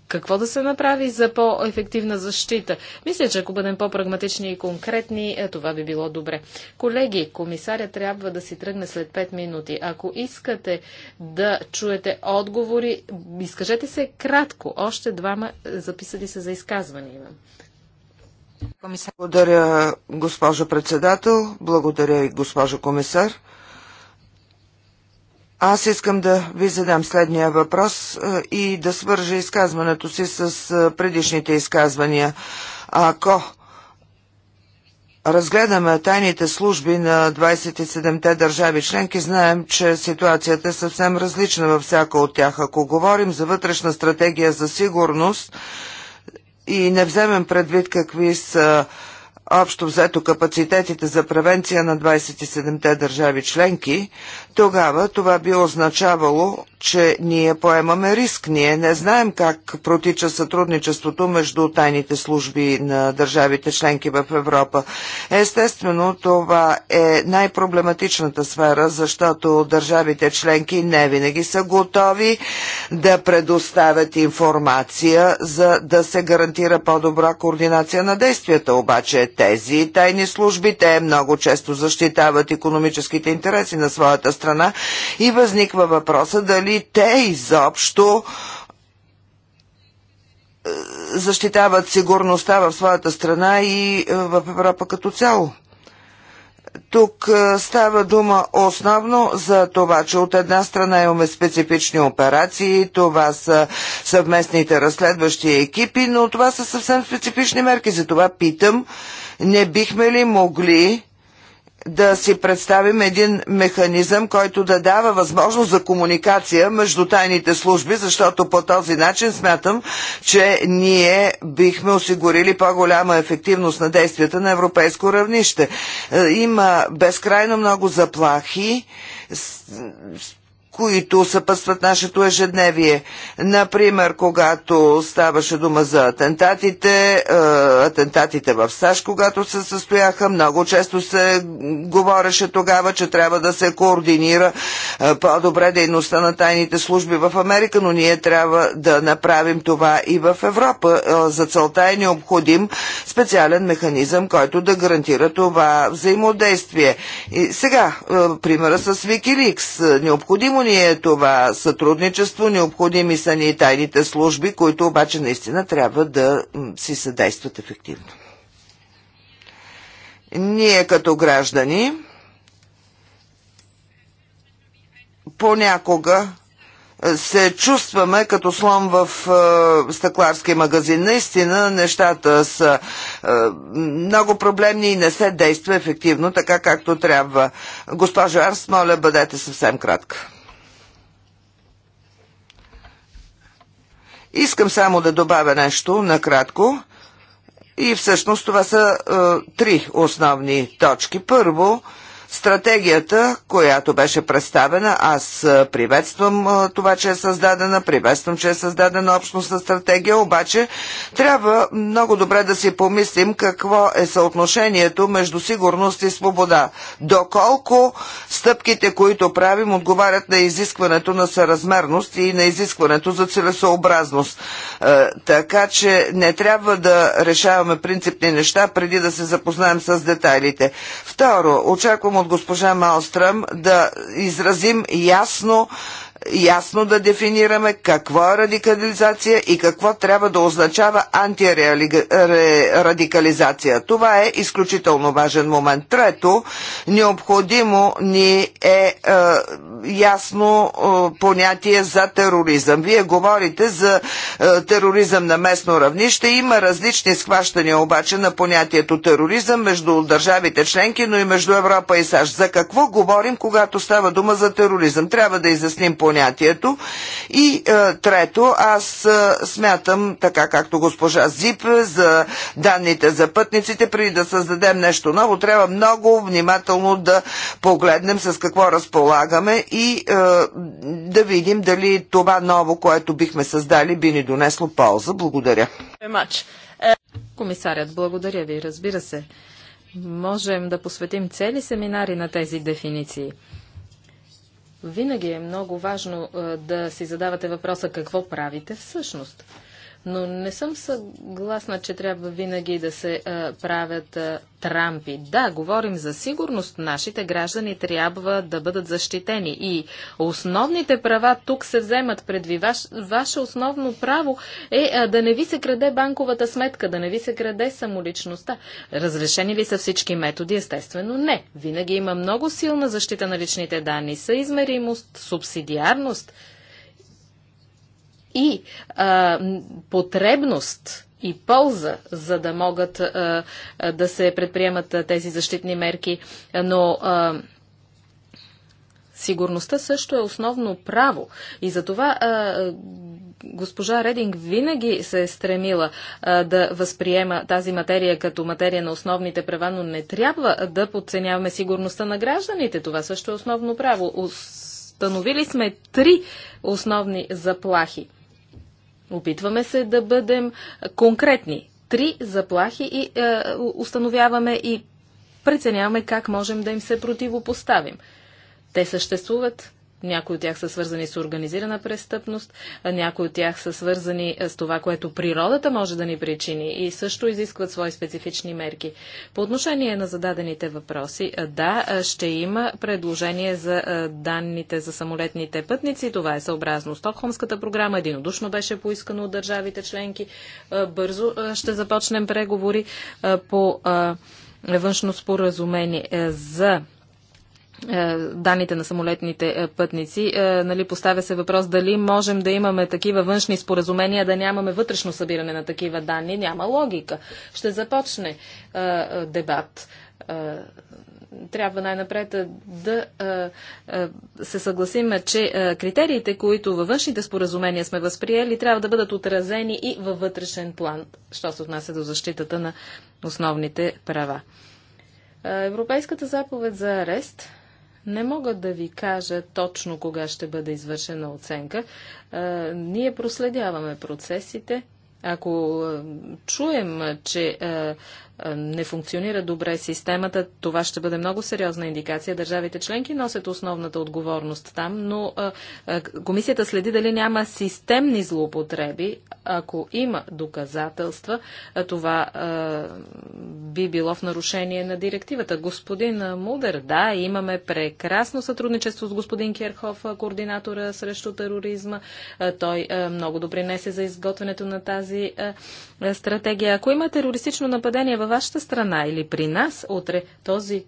[SPEAKER 2] какво да се направи за по-ефективна защита? Мисля, че ако бъдем по-прагматични и конкретни, това би било добре. Колеги, комисаря трябва да си тръгне след 5 минути. Ако искате да чуете отговори. Изкажете се кратко. Още двама записали се за изказване имам.
[SPEAKER 3] Благодаря, госпожо председател. Благодаря и госпожо комисар. Аз искам да ви задам следния въпрос е, и да свържа изказването си с е, предишните изказвания. Ако разгледаме тайните служби на 27-те държави членки, знаем, че ситуацията е съвсем различна във всяка от тях. Ако говорим за вътрешна стратегия за сигурност и не вземем предвид какви са общо взето капацитетите за превенция на 27-те държави членки, тогава това би означавало че ние поемаме риск. Ние не знаем как протича сътрудничеството между тайните служби на държавите членки в Европа. Естествено, това е най-проблематичната сфера, защото държавите членки не винаги са готови да предоставят информация, за да се гарантира по-добра координация на действията. Обаче тези тайни служби, те много често защитават економическите интереси на своята страна и възниква въпроса дали дали те изобщо е, защитават сигурността в своята страна и е, в Европа като цяло. Тук е, става дума основно за това, че от една страна имаме специфични операции, това са съвместните разследващи екипи, но това са съвсем специфични мерки. Затова питам, не бихме ли могли да си представим един механизъм, който да дава възможност за комуникация между тайните служби, защото по този начин смятам, че ние бихме осигурили по-голяма ефективност на действията на европейско равнище. Е, има безкрайно много заплахи, които съпътстват нашето ежедневие. Например, когато ставаше дума за атентатите, атентатите в САЩ, когато се състояха, много често се говореше тогава, че трябва да се координира по-добре дейността на тайните служби в Америка, но ние трябва да направим това и в Европа. За целта е необходим специален механизъм, който да гарантира това взаимодействие. И сега, примера с Викиликс. Необходимо ни е това сътрудничество, необходими са ни и тайните служби, които обаче наистина трябва да си съдействат ефективно. Ние като граждани понякога е, се чувстваме като слон в е, стъкларски магазин. Наистина нещата са е, много проблемни и не се действа ефективно, така както трябва. Госпожо Арс, моля, бъдете съвсем кратка. Искам само да добавя нещо накратко. И всъщност това са е, три основни точки. Първо, Стратегията, която беше представена, аз приветствам това, че е създадена, приветствам, че е създадена общностна стратегия, обаче трябва много добре да си помислим какво е съотношението между сигурност и свобода. Доколко стъпките, които правим, отговарят на изискването на съразмерност и на изискването за целесообразност. Така че не трябва да решаваме принципни неща преди да се запознаем с детайлите. Второ, очаквам от от госпожа Малстръм да изразим ясно ясно да дефинираме какво е радикализация и какво трябва да означава антирадикализация. Това е изключително важен момент. Трето, необходимо ни е, е ясно е, понятие за тероризъм. Вие говорите за е, тероризъм на местно равнище. Има различни схващания обаче на понятието тероризъм между държавите членки, но и между Европа и САЩ. За какво говорим, когато става дума за тероризъм? Трябва да изясним понятието понятието. И е, трето, аз е, смятам, така както госпожа Зип, за данните за пътниците, преди да създадем нещо ново, трябва много внимателно да погледнем с какво разполагаме и е, да видим дали това ново, което бихме създали, би ни донесло полза. Благодаря.
[SPEAKER 2] Комисарят, благодаря ви, разбира се. Можем да посветим цели семинари на тези дефиниции. Винаги е много важно да си задавате въпроса какво правите всъщност но не съм съгласна, че трябва винаги да се а, правят а, трампи. Да, говорим за сигурност. Нашите граждани трябва да бъдат защитени. И основните права тук се вземат предви. Ваш, ваше основно право е а, да не ви се краде банковата сметка, да не ви се краде самоличността. Разрешени ли са всички методи? Естествено не. Винаги има много силна защита на личните данни, съизмеримост, субсидиарност и а, потребност и полза, за да могат а, да се предприемат а, тези защитни мерки. Но а, сигурността също е основно право. И за това госпожа Рединг винаги се е стремила а, да възприема тази материя като материя на основните права, но не трябва да подценяваме сигурността на гражданите. Това също е основно право. Установили сме три основни заплахи Опитваме се да бъдем конкретни. Три заплахи и е, установяваме и преценяваме как можем да им се противопоставим. Те съществуват някои от тях са свързани с организирана престъпност, някои от тях са свързани с това, което природата може да ни причини и също изискват свои специфични мерки. По отношение на зададените въпроси, да, ще има предложение за данните за самолетните пътници. Това е съобразно Стокхолмската програма. Единодушно беше поискано от държавите членки. Бързо ще започнем преговори по външно споразумение е, за е, данните на самолетните е, пътници. Е, нали, поставя се въпрос дали можем да имаме такива външни споразумения, да нямаме вътрешно събиране на такива данни. Няма логика. Ще започне а, а, дебат. А, трябва най-напред да се съгласим, че критериите, които във външните споразумения сме възприели, трябва да бъдат отразени и във вътрешен план, що се отнася до защитата на основните права. Европейската заповед за арест не мога да ви кажа точно кога ще бъде извършена оценка. ние проследяваме процесите. Ако чуем, че не функционира добре системата, това ще бъде много сериозна индикация. Държавите членки носят основната отговорност там, но комисията следи дали няма системни злоупотреби. Ако има доказателства, това би било в нарушение на директивата. Господин Мудер, да, имаме прекрасно сътрудничество с господин Керхов, координатора срещу тероризма. Той много допринесе за изготвянето на тази стратегия. Ако има терористично нападение в във вашата страна или при нас утре този,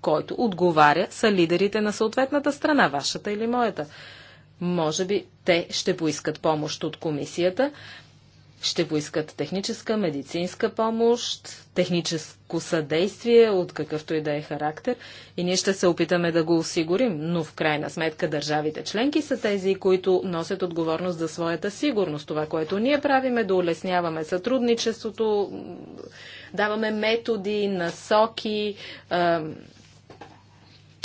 [SPEAKER 2] който отговаря, са лидерите на съответната страна, вашата или моята. Може би те ще поискат помощ от комисията ще поискат техническа, медицинска помощ, техническо съдействие от какъвто и да е характер и ние ще се опитаме да го осигурим. Но в крайна сметка държавите членки са тези, които носят отговорност за своята сигурност. Това, което ние правиме, да улесняваме сътрудничеството, даваме методи, насоки е,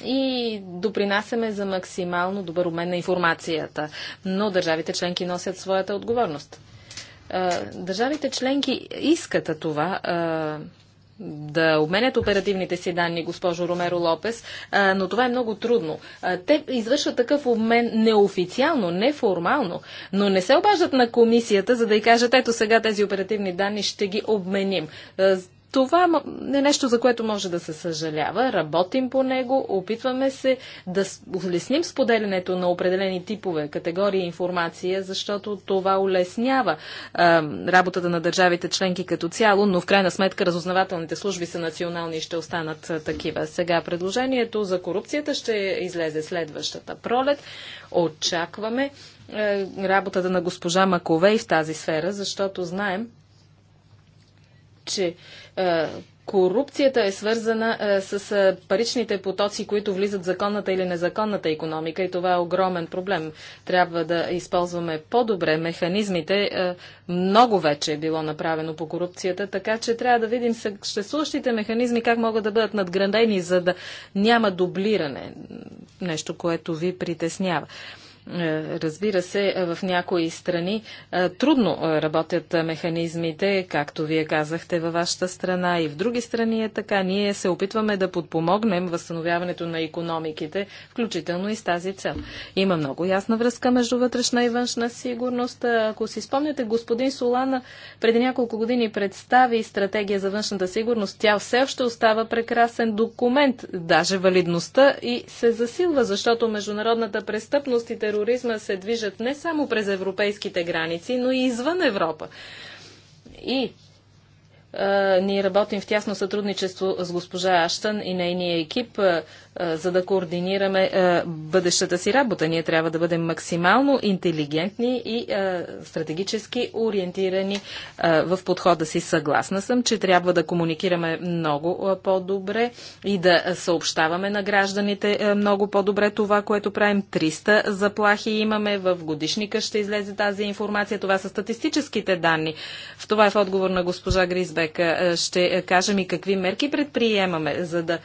[SPEAKER 2] и допринасяме за максимално добър обмен на информацията. Но държавите членки носят своята отговорност. Държавите членки искат това да обменят оперативните си данни, госпожо Ромеро Лопес, но това е много трудно. те извършват такъв обмен неофициално, неформално, но не се обаждат на комисията, за да й кажат, ето сега тези оперативни данни ще ги обменим. Това е нещо, за което може да се съжалява. Работим по него, опитваме се да улесним споделянето на определени типове, категории информация, защото това улеснява а, работата на държавите членки като цяло, но в крайна сметка разузнавателните служби са национални и ще останат такива. Сега предложението за корупцията ще излезе следващата пролет. Очакваме работата на госпожа Маковей в тази сфера, защото знаем, че корупцията е свързана с паричните потоци, които влизат в законната или незаконната економика и това е огромен проблем. Трябва да използваме по-добре механизмите. Много вече е било направено по корупцията, така че трябва да видим съществуващите механизми как могат да бъдат надградени, за да няма дублиране, нещо, което ви притеснява. Е, разбира се, е, в някои страни е, трудно работят механизмите, както вие казахте във вашата страна и в други страни е така. Ние се опитваме да подпомогнем възстановяването на економиките, включително и с тази цел. Има много ясна връзка между вътрешна и външна сигурност. Ако си спомняте, господин Солана преди няколко години представи стратегия за външната сигурност. Тя все още остава прекрасен документ. Даже валидността и се засилва, защото международната престъпност и тероризма се движат не само през европейските граници, но и извън Европа. И ние работим в тясно сътрудничество с госпожа Аштън и нейния екип за да координираме бъдещата си работа. Ние трябва да бъдем максимално интелигентни и стратегически ориентирани в подхода си. Съгласна съм, че трябва да комуникираме много по-добре и да съобщаваме на гражданите много по-добре това, което правим. 300 заплахи имаме. В годишника ще излезе тази информация. Това са статистическите данни. В това е в отговор на госпожа Гризбек. Ще кажем и какви мерки предприемаме, за да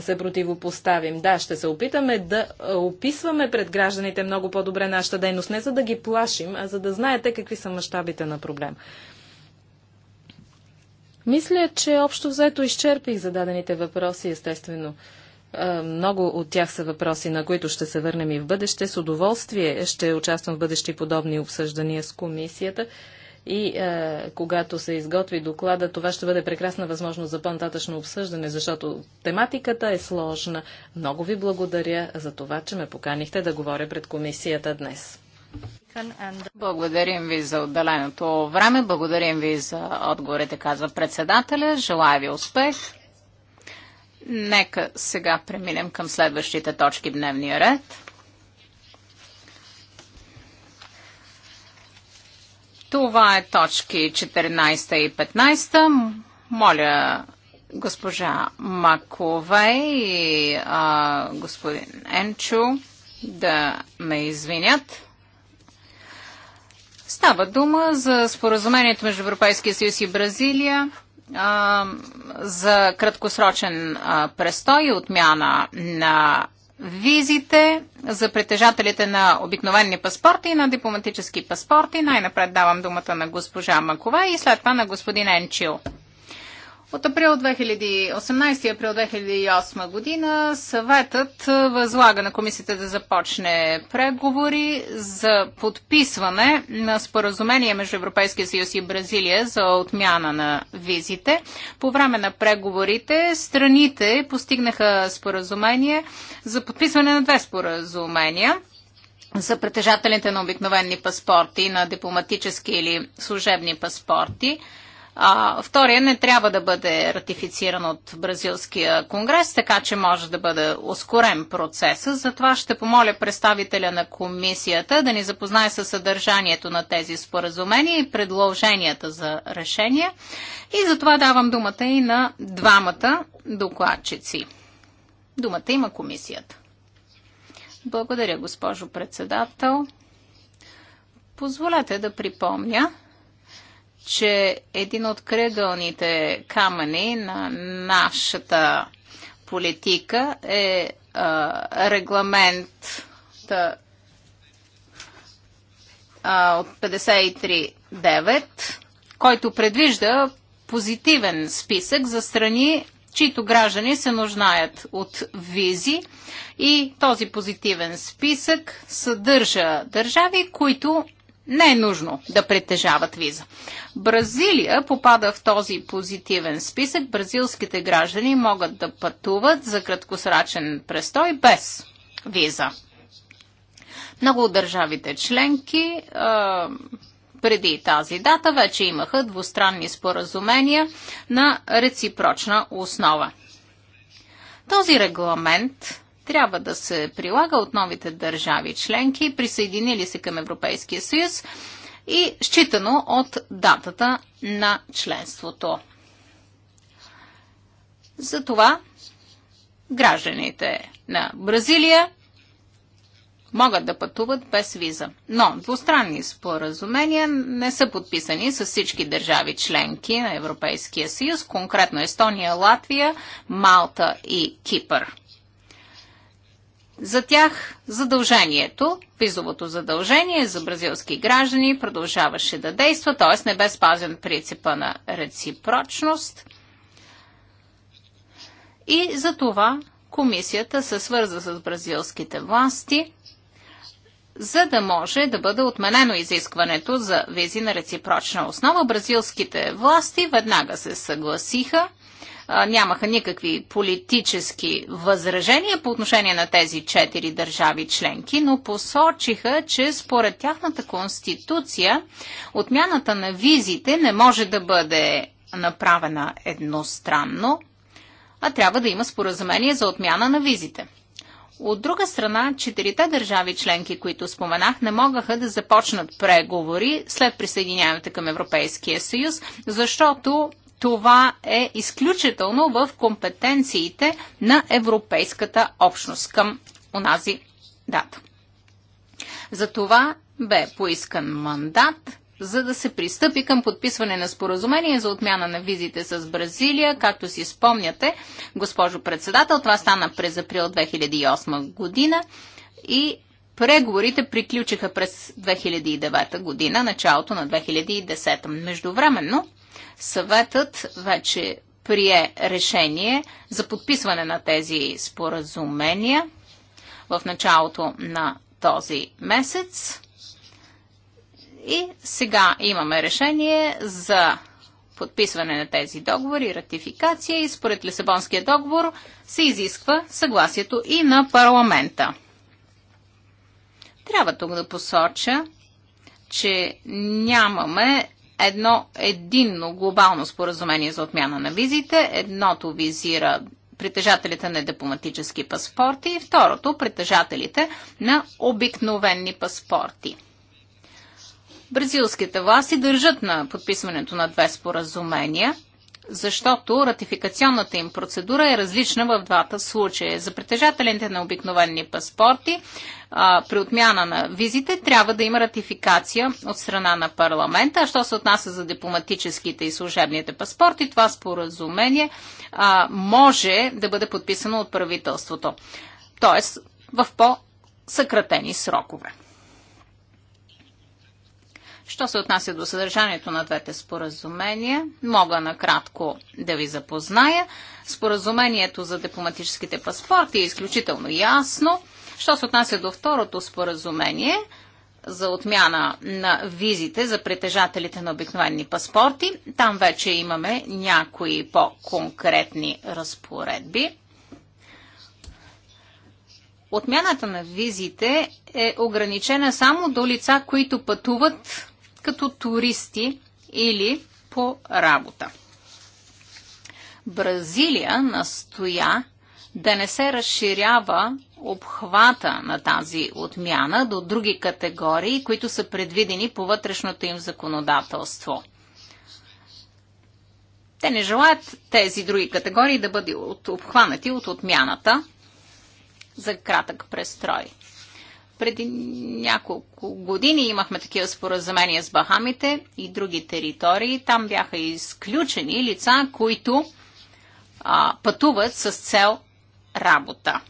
[SPEAKER 2] се противопоставим. Да, ще се опитаме да описваме пред гражданите много по-добре нашата дейност, не за да ги плашим, а за да знаете какви са мащабите на проблем. Мисля, че общо взето изчерпих зададените въпроси, естествено. Много от тях са въпроси, на които ще се върнем и в бъдеще. С удоволствие ще участвам в бъдещи подобни обсъждания с комисията. И а, е, когато се изготви доклада, това ще бъде прекрасна възможност за по-нататъчно обсъждане, защото тематиката е сложна. Много ви благодаря
[SPEAKER 1] за това, че ме поканихте да говоря пред комисията днес. Благодарим ви за отделеното време, благодарим ви за отговорите, казва председателя. Желая ви успех. Нека сега преминем към следващите точки в дневния ред. Това е точки 14 и 15. Моля госпожа Маковей и а, господин Енчо да ме извинят. Става дума за споразумението между Европейския съюз и Бразилия а, за краткосрочен а, престой и отмяна на визите за притежателите на обикновени паспорти и на дипломатически паспорти. Най-напред давам думата на госпожа Макова и след това на господин Енчил. От април 2018 и април 2008 година съветът възлага на комисията да започне преговори за подписване на споразумение между Европейския съюз и Бразилия за отмяна на визите. По време на преговорите страните постигнаха споразумение за подписване на две споразумения за притежателите на обикновени паспорти на дипломатически или служебни паспорти – а, втория не трябва да бъде ратифициран от Бразилския конгрес, така че може да бъде ускорен процеса. Затова ще помоля представителя на комисията да ни запознае със съдържанието на тези споразумения и предложенията за решения. И затова давам думата и на двамата докладчици. Думата има комисията. Благодаря, госпожо председател. Позволете да припомня, че един от кредалните камъни на нашата политика е а, регламент а, от 53.9, който предвижда позитивен списък за страни, чието граждани се нуждаят от визи и този позитивен списък съдържа държави, които не е нужно да притежават виза. Бразилия попада в този позитивен списък. Бразилските граждани могат да пътуват за краткосрачен престой без виза. Много от държавите членки а, преди тази дата вече имаха двустранни споразумения на реципрочна основа. Този регламент трябва да се прилага от новите държави членки, присъединили се към Европейския съюз и считано от датата на членството. Затова гражданите на Бразилия могат да пътуват без виза. Но двустранни споразумения не са подписани с всички държави членки на Европейския съюз, конкретно Естония, Латвия, Малта и Кипър за тях задължението, визовото задължение за бразилски граждани продължаваше да действа, т.е. не бе спазен принципа на реципрочност. И за това комисията се свърза с бразилските власти, за да може да бъде отменено изискването за визи на реципрочна основа. Бразилските власти веднага се съгласиха нямаха никакви политически възражения по отношение на тези четири държави членки, но посочиха, че според тяхната конституция отмяната на визите не може да бъде направена едностранно, а трябва да има споразумение за отмяна на визите. От друга страна, четирите държави членки, които споменах, не могаха да започнат преговори след присъединяването към Европейския съюз, защото това е изключително в компетенциите на Европейската общност към онази дата. За това бе поискан мандат за да се пристъпи към подписване на споразумение за отмяна на визите с Бразилия. Както си спомняте, госпожо председател, това стана през април 2008 година и преговорите приключиха през 2009 година, началото на 2010. Междувременно, Съветът вече прие решение за подписване на тези споразумения в началото на този месец. И сега имаме решение за подписване на тези договори, ратификация и според Лисабонския договор се изисква съгласието и на парламента. Трябва тук да посоча, че нямаме едно единно глобално споразумение за отмяна на визите. Едното визира притежателите на дипломатически паспорти и второто притежателите на обикновени паспорти. Бразилските власти държат на подписването на две споразумения – защото ратификационната им процедура е различна в двата случая. За притежателите на обикновени паспорти а, при отмяна на визите трябва да има ратификация от страна на парламента. А що се отнася за дипломатическите и служебните паспорти, това споразумение а, може да бъде подписано от правителството. Тоест в по-съкратени срокове. Що се отнася до съдържанието на двете споразумения, мога накратко да ви запозная. Споразумението за дипломатическите паспорти е изключително ясно. Що се отнася до второто споразумение за отмяна на визите за притежателите на обикновени паспорти, там вече имаме някои по-конкретни разпоредби. Отмяната на визите е ограничена само до лица, които пътуват като туристи или по работа. Бразилия настоя да не се разширява обхвата на тази отмяна до други категории, които са предвидени по вътрешното им законодателство. Те не желаят тези други категории да бъдат обхванати от отмяната за кратък престрой. Преди няколко години имахме такива споразумения с Бахамите и други територии. Там бяха изключени лица, които а, пътуват с цел работа.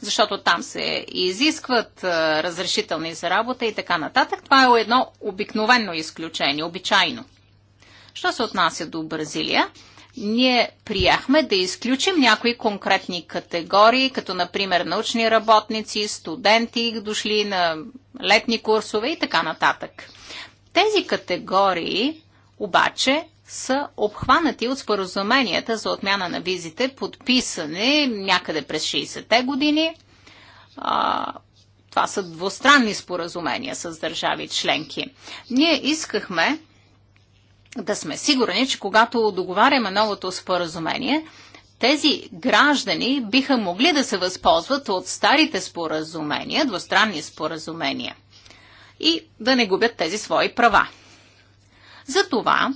[SPEAKER 1] Защото там се изискват а, разрешителни за работа и така нататък. Това е едно обикновено изключение, обичайно. Що се отнася до Бразилия? Ние прияхме да изключим някои конкретни категории, като например научни работници, студенти, дошли на летни курсове и така нататък. Тези категории обаче са обхванати от споразуменията за отмяна на визите, подписани някъде през 60-те години. А, това са двустранни споразумения с държави членки. Ние искахме да сме сигурни, че когато договаряме новото споразумение, тези граждани биха могли да се възползват от старите споразумения, двустранни споразумения и да не губят тези свои права. Затова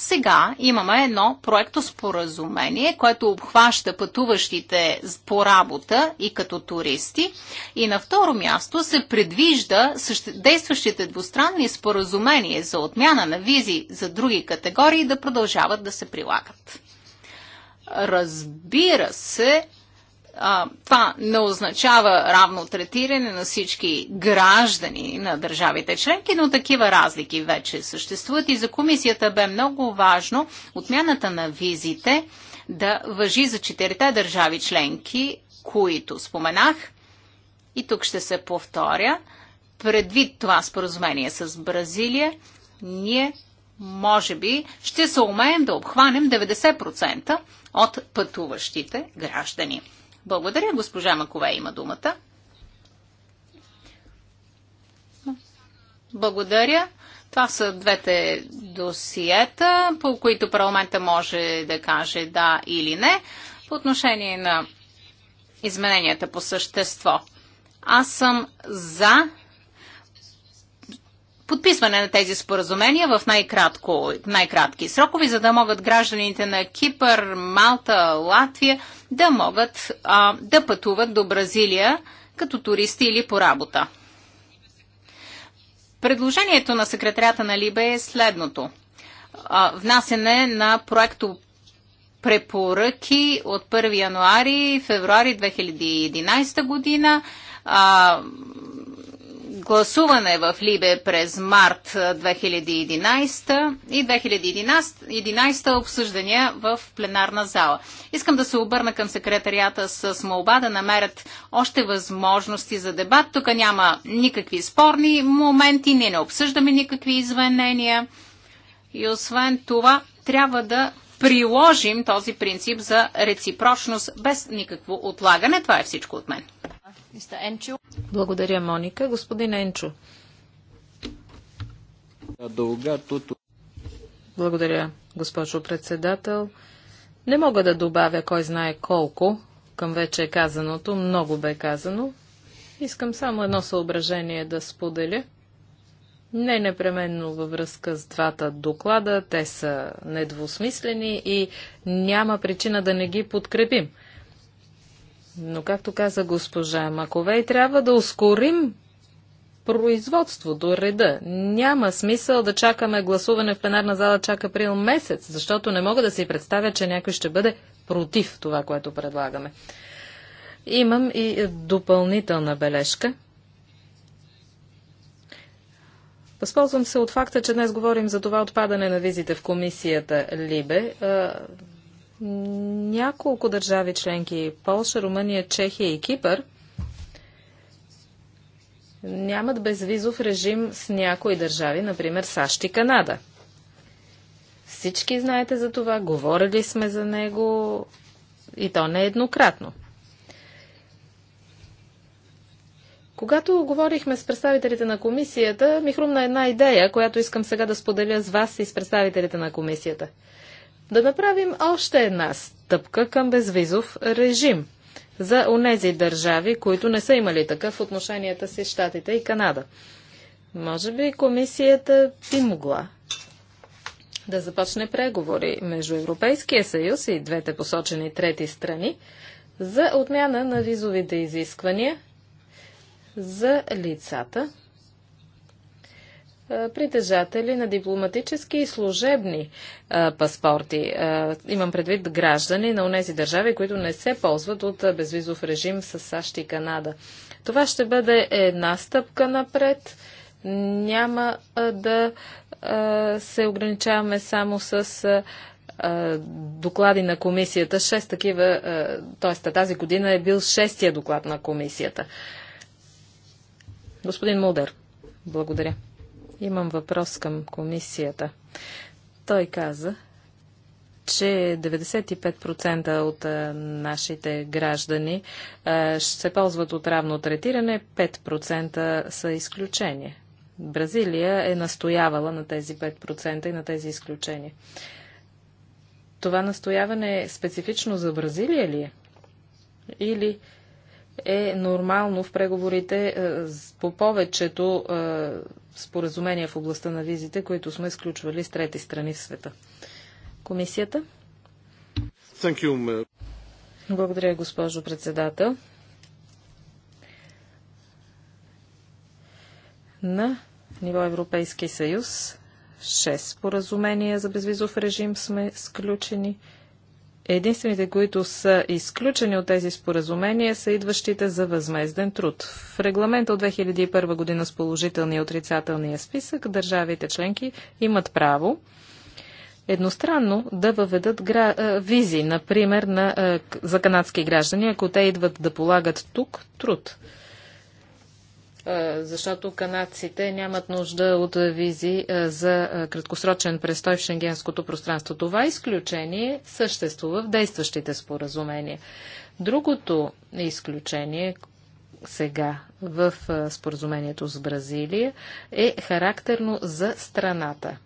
[SPEAKER 1] сега имаме едно проекто споразумение, което обхваща пътуващите по работа и като туристи. И на второ място се предвижда действащите двустранни споразумения за отмяна на визи за други категории да продължават да се прилагат. Разбира се, а, това не означава равно третиране на всички граждани на държавите членки, но такива разлики вече съществуват и за комисията бе много важно отмяната на визите да въжи за четирите държави членки, които споменах. И тук ще се повторя. Предвид това споразумение с Бразилия, ние може би ще се умеем да обхванем 90% от пътуващите граждани. Благодаря. Госпожа Макове има думата. Благодаря. Това са двете досиета, по които парламента може да каже да или не по отношение на измененията по същество. Аз съм за подписване на тези споразумения в най най-кратки срокови, за да могат гражданите на Кипър, Малта, Латвия да могат а, да пътуват до Бразилия като туристи или по работа. Предложението на секретарята на Либе е следното. внасене на проекто препоръки от 1 януари февруари 2011 година гласуване в Либе през март 2011 и 2011, обсъждания в пленарна зала. Искам да се обърна към секретарията с молба да намерят още възможности за дебат. Тук няма никакви спорни моменти, ние не обсъждаме никакви извинения. И освен това, трябва да приложим този принцип за реципрочност без никакво отлагане. Това е всичко от мен.
[SPEAKER 2] Благодаря, Моника. Господин Енчо. Благодаря, госпожо председател. Не мога да добавя кой знае колко към вече е казаното. Много бе казано. Искам само едно съображение да споделя. Не непременно във връзка с двата доклада. Те са недвусмислени и няма причина да не ги подкрепим. Но, както каза госпожа Маковей, трябва да ускорим производството, реда. Няма смисъл да чакаме гласуване в пленарна зала чак април месец, защото не мога да си представя, че някой ще бъде против това, което предлагаме. Имам и допълнителна бележка. Възползвам се от факта, че днес говорим за това отпадане на визите в комисията Либе няколко държави членки Полша, Румъния, Чехия и Кипър нямат безвизов режим с някои държави, например САЩ и Канада. Всички знаете за това, говорили сме за него и то не еднократно. Когато говорихме с представителите на комисията, ми хрумна една идея, която искам сега да споделя с вас и с представителите на комисията – да направим още една стъпка към безвизов режим за онези държави, които не са имали такъв в отношенията си Штатите и Канада. Може би комисията би могла да започне преговори между Европейския съюз и двете посочени трети страни за отмяна на визовите изисквания за лицата, е, притежатели на дипломатически и служебни а, е, паспорти. А, е, имам предвид граждани на унези държави, които не се ползват от безвизов режим с САЩ и Канада. Това ще бъде една стъпка напред. Няма да се ограничаваме само с доклади на комисията. Шест такива, т.е. тази година е бил шестия доклад на комисията. Господин Мулдер, благодаря. Имам въпрос към комисията. Той каза, че 95% от нашите граждани се ползват от равно третиране, 5% са изключения. Бразилия е настоявала на тези 5% и на тези изключения. Това настояване е специфично за Бразилия ли е? Или е нормално в преговорите е, по повечето е, споразумения в областта на визите, които сме сключвали с трети страни в света. Комисията?
[SPEAKER 3] You,
[SPEAKER 2] Благодаря, госпожо председател. На ниво Европейски съюз 6 споразумения за безвизов режим сме сключени – Единствените, които са изключени от тези споразумения, са идващите за възмезден труд. В регламента от 2001 година с положителния и отрицателния списък държавите членки имат право едностранно да въведат гра... визи, например, на... за канадски граждани, ако те идват да полагат тук труд защото канадците нямат нужда от визи за краткосрочен престой в шенгенското пространство. Това изключение съществува в действащите споразумения. Другото изключение сега в споразумението с Бразилия е характерно за страната.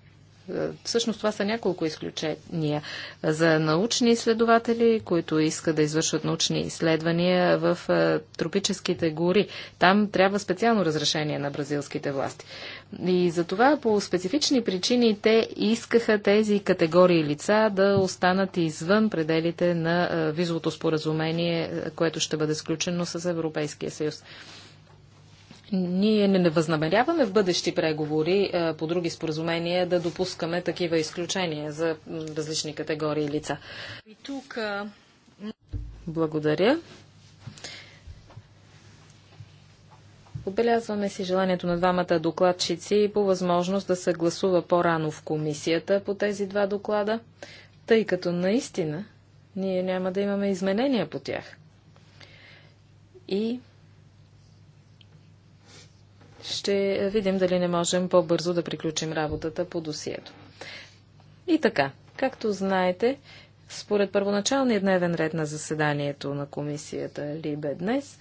[SPEAKER 2] Всъщност това са няколко изключения за научни изследователи, които искат да извършват научни изследвания в тропическите гори. Там трябва специално разрешение на бразилските власти. И за това по специфични причини те искаха тези категории лица да останат извън пределите на визовото споразумение, което ще бъде сключено с Европейския съюз. Ние не възнамеряваме в бъдещи преговори е, по други споразумения да допускаме такива изключения за различни категории лица. И тук... Е, Благодаря. Отбелязваме си желанието на двамата докладчици и по възможност да се гласува по-рано в комисията по тези два доклада, тъй като наистина ние няма да имаме изменения по тях. И ще видим дали не можем по-бързо да приключим работата по досието. И така, както знаете, според първоначалния дневен ред на заседанието на комисията Либе днес,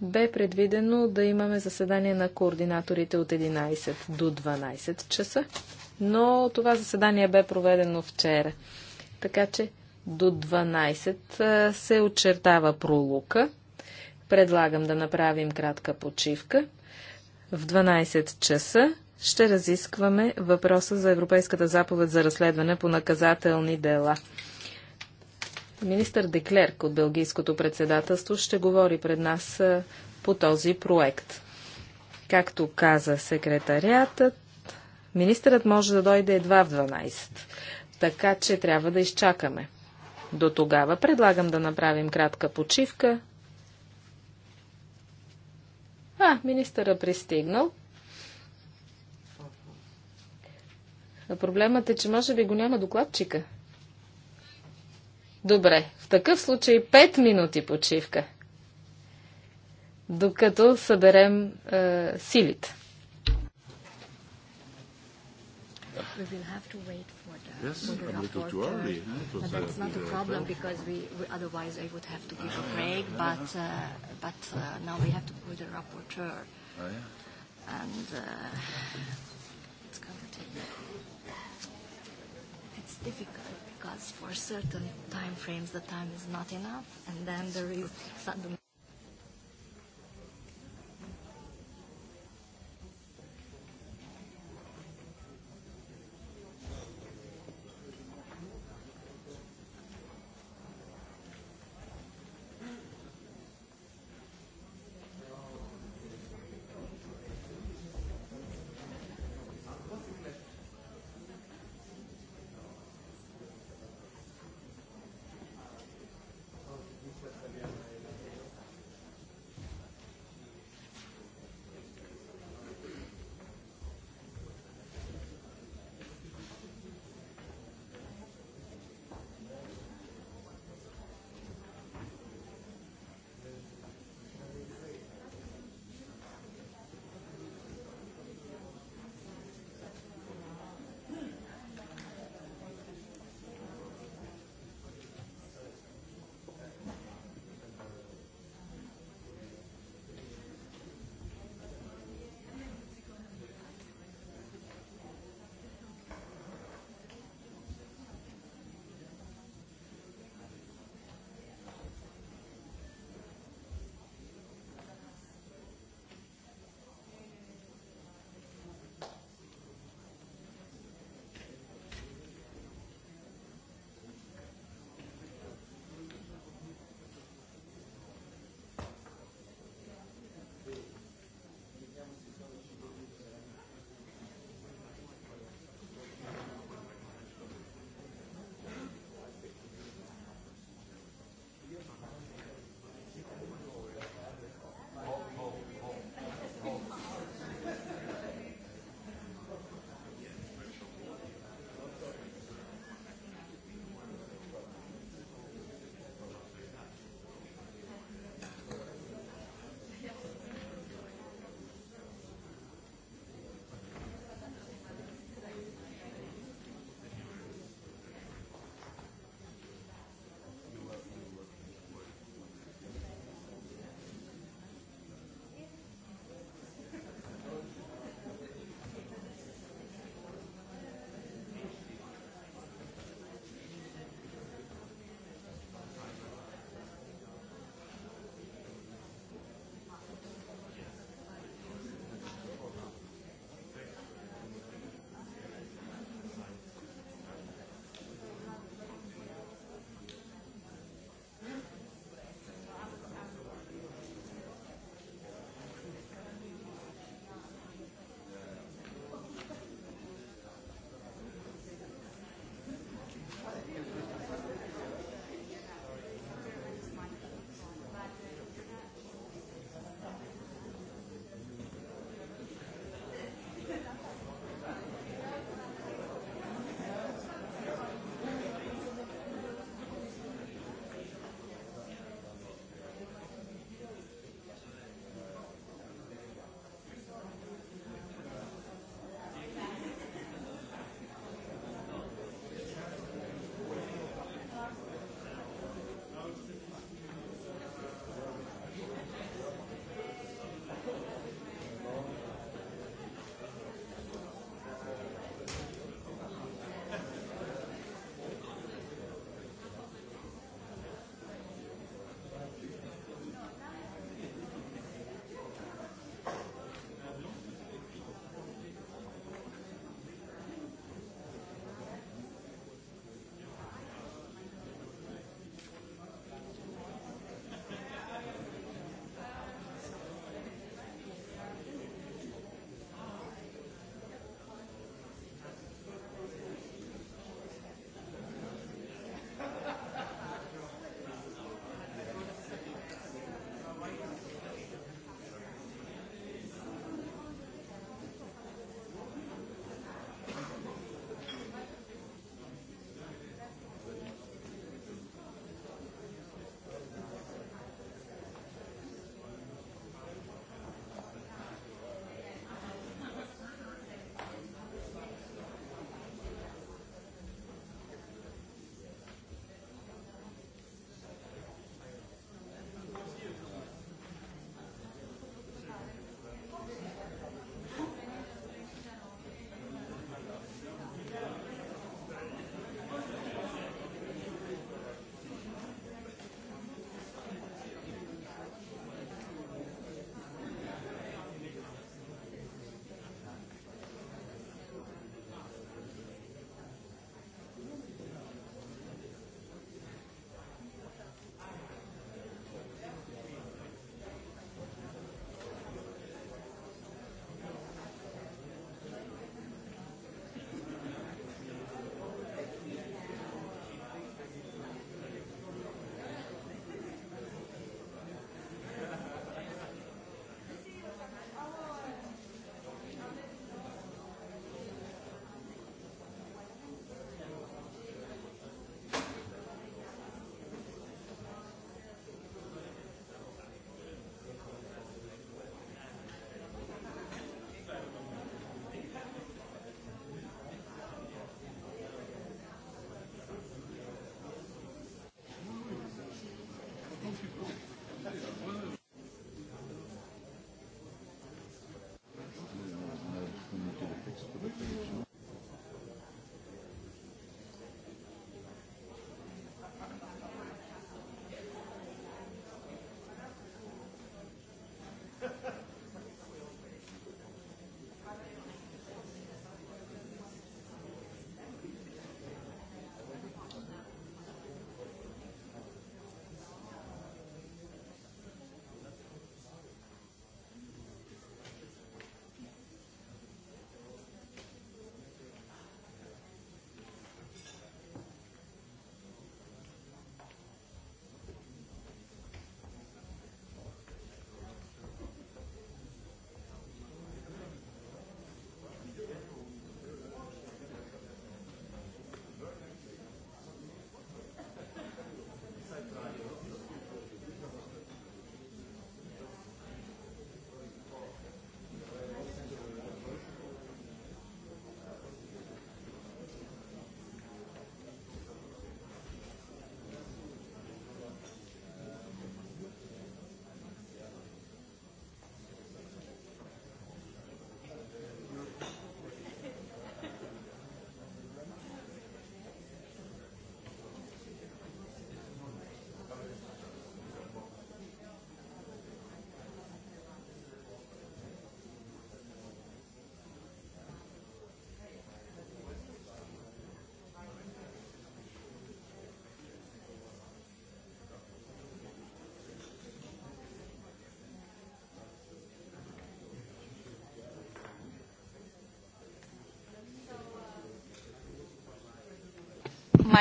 [SPEAKER 2] бе предвидено да имаме заседание на координаторите от 11 до 12 часа, но това заседание бе проведено вчера. Така че до 12 се очертава пролука. Предлагам да направим кратка почивка в 12 часа ще разискваме въпроса за Европейската заповед за разследване по наказателни дела. Министър Деклерк от Белгийското председателство ще говори пред нас по този проект. Както каза секретариатът, министърът може да дойде едва в 12, така че трябва да изчакаме. До тогава предлагам да направим кратка почивка, а, министъра пристигнал. Проблемът е, че може би го няма докладчика. Добре, в такъв случай 5 минути почивка, докато съберем е, силите. We will have to wait Yes, a little too early. But that's not a problem because we, we otherwise I would have to give a break. But uh, but uh, now we have to call the rapporteur, and uh, it's going to take. It's difficult because for certain time frames the time is not enough, and then there is suddenly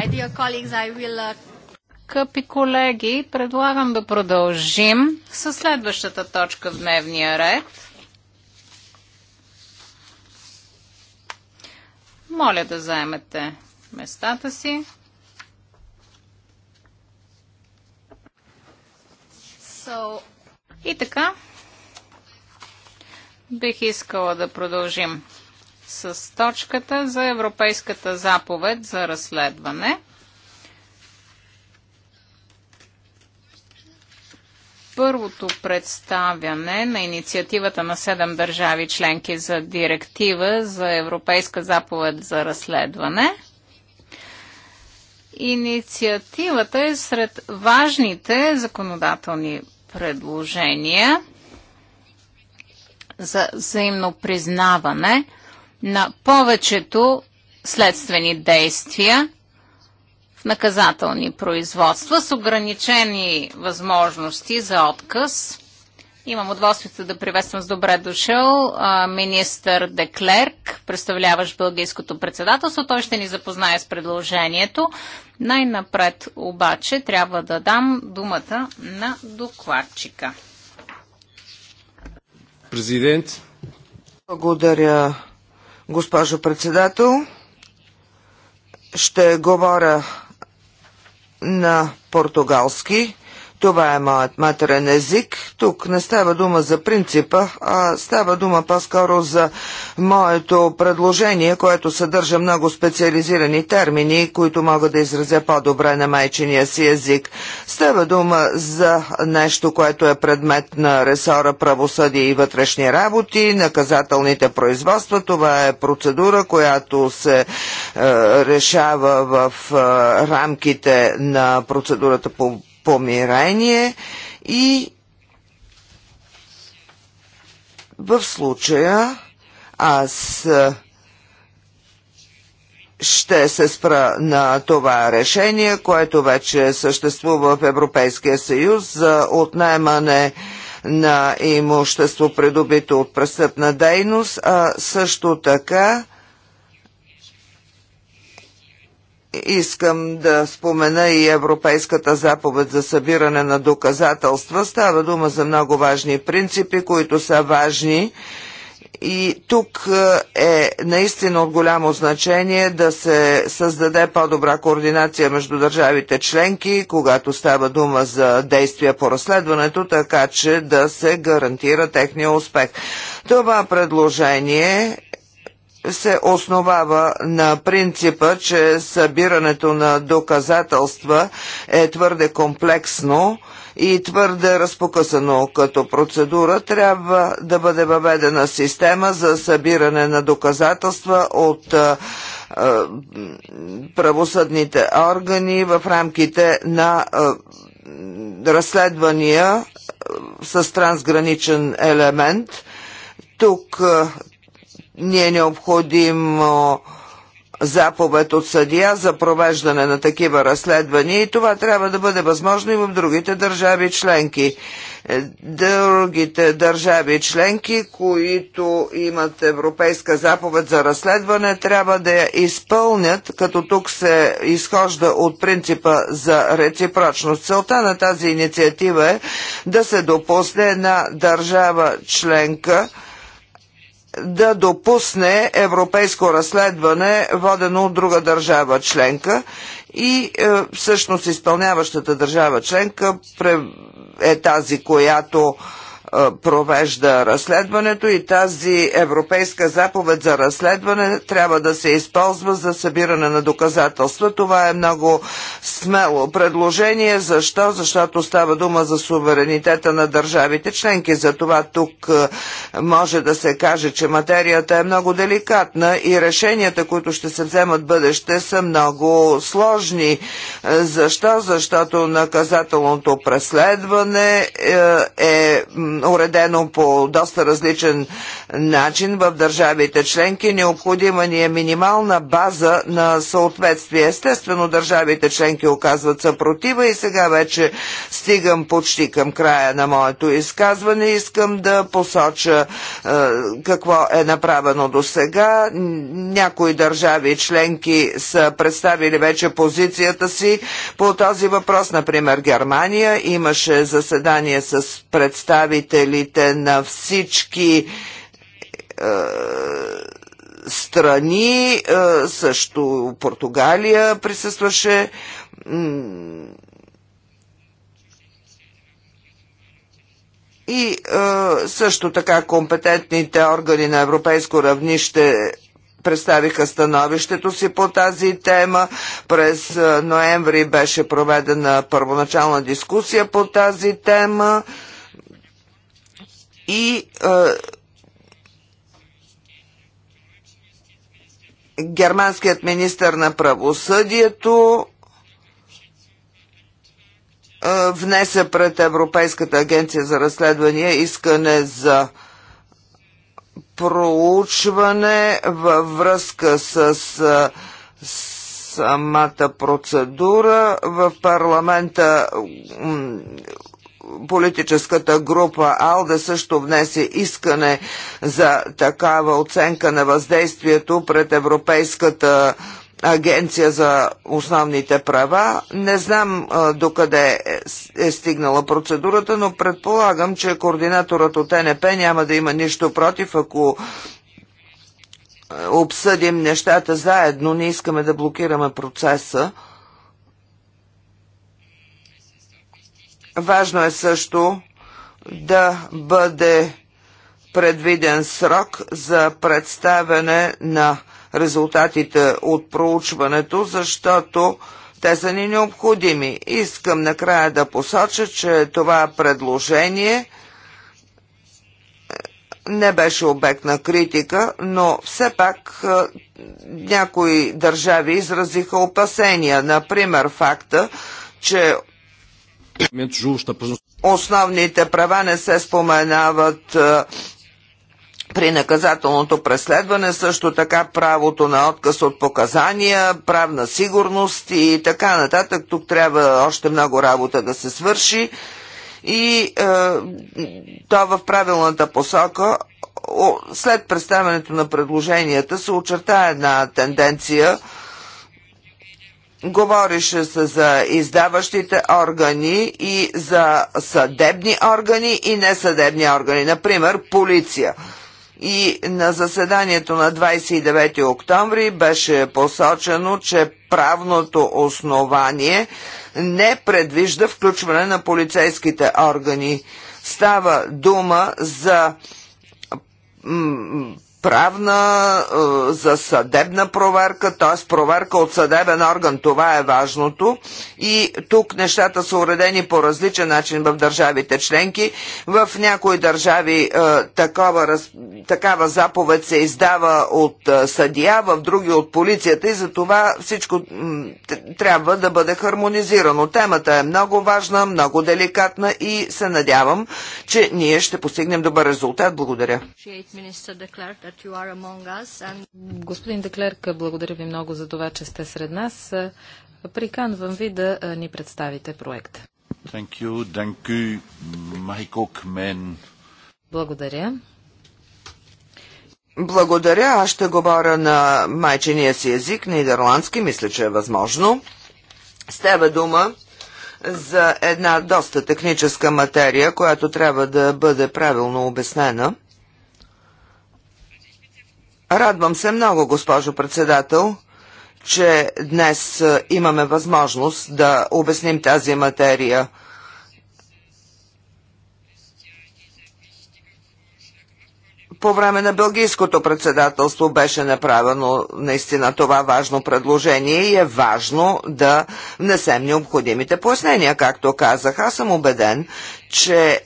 [SPEAKER 1] my dear colleagues, I will... Uh, Скъпи колеги, предлагам да продължим с следващата точка в дневния ред. Моля да заемете местата си. So... И така, бих искала да продължим с точката за Европейската заповед за разследване. първото представяне на инициативата на седем държави членки за директива за Европейска заповед за разследване. Инициативата е сред важните законодателни предложения за взаимно признаване – на повечето следствени действия в наказателни производства с ограничени възможности за отказ. Имам удоволствието да приветствам с добре дошъл министър Деклерк, представляващ Бългийското председателство. Той ще ни запознае с предложението. Най-напред обаче трябва да дам думата на докладчика.
[SPEAKER 3] Президент. Благодаря, Госпожо председател, ще говоря на португалски. Това е моят матерен език. Тук не става дума за принципа, а става дума по-скоро за моето предложение, което съдържа много специализирани термини, които мога да изразя по-добре на майчиния си език. Става дума за нещо, което е предмет на ресора правосъдие и вътрешни работи, наказателните производства. Това е процедура, която се е, решава в е, рамките на процедурата по помирение и в случая аз ще се спра на това решение, което вече съществува в Европейския съюз за отнемане на имущество, придобито от престъпна дейност, а също така Искам да спомена и Европейската заповед за събиране на доказателства. Става дума за много важни принципи, които са важни. И тук е, е наистина от голямо значение да се създаде по-добра координация между държавите членки, когато става дума за действия по разследването, така че да се гарантира техния успех. Това предложение се основава на принципа, че събирането на доказателства е твърде комплексно и твърде разпокъсано като процедура, трябва да бъде въведена система за събиране на доказателства от правосъдните органи в рамките на разследвания с трансграничен елемент. Тук ни е необходимо заповед от съдия за провеждане на такива разследвания и това трябва да бъде възможно и в другите държави членки. Е, другите държави членки, които имат европейска заповед за разследване, трябва да я изпълнят, като тук се изхожда от принципа за реципрочност. Целта на тази инициатива е да се допусне една държава членка, да допусне европейско разследване, водено от друга държава членка и е, всъщност изпълняващата държава членка е тази, която провежда разследването и тази европейска заповед за разследване трябва да се използва за събиране на доказателства. Това е много смело предложение. Защо? Защото става дума за суверенитета на държавите членки. това тук може да се каже, че материята е много деликатна и решенията, които ще се вземат бъдеще, са много сложни. Защо? Защото наказателното преследване е, е уредено по доста различен начин в държавите членки. Необходима ни е минимална база на съответствие. Естествено, държавите членки оказват съпротива и сега вече стигам почти към края на моето изказване. Искам да посоча е, какво е направено до сега. Някои държави членки са представили вече позицията си по този въпрос. Например, Германия имаше заседание с представители представителите на всички е, страни, е, също Португалия присъстваше. И е, също така компетентните органи на европейско равнище представиха становището си по тази тема. През е, ноември беше проведена първоначална дискусия по тази тема и германският министр на правосъдието внесе пред Европейската агенция за разследвания искане за проучване във връзка с, с самата процедура. В парламента политическата група АЛДА също внесе искане за такава оценка на въздействието пред Европейската Агенция за основните права. Не знам а, докъде е, е стигнала процедурата, но предполагам, че координаторът от НП няма да има нищо против, ако обсъдим нещата заедно, не искаме да блокираме процеса. Важно е също да бъде предвиден срок за представяне на резултатите от проучването, защото те са ни необходими. Искам накрая да посоча, че това предложение не беше обект на критика, но все пак някои държави изразиха опасения. Например, факта, че Основните права не се споменават е, при наказателното преследване, също така правото на отказ от показания, правна сигурност и така нататък. Тук трябва още много работа да се свърши и е, то в правилната посока. След представянето на предложенията се очерта една тенденция – Говореше се за издаващите органи и за съдебни органи и несъдебни органи, например полиция. И на заседанието на 29 октомври беше посочено, че правното основание не предвижда включване на полицейските органи. Става дума за правна, е, за съдебна проверка, т.е. проверка от съдебен орган. Това е важното. И тук нещата са уредени по различен начин в държавите членки. В някои държави е, такова, такава заповед се издава от е, съдия, в други от полицията и за това всичко трябва да бъде хармонизирано. Темата е много важна, много деликатна и се надявам, че ние ще постигнем добър резултат. Благодаря
[SPEAKER 2] that you are among us. And...
[SPEAKER 3] Господин Деклерк,
[SPEAKER 2] благодаря ви много за това, че сте сред нас. Приканвам ви да ни представите проекта. Thank you. Thank you, Michael
[SPEAKER 3] Благодаря. Благодаря. Аз ще говоря на майчиния си език, нидерландски, мисля, че е възможно. С тебе дума за една доста техническа материя, която трябва да бъде правилно обяснена. Радвам се много, госпожо председател, че днес е, имаме възможност да обясним тази материя. По време на бългийското председателство беше направено наистина това важно предложение и е важно да внесем необходимите пояснения, както казах. Аз съм убеден, че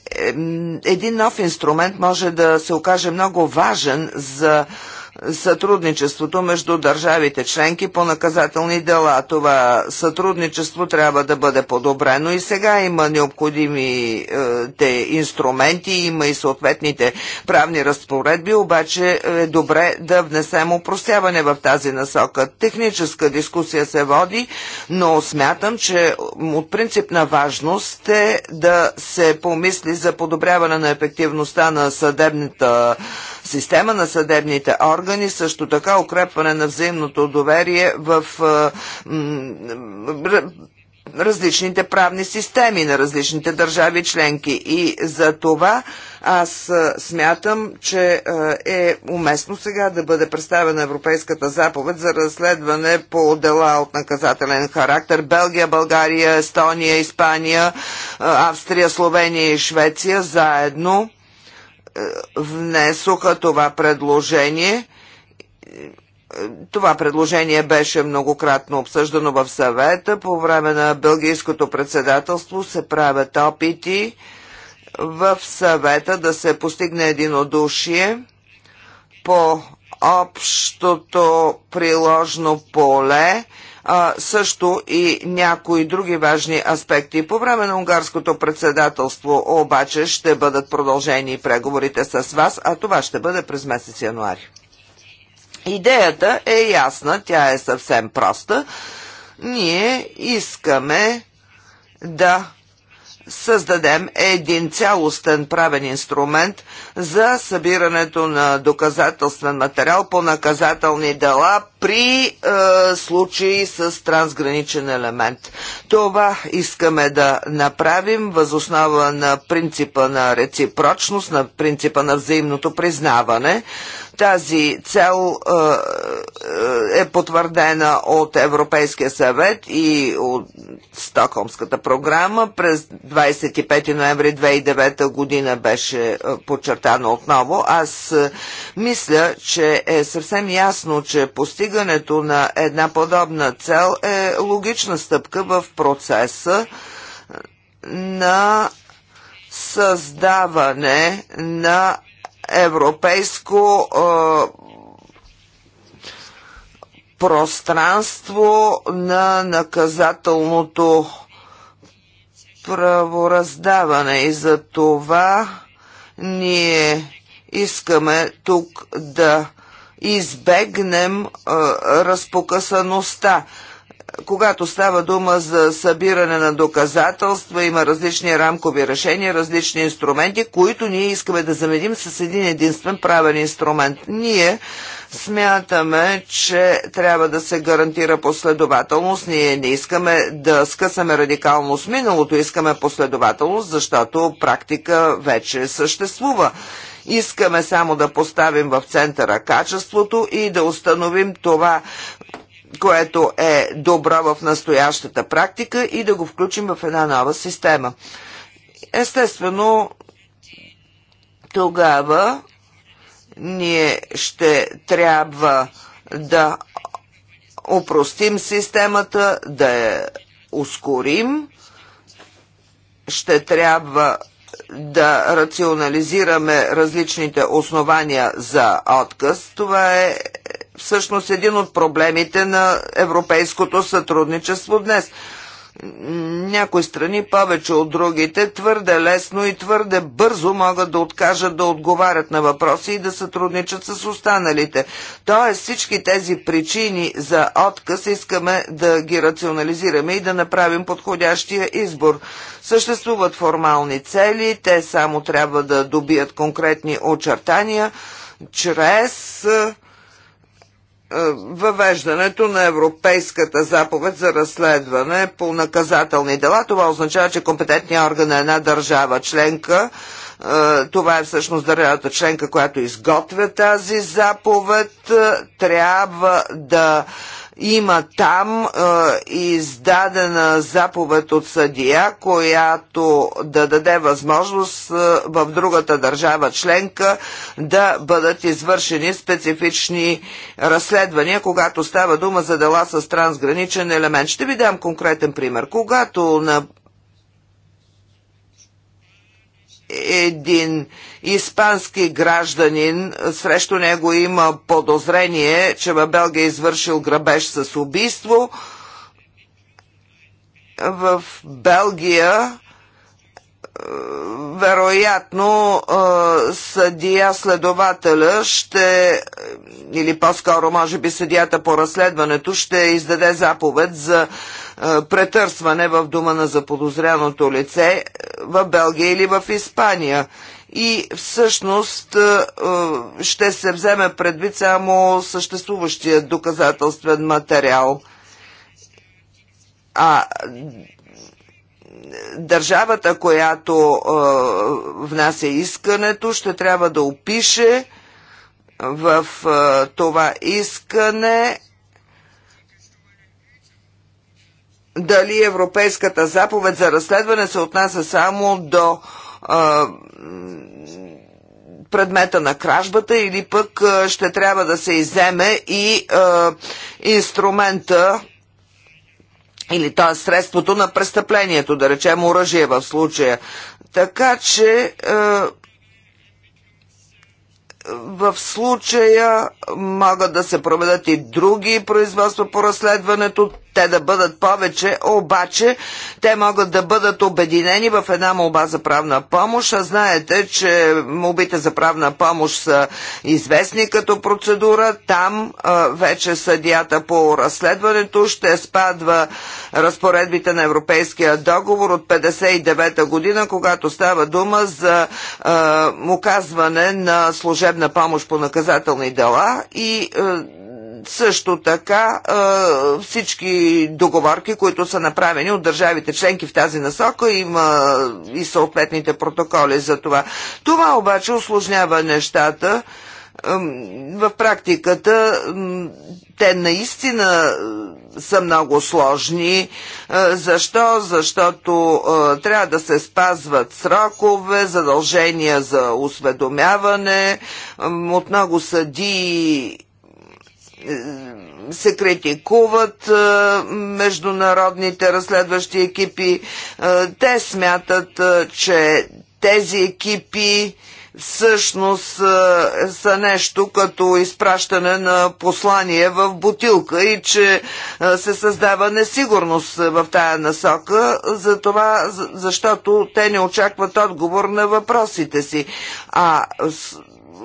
[SPEAKER 3] един нов инструмент може да се окаже много важен за сътрудничеството между държавите членки по наказателни дела. Това сътрудничество трябва да бъде подобрено и сега има необходимите е, инструменти, има и съответните правни разпоредби, обаче е добре да внесем упростяване в тази насока. Техническа дискусия се води, но смятам, че от принципна важност е да се помисли за подобряване на ефективността на съдебната система на съдебните органи, също така укрепване на взаимното доверие в различните правни системи на различните държави членки. И за това аз смятам, че е уместно сега да бъде представена Европейската заповед за разследване по дела от наказателен характер. Белгия, България, Естония, Испания, Австрия, Словения и Швеция заедно внесоха това предложение. Това предложение беше многократно обсъждано в съвета. По време на бългийското председателство се правят опити в съвета да се постигне единодушие по общото приложно поле а също и някои други важни аспекти. По време на унгарското председателство обаче ще бъдат продължени преговорите с вас, а това ще бъде през месец януари. Идеята е ясна, тя е съвсем проста. Ние искаме да създадем един цялостен правен инструмент за събирането на доказателствен материал по наказателни дела при е, случаи с трансграничен елемент. Това искаме да направим възоснова на принципа на реципрочност, на принципа на взаимното признаване. Тази цел е, е, е потвърдена от Европейския съвет и от Стокхолмската програма. През 25 ноември 2009 година беше е, подчертана отново. Аз мисля, че е съвсем ясно, че постигането на една подобна цел е логична стъпка в процеса на създаване на европейско пространство на наказателното правораздаване и за това ние искаме тук да избегнем разпокъсаността когато става дума за събиране на доказателства, има различни рамкови решения, различни инструменти, които ние искаме да заменим с един единствен правен инструмент. Ние смятаме, че трябва да се гарантира последователност. Ние не искаме да скъсаме радикално с миналото, искаме последователност, защото практика вече съществува. Искаме само да поставим в центъра качеството и да установим това, което е добро в настоящата практика и да го включим в една нова система. Естествено, тогава ние ще трябва да опростим системата, да я ускорим, ще трябва да рационализираме различните основания за отказ. Това е всъщност един от проблемите на европейското сътрудничество днес. Някои страни, повече от другите, твърде лесно и твърде бързо могат да откажат да отговарят на въпроси и да сътрудничат с останалите. Тоест всички тези причини за отказ искаме да ги рационализираме и да направим подходящия избор. Съществуват формални цели, те само трябва да добият конкретни очертания чрез е, въвеждането на Европейската заповед за разследване по наказателни дела. Това означава, че компетентният орган на една държава членка, е, това е всъщност държавата членка, която изготвя тази заповед, е, трябва да има там е, издадена заповед от съдия, която да даде възможност е, в другата държава членка да бъдат извършени специфични разследвания, когато става дума за дела с трансграничен елемент. Ще ви дам конкретен пример. Когато на един испански гражданин, срещу него има подозрение, че във Белгия е извършил грабеж с убийство. В Белгия вероятно съдия следователя ще, или по-скоро може би съдията по разследването ще издаде заповед за претърсване в дома на заподозряното лице е, в Белгия или в Испания. И всъщност ще се вземе предвид само съществуващия доказателствен материал. А държавата, която е, внася искането, ще трябва да опише в е, това искане дали Европейската заповед за разследване се отнася само до е, предмета на кражбата или пък ще трябва да се иземе и е, инструмента или е средството на престъплението, да речем оръжие в случая. Така че е, в случая могат да се проведат и други производства по разследването, те да бъдат повече, обаче те могат да бъдат обединени в една молба за правна помощ, а знаете, че молбите за правна помощ са известни като процедура. Там а, вече съдията по разследването ще спадва разпоредбите на Европейския договор от 59 година, когато става дума за а, оказване на служебна съдебна помощ по наказателни дела и е, също така е, всички договорки, които са направени от държавите членки в тази насока, има и съответните протоколи за това. Това обаче осложнява нещата в практиката те наистина са много сложни. Защо? Защото трябва да се спазват срокове, задължения за осведомяване. От много съди се критикуват международните разследващи екипи. Те смятат, че тези екипи всъщност е, са нещо като изпращане на послание в бутилка и че е, се създава несигурност в тая насока, за това, защото те не очакват отговор на въпросите си. А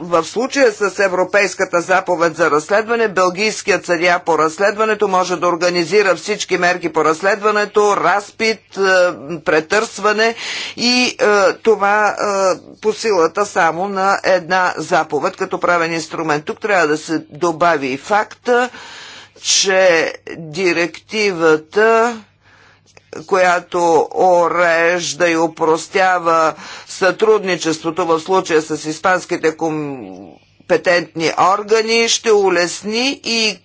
[SPEAKER 3] в случая с Европейската заповед за разследване, бългийският съдя по разследването може да организира всички мерки по разследването, разпит, е, претърсване и е, това е, по силата само на една заповед като правен инструмент. Тук трябва да се добави и факта, че директивата която орежда и упростява сътрудничеството в случая с испанските компетентни органи, ще улесни и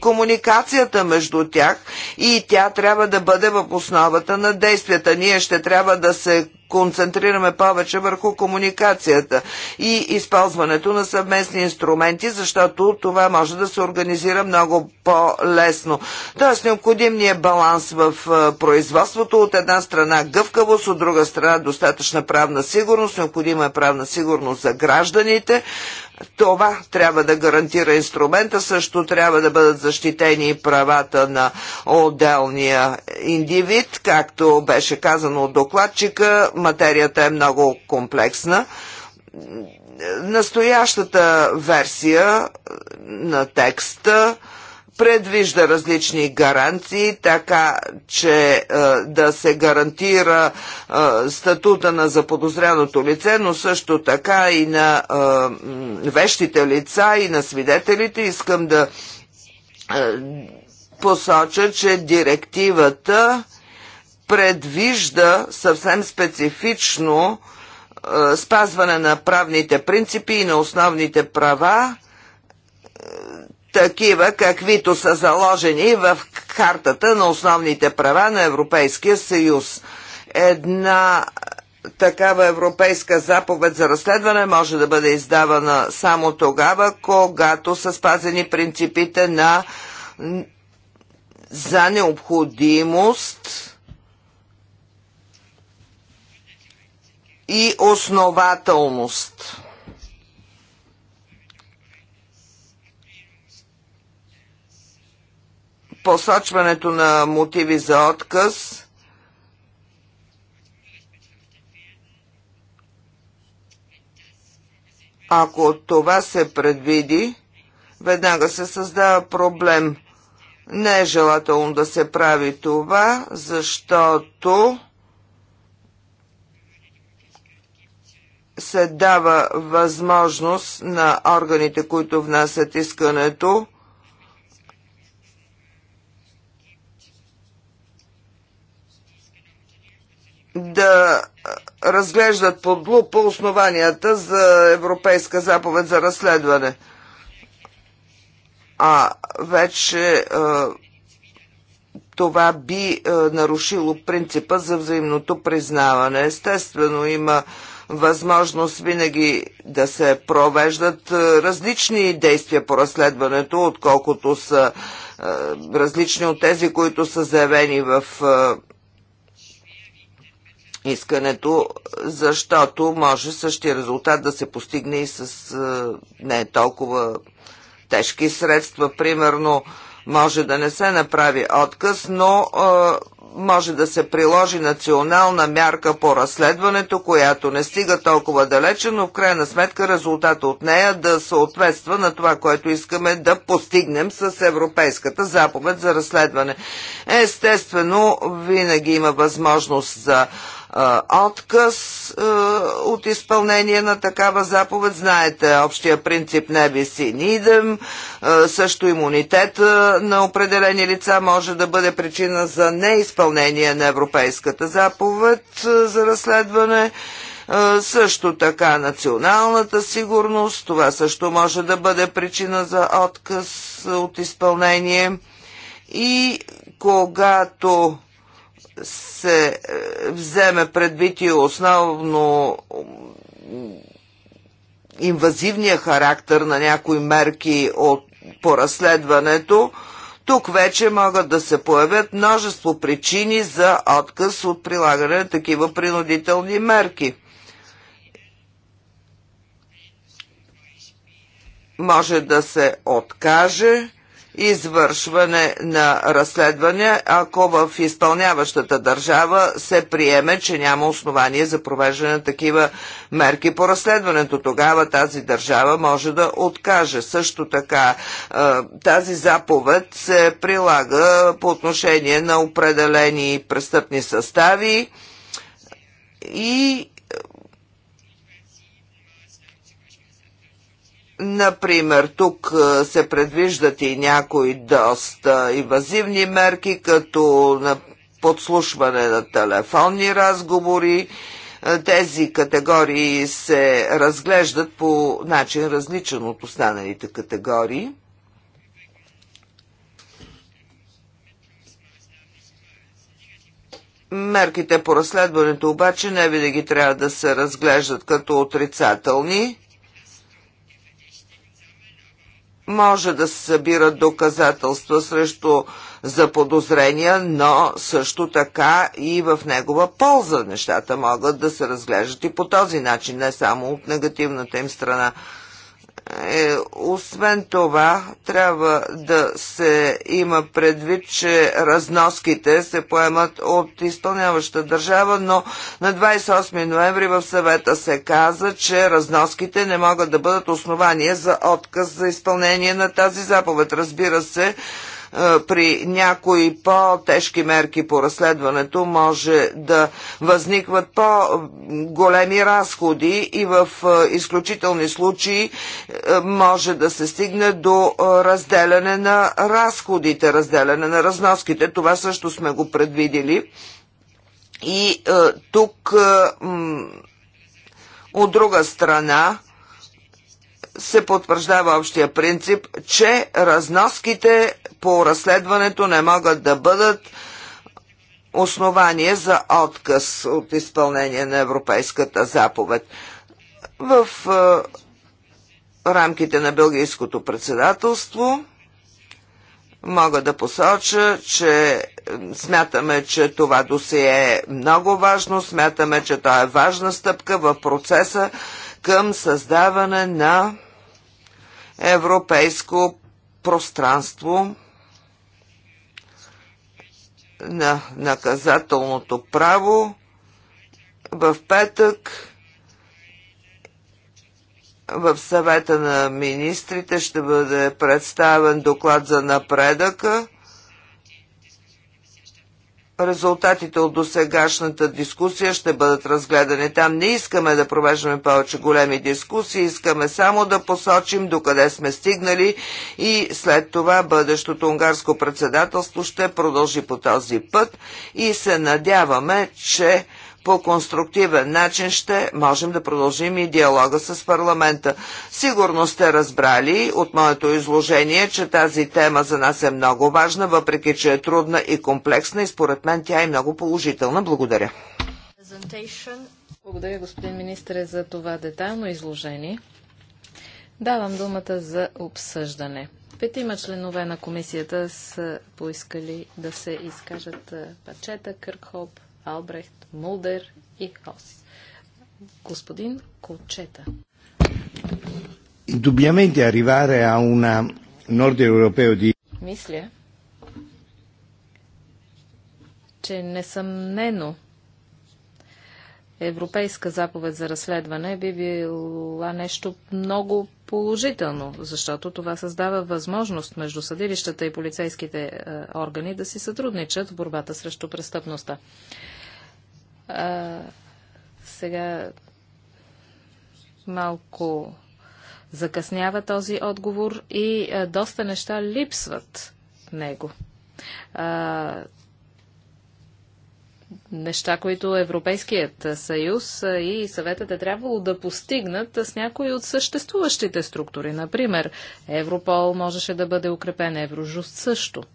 [SPEAKER 3] комуникацията между тях и тя трябва да бъде в основата на действията. Ние ще трябва да се концентрираме повече върху комуникацията и използването на съвместни инструменти, защото това може да се организира много по-лесно. Тоест необходим ни е баланс в производството. От една страна гъвкавост, от друга страна достатъчна правна сигурност, необходима е правна сигурност за гражданите. Това трябва да гарантира инструмента, също трябва да бъдат защитени правата на отделния индивид. Както беше казано от докладчика, материята е много комплексна. Настоящата версия на текста предвижда различни гаранции, така че е, да се гарантира е, статута на заподозряното лице, но също така и на е, вещите лица и на свидетелите. Искам да е, посоча, че директивата предвижда съвсем специфично е, спазване на правните принципи и на основните права такива, каквито са заложени в картата на основните права на Европейския съюз. Една такава европейска заповед за разследване може да бъде издавана само тогава, когато са спазени принципите на за необходимост и основателност. посочването на мотиви за отказ Ако това се предвиди, веднага се създава проблем. Не е желателно да се прави това, защото се дава възможност на органите, които внасят искането, да разглеждат под глупо основанията за Европейска заповед за разследване. А вече това би нарушило принципа за взаимното признаване. Естествено има възможност винаги да се провеждат различни действия по разследването, отколкото са различни от тези, които са заявени в искането, защото може същия резултат да се постигне и с не толкова тежки средства. Примерно, може да не се направи отказ, но може да се приложи национална мярка по разследването, която не стига толкова далече, но в крайна сметка резултата от нея да съответства на това, което искаме да постигнем с Европейската заповед за разследване. Естествено, винаги има възможност за отказ от изпълнение на такава заповед. Знаете, общия принцип не би си нидем. Също имунитет на определени лица може да бъде причина за неизпълнение на Европейската заповед за разследване. Също така националната сигурност, това също може да бъде причина за отказ от изпълнение. И когато се е, вземе предвид и основно инвазивния характер на някои мерки от, по разследването, тук вече могат да се появят множество причини за отказ от прилагане на такива принудителни мерки. Може да се откаже извършване на разследване, ако в изпълняващата държава се приеме, че няма основание за провеждане на такива мерки по разследването. Тогава тази държава може да откаже. Също така е, тази заповед се прилага по отношение на определени престъпни състави и Например, тук се предвиждат и някои доста инвазивни мерки, като на подслушване на телефонни разговори. Тези категории се разглеждат по начин различен от останалите категории. Мерките по разследването обаче не винаги трябва да се разглеждат като отрицателни може да се събират доказателства срещу заподозрения, но също така и в негова полза нещата могат да се разглеждат и по този начин, не само от негативната им страна. Е, освен това, трябва да се има предвид, че разноските се поемат от изпълняваща държава, но на 28 ноември в съвета се каза, че разноските не могат да бъдат основания за отказ за изпълнение на тази заповед. Разбира се, е, при някои по-тежки мерки по разследването може да възникват по-големи разходи и в е, изключителни случаи е, може да се стигне до разделяне на разходите, разделяне на разноските. Това също сме го предвидели. И тук от друга страна се потвърждава общия принцип, че разноските по разследването не могат да бъдат основание за отказ от изпълнение на Европейската заповед. В е, рамките на Белгийското председателство мога да посоча, че смятаме, че това досие е много важно, смятаме, че то е важна стъпка в процеса към създаване на европейско пространство на наказателното право в петък в съвета на министрите ще бъде представен доклад за напредъка Резултатите от досегашната дискусия ще бъдат разгледани там. Не искаме да провеждаме повече големи дискусии, искаме само да посочим докъде сме стигнали и след това бъдещото унгарско председателство ще продължи по този път и се надяваме, че по конструктивен начин ще можем да продължим и диалога с парламента. Сигурно сте разбрали от моето изложение, че тази тема за нас е много важна, въпреки че е трудна и комплексна и според мен тя е много положителна. Благодаря.
[SPEAKER 2] Благодаря, господин министре, за това детайлно изложение. Давам думата за обсъждане. Петима членове на комисията са поискали да се изкажат Пачета, Къркхоп, Албрехт, Мулдер и Хос. Господин Колчета.
[SPEAKER 3] Индубиаменте arrivare a un nord europeo di...
[SPEAKER 2] Мисля, че несъмнено европейска заповед за разследване би била нещо много положително, защото това създава възможност между съдилищата и полицейските е, органи да си сътрудничат в борбата срещу престъпността. А, сега малко закъснява този отговор и а, доста неща липсват в него. А, неща, които Европейският съюз и съветът е трябвало да постигнат с някои от съществуващите структури. Например, Европол можеше да бъде укрепен, Еврожуст също –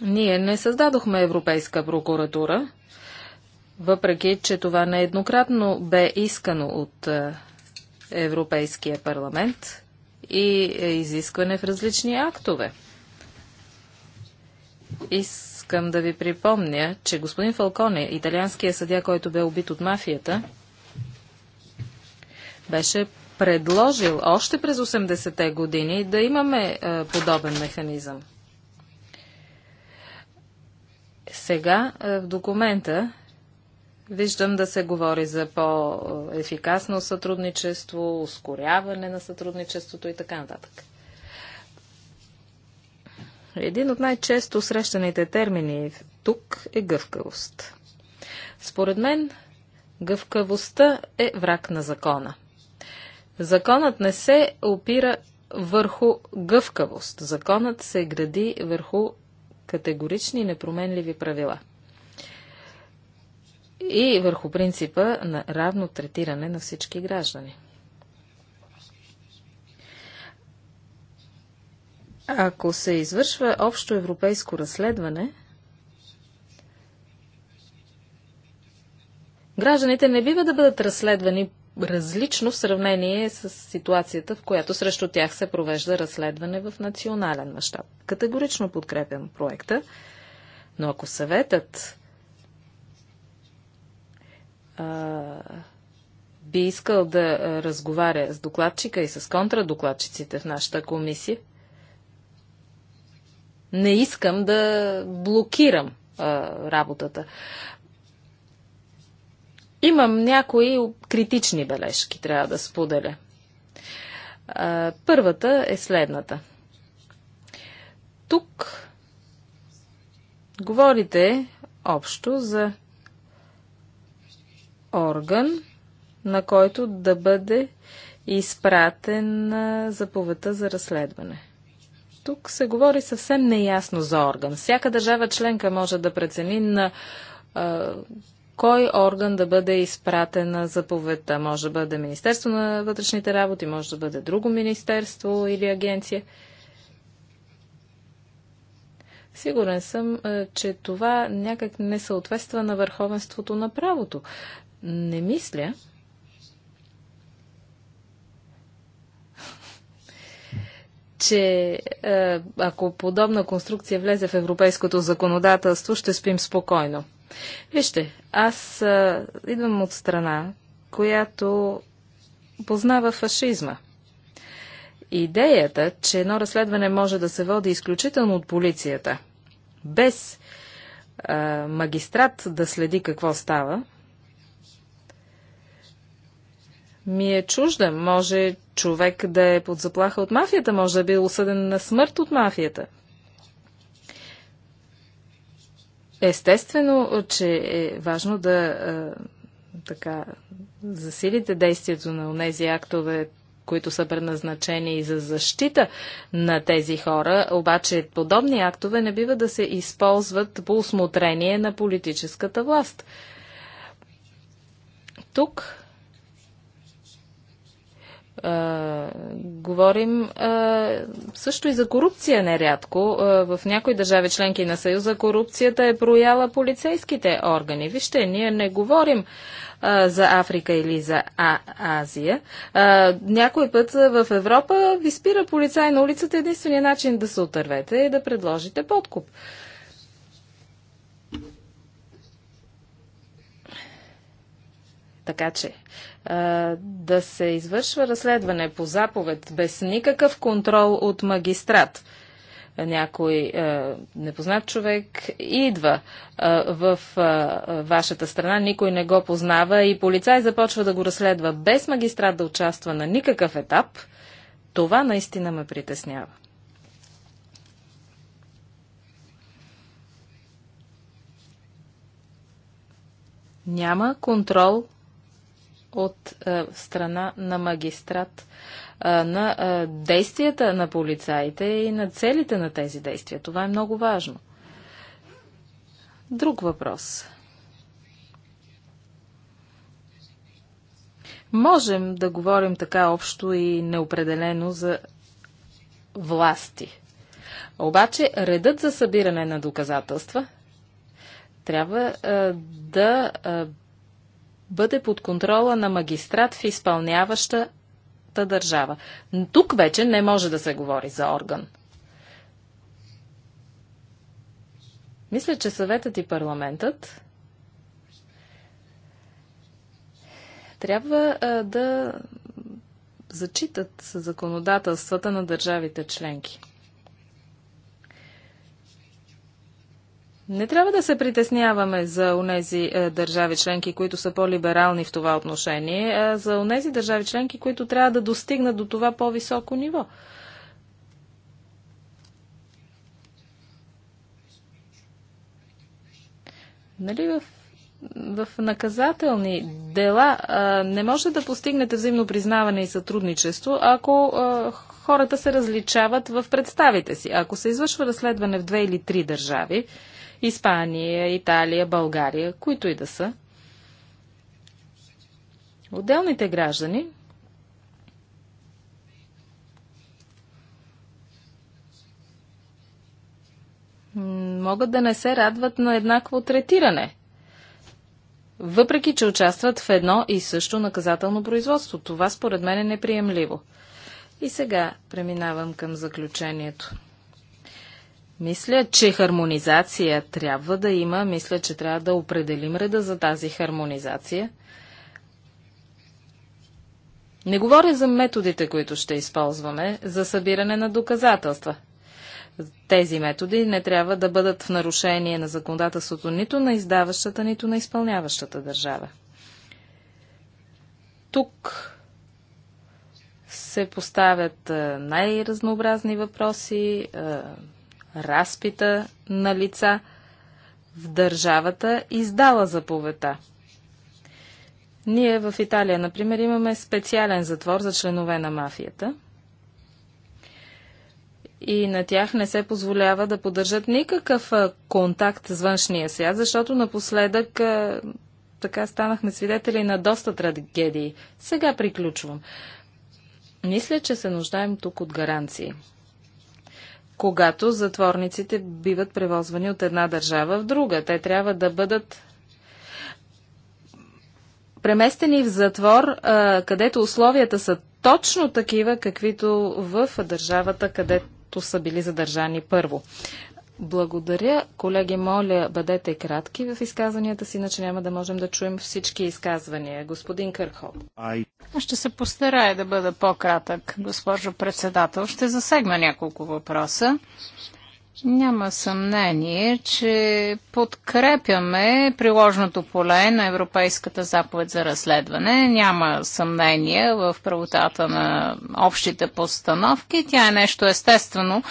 [SPEAKER 2] Ние не създадохме Европейска прокуратура, въпреки че това нееднократно бе искано от е, Европейския парламент и е изискване в различни актове. Искам да ви припомня, че господин Фалконе, италианският съдя, който бе убит от мафията, беше предложил още през 80-те години да имаме е, подобен механизъм. Сега е, в документа виждам да се говори за по-ефикасно сътрудничество, ускоряване на сътрудничеството и така нататък. Един от най-често срещаните термини тук е гъвкавост. Според мен, гъвкавостта е враг на закона. Законът не се опира върху гъвкавост. Законът се гради върху категорични и непроменливи правила. И върху принципа на равно третиране на всички граждани. Ако се извършва общо европейско разследване, гражданите не бива да бъдат разследвани различно в сравнение с ситуацията, в която срещу тях се провежда разследване в национален мащаб. Категорично подкрепям проекта, но ако съветът а, би искал да разговаря с докладчика и с контрадокладчиците в нашата комисия, не искам да блокирам а, работата Имам някои критични бележки, трябва да споделя. Първата е следната. Тук говорите общо за орган, на който да бъде изпратен заповедта за разследване. Тук се говори съвсем неясно за орган. Всяка държава членка може да прецени на кой орган да бъде изпратена заповедта. Може да бъде Министерство на вътрешните работи, може да бъде друго министерство или агенция. Сигурен съм, е, че това някак не съответства на върховенството на правото. Не мисля, че е, ако подобна конструкция влезе в европейското законодателство, ще спим спокойно. Вижте, аз а, идвам от страна, която познава фашизма. Идеята, че едно разследване може да се води изключително от полицията, без а, магистрат да следи какво става, ми е чужда. Може човек да е под заплаха от мафията, може да е бил осъден на смърт от мафията – Естествено, че е важно да така засилите действието на тези актове, които са предназначени за защита на тези хора, обаче подобни актове не бива да се използват по усмотрение на политическата власт. Тук а, говорим а, също и за корупция нерядко. А, в някои държави членки на Съюза корупцията е прояла полицейските органи. Вижте, ние не говорим а, за Африка или за а, Азия. А, някой път в Европа ви спира полицай на улицата. Единственият начин да се отървете е да предложите подкуп. Така че, да се извършва разследване по заповед без никакъв контрол от магистрат. Някой е, непознат човек идва е, в е, вашата страна, никой не го познава и полицай започва да го разследва без магистрат да участва на никакъв етап. Това наистина ме притеснява. Няма контрол от а, е, страна на магистрат а, е, на а, е, действията на полицаите и на целите на тези действия. Това е много важно. Друг въпрос. Можем да говорим така общо и неопределено за власти. Обаче редът за събиране на доказателства трябва а, да а, бъде под контрола на магистрат в изпълняващата държава. Но Тук вече не може да се говори за орган. Мисля, че съветът и парламентът трябва а, да зачитат законодателствата на държавите членки. Не трябва да се притесняваме за онези е, държави членки, които са по-либерални в това отношение, а за онези държави членки, които трябва да достигнат до това по-високо ниво. Нали в в наказателни дела а, не може да постигнете взаимно признаване и сътрудничество, ако а, хората се различават в представите си. Ако се извършва разследване в две или три държави, Испания, Италия, България, които и да са. Отделните граждани могат да не се радват на еднакво третиране, въпреки че участват в едно и също наказателно производство. Това според мен е неприемливо. И сега преминавам към заключението. Мисля, че хармонизация трябва да има. Мисля, че трябва да определим реда за тази хармонизация. Не говоря за методите, които ще използваме за събиране на доказателства. Тези методи не трябва да бъдат в нарушение на законодателството нито на издаващата, нито на изпълняващата държава. Тук се поставят най-разнообразни въпроси, разпита на лица в държавата, издала заповедта. Ние в Италия, например, имаме специален затвор за членове на мафията и на тях не се позволява да поддържат никакъв контакт с външния свят, защото напоследък така станахме свидетели на доста трагедии. Сега приключвам. Мисля, че се нуждаем тук от гаранции когато затворниците биват превозвани от една държава в друга. Те трябва да бъдат преместени в затвор, където условията са точно такива, каквито в държавата, където са били задържани първо. Благодаря. Колеги, моля, бъдете кратки в изказванията си, иначе няма да можем да чуем всички изказвания. Господин Кърхоп.
[SPEAKER 3] Ай.
[SPEAKER 1] Ще се постарая да бъда по-кратък, госпожо председател. Ще засегна няколко въпроса. Няма съмнение, че подкрепяме приложното поле на Европейската заповед за разследване. Няма съмнение в правотата на общите постановки. Тя е нещо естествено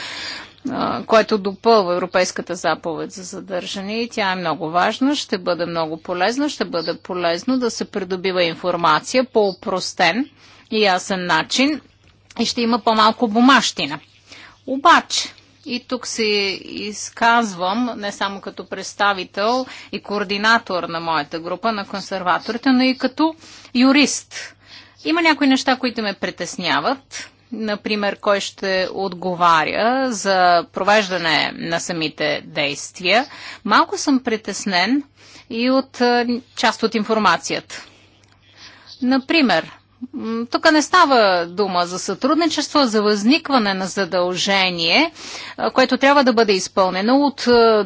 [SPEAKER 1] което допълва Европейската заповед за задържане и тя е много важна, ще бъде много полезна, ще бъде полезно да се придобива информация по упростен и ясен начин и ще има по-малко бумащина. Обаче, и тук се изказвам не само като представител и координатор на моята група на консерваторите, но и като юрист. Има някои неща, които ме притесняват например, кой ще отговаря за провеждане на самите действия. Малко съм притеснен и от част от информацията. Например, тук не става дума за сътрудничество, за възникване на задължение, което трябва да бъде изпълнено от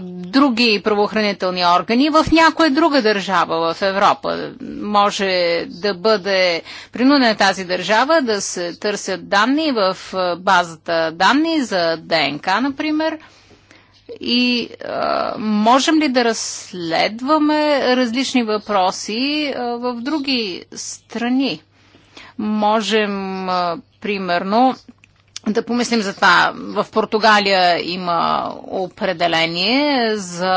[SPEAKER 1] други правоохранителни органи в някоя друга държава в Европа. Може да бъде принудена тази държава да се търсят данни в базата данни за ДНК, например. И а, можем ли да разследваме различни въпроси а, в други страни? Можем, примерно, да помислим за това. В Португалия има определение за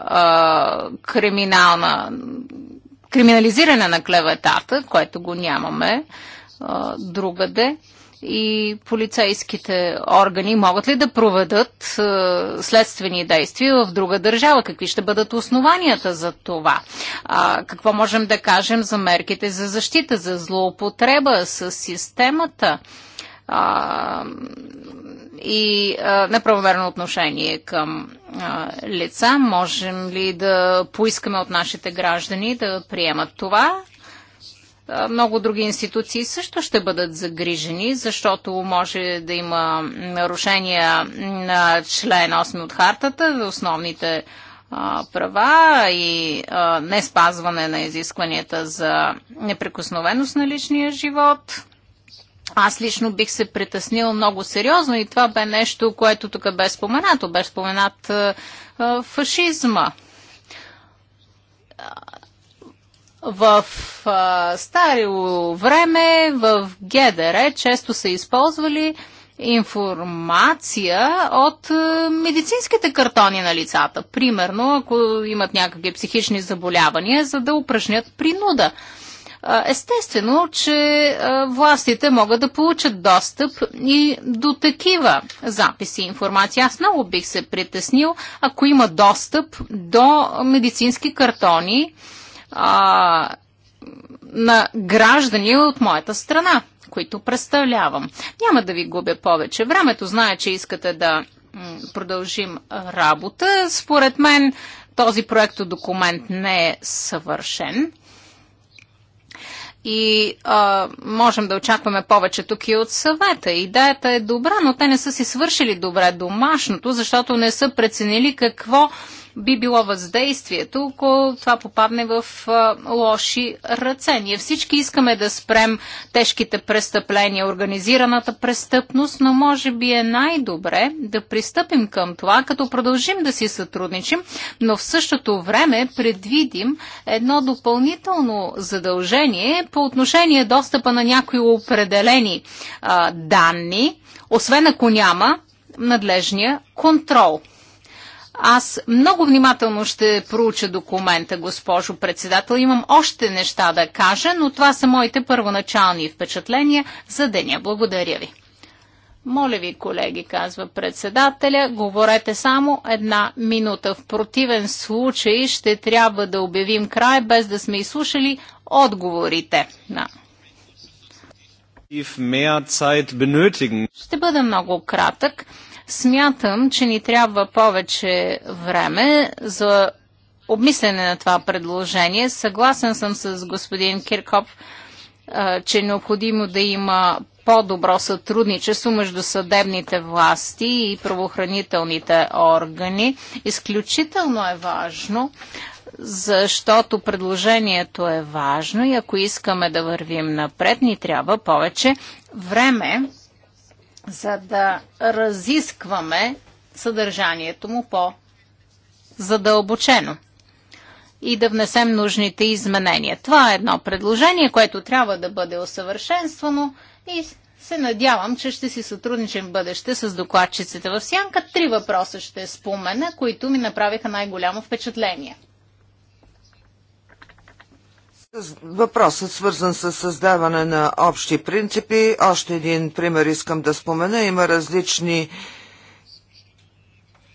[SPEAKER 1] а, криминална, криминализиране на клеветата, което го нямаме а, другаде и полицейските органи могат ли да проведат е, следствени действия в друга държава? Какви ще бъдат основанията за това? А, какво можем да кажем за мерките за защита, за злоупотреба с системата? А, и а, неправомерно отношение към а, лица. Можем ли да поискаме от нашите граждани да приемат това много други институции също ще бъдат загрижени, защото може да има нарушения на член 8 от хартата за основните а, права и а, не спазване на изискванията за неприкосновеност на личния живот. Аз лично бих се притеснил много сериозно и това бе нещо, което тук бе споменато. Бе споменат а, фашизма в а, старо време в ГДР често са използвали информация от медицинските картони на лицата. Примерно, ако имат някакви психични заболявания, за да упражнят принуда. Естествено, че властите могат да получат достъп и до такива записи и информация. Аз много бих се притеснил, ако има достъп до медицински картони, а, на граждани от моята страна, които представлявам. Няма да ви губя повече времето. Зная, че искате да продължим работа. Според мен този проект документ не е съвършен и а, можем да очакваме повече тук и от съвета. Идеята е добра, но те не са си свършили добре домашното, защото не са преценили какво би било въздействието, ако това попадне в а, лоши ръце. Ние всички искаме да спрем тежките престъпления, организираната престъпност, но може би е най-добре да пристъпим към това, като продължим да си сътрудничим, но в същото време предвидим едно допълнително задължение по отношение достъпа на някои определени а, данни, освен ако няма надлежния контрол. Аз много внимателно ще проуча документа, госпожо председател. Имам още неща да кажа, но това са моите първоначални впечатления за деня. Благодаря ви. Моля ви, колеги, казва председателя, говорете само една минута. В противен случай ще трябва да обявим край, без да сме изслушали отговорите. Да. Ще бъда много кратък. Смятам, че ни трябва повече време за обмислене на това предложение. Съгласен съм с господин Киркоп, че е необходимо да има по-добро сътрудничество между съдебните власти и правоохранителните органи. Изключително е важно, защото предложението е важно и ако искаме да вървим напред, ни трябва повече време за да разискваме съдържанието му по-задълбочено и да внесем нужните изменения. Това е едно предложение, което трябва да бъде усъвършенствано и се надявам, че ще си сътрудничим в бъдеще с докладчиците в Сянка. Три въпроса ще спомена, които ми направиха най-голямо впечатление –
[SPEAKER 3] Въпросът свързан с създаване на общи принципи. Още един пример искам да спомена. Има различни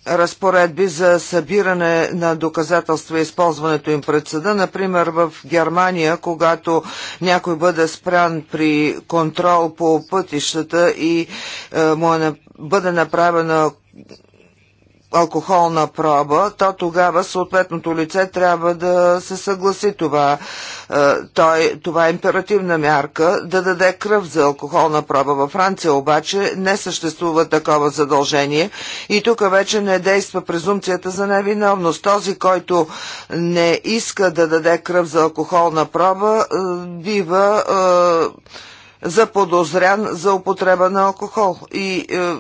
[SPEAKER 3] разпоредби за събиране на доказателства и използването им пред съда. Например, в Германия, когато някой бъде спрян при контрол по пътищата и е, му е, бъде направена алкохолна проба, то тогава съответното лице трябва да се съгласи това. Е, той, това е императивна мярка да даде кръв за алкохолна проба. Във Франция обаче не съществува такова задължение и тук вече не действа презумцията за невиновност. Този, който не иска да даде кръв за алкохолна проба, е, бива е, заподозрян за употреба на алкохол. И е,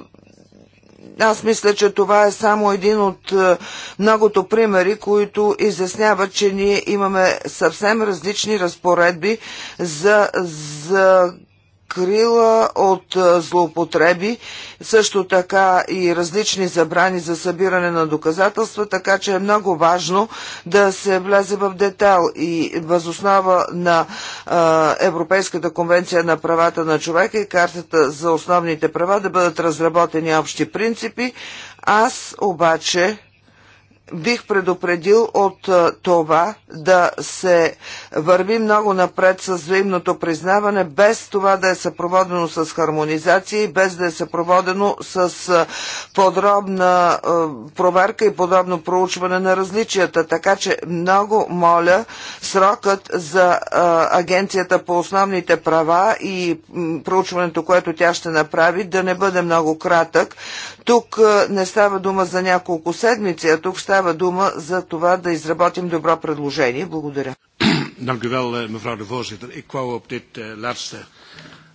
[SPEAKER 3] аз мисля, че това е само един от е, многото примери, които изясняват, че ние имаме съвсем различни разпоредби за, за Крила от злоупотреби, също така и различни забрани за събиране на доказателства, така че е много важно да се влезе в детал и възоснова на Европейската конвенция на правата на човека и картата за основните права да бъдат разработени общи принципи. Аз обаче бих предупредил от това да се върви много напред с взаимното признаване, без това да е съпроводено с хармонизация и без да е съпроводено с подробна проверка и подробно проучване на различията. Така че много моля срокът за Агенцията по основните права и проучването, което тя ще направи, да не бъде много кратък, тук не става дума за няколко седмици, а тук става дума за това да изработим добро предложение. Благодаря. Eh, eh,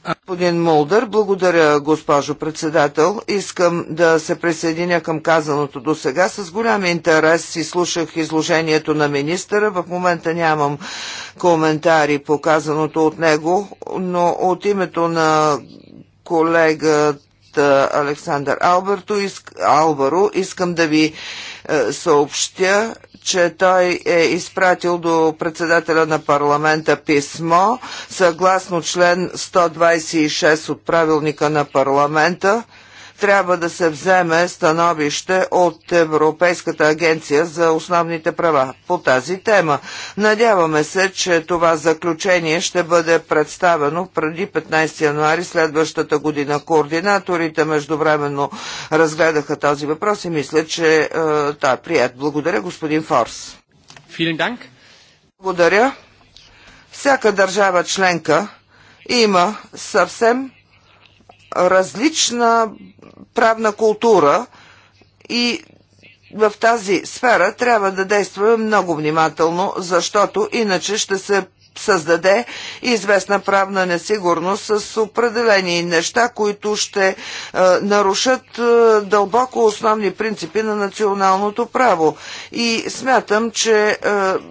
[SPEAKER 3] Господин Молдър, благодаря, госпожо председател. Искам да се присъединя към казаното до сега. С голям интерес и слушах изложението на министъра. В момента нямам коментари по казаното от него, но от името на колегата Александър Алберто, иск, Албаро, искам да ви съобщя, че той е изпратил до председателя на парламента писмо, съгласно член 126 от правилника на парламента, трябва да се вземе становище от Европейската агенция за основните права по тази тема. Надяваме се, че това заключение ще бъде представено преди 15 януари следващата година. Координаторите междувременно разгледаха този въпрос и мисля, че е, та е прият. Благодаря, господин Форс. Благодаря. Всяка държава членка има съвсем различна правна култура и в тази сфера трябва да действаме много внимателно, защото иначе ще се създаде известна правна несигурност с определени неща, които ще е, нарушат е, дълбоко основни принципи на националното право. И смятам, че е,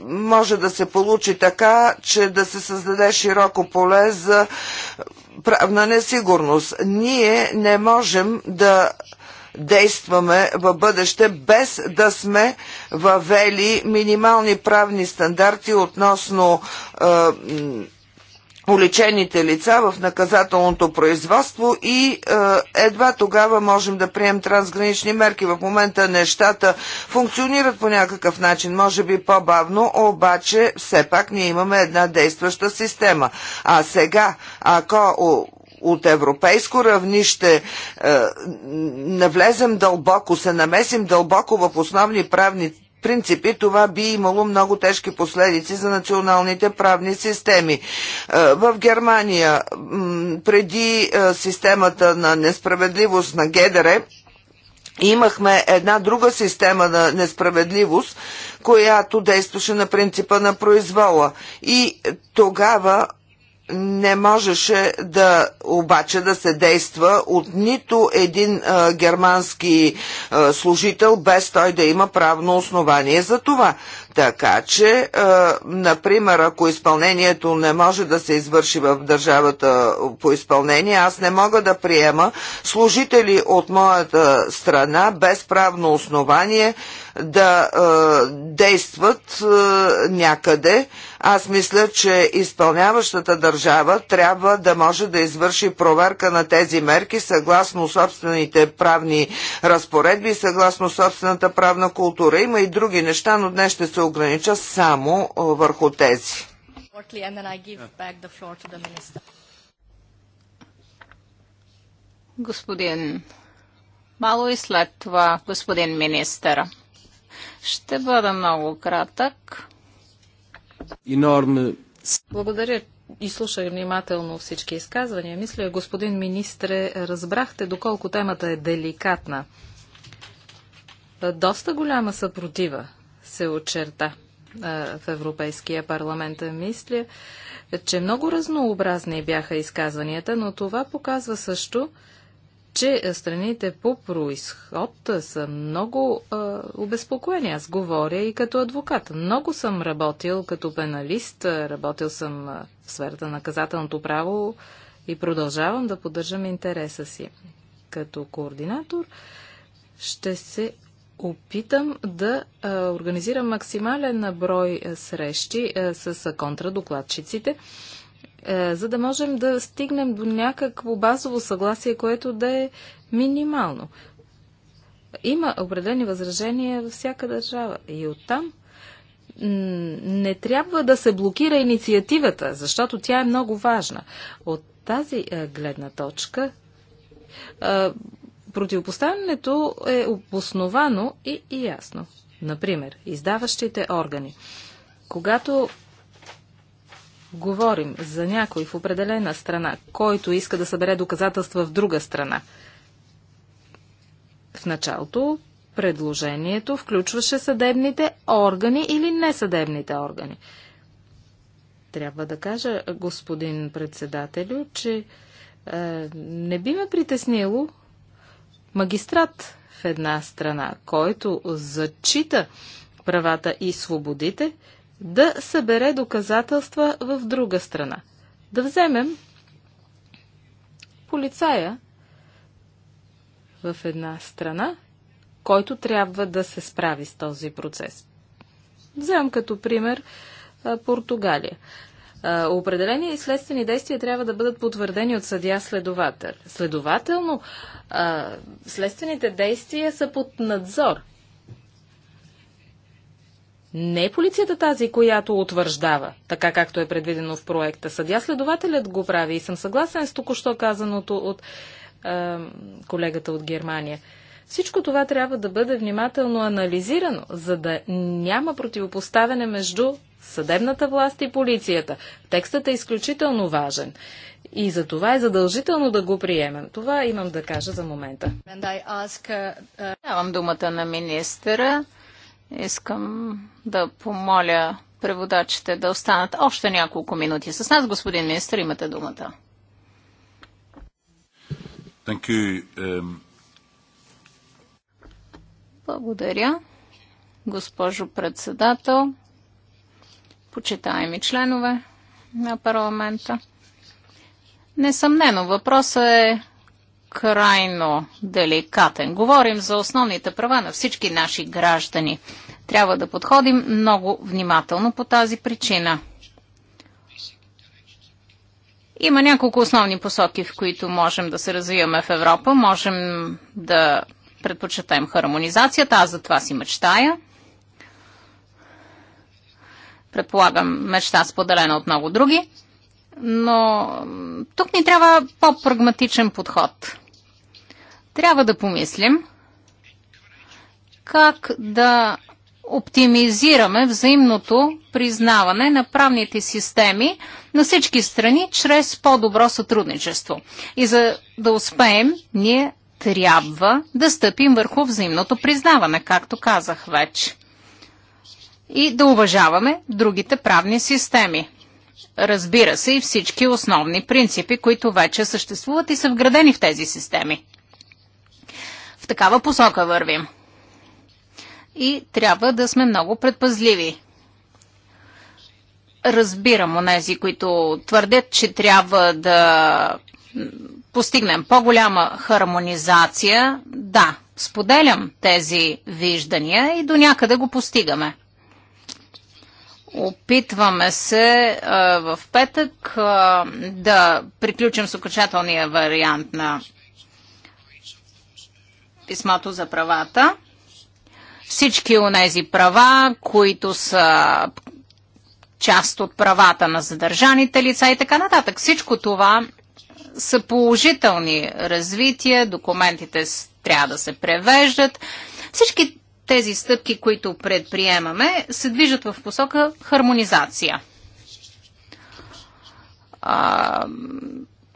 [SPEAKER 3] може да се получи така, че да се създаде широко поле за правна несигурност. Ние не можем да действаме в бъдеще без да сме въвели минимални правни стандарти относно е, уличените лица в наказателното производство и е, едва тогава можем да прием трансгранични мерки. В момента нещата функционират по някакъв начин, може би по-бавно, обаче все пак ние имаме една действаща система. А сега, ако от европейско равнище е, навлезем дълбоко, се намесим дълбоко в основни правни принципи, това би имало много тежки последици за националните правни системи. Е, в Германия, преди е, системата на несправедливост на Гедере, имахме една друга система на несправедливост, която действаше на принципа на произвола. И тогава не можеше да обаче да се действа от нито един а, германски а, служител, без той да има правно основание за това. Така че, например, ако изпълнението не може да се извърши в държавата по изпълнение, аз не мога да приема служители от моята страна без правно основание да е, действат е, някъде. Аз мисля, че изпълняващата държава трябва да може да извърши проверка на тези мерки съгласно собствените правни разпоредби, съгласно собствената правна култура. Има и други неща, но днес ще се се огранича само върху тези.
[SPEAKER 1] Господин Мало и след това господин министър. Ще бъда много кратък.
[SPEAKER 3] Enorme
[SPEAKER 1] благодаря и слушах внимателно всички
[SPEAKER 2] изказвания. Мисля, господин министре, разбрахте доколко темата е деликатна. Доста голяма съпротива се очерта в Европейския парламент. Мисля, че много разнообразни бяха изказванията, но това показва също, че страните по происход са много а, обезпокоени. Аз говоря и като адвокат. Много съм работил като пеналист, работил съм в сферата на наказателното право и продължавам да поддържам интереса си. Като координатор ще се опитам да организирам максимален брой срещи с контрадокладчиците, за да можем да стигнем до някакво базово съгласие, което да е минимално. Има определени възражения във всяка държава и оттам не трябва да се блокира инициативата, защото тя е много важна. От тази гледна точка Противопоставянето е обосновано и, и ясно. Например, издаващите органи. Когато говорим за някой в определена страна, който иска да събере доказателства в друга страна, в началото предложението включваше съдебните органи или несъдебните органи. Трябва да кажа, господин председателю, че е, не би ме притеснило магистрат в една страна, който зачита правата и свободите, да събере доказателства в друга страна. Да вземем полицая в една страна, който трябва да се справи с този процес. Вземам като пример Португалия определени следствени действия трябва да бъдат потвърдени от съдя-следовател. Следователно, а, следствените действия са под надзор. Не е полицията тази, която утвърждава, така както е предвидено в проекта. Съдя-следователят го прави и съм съгласен с току-що казаното от а, колегата от Германия. Всичко това трябва да бъде внимателно анализирано, за да няма противопоставяне между съдебната власт и полицията. Текстът е изключително важен. И за това е задължително да го приемем. Това имам да кажа за момента. Uh, uh,
[SPEAKER 1] Давам думата на министъра. Искам да помоля преводачите да останат още няколко минути с нас. Господин министър, имате думата.
[SPEAKER 3] Thank you. Um...
[SPEAKER 1] Благодаря, госпожо председател, почитаеми членове на парламента. Несъмнено, въпросът е крайно деликатен. Говорим за основните права на всички наши граждани. Трябва да подходим много внимателно по тази причина. Има няколко основни посоки, в които можем да се развиваме в Европа. Можем да Предпочитаем хармонизацията. Аз за това си мечтая. Предполагам, мечта споделена от много други. Но тук ни трябва по-прагматичен подход. Трябва да помислим как да оптимизираме взаимното признаване на правните системи на всички страни чрез по-добро сътрудничество. И за да успеем, ние трябва да стъпим върху взаимното признаване, както казах вече. И да уважаваме другите правни системи. Разбира се и всички основни принципи, които вече съществуват и са вградени в тези системи. В такава посока вървим. И трябва да сме много предпазливи разбирам онези, които твърдят, че трябва да постигнем по-голяма хармонизация, да, споделям тези виждания и до някъде го постигаме. Опитваме се а, в петък а, да приключим с окончателния вариант на писмото за правата. Всички тези права, които са част от правата на задържаните лица и така нататък. Всичко това са положителни развития, документите трябва да се превеждат. Всички тези стъпки, които предприемаме, се движат в посока хармонизация. А,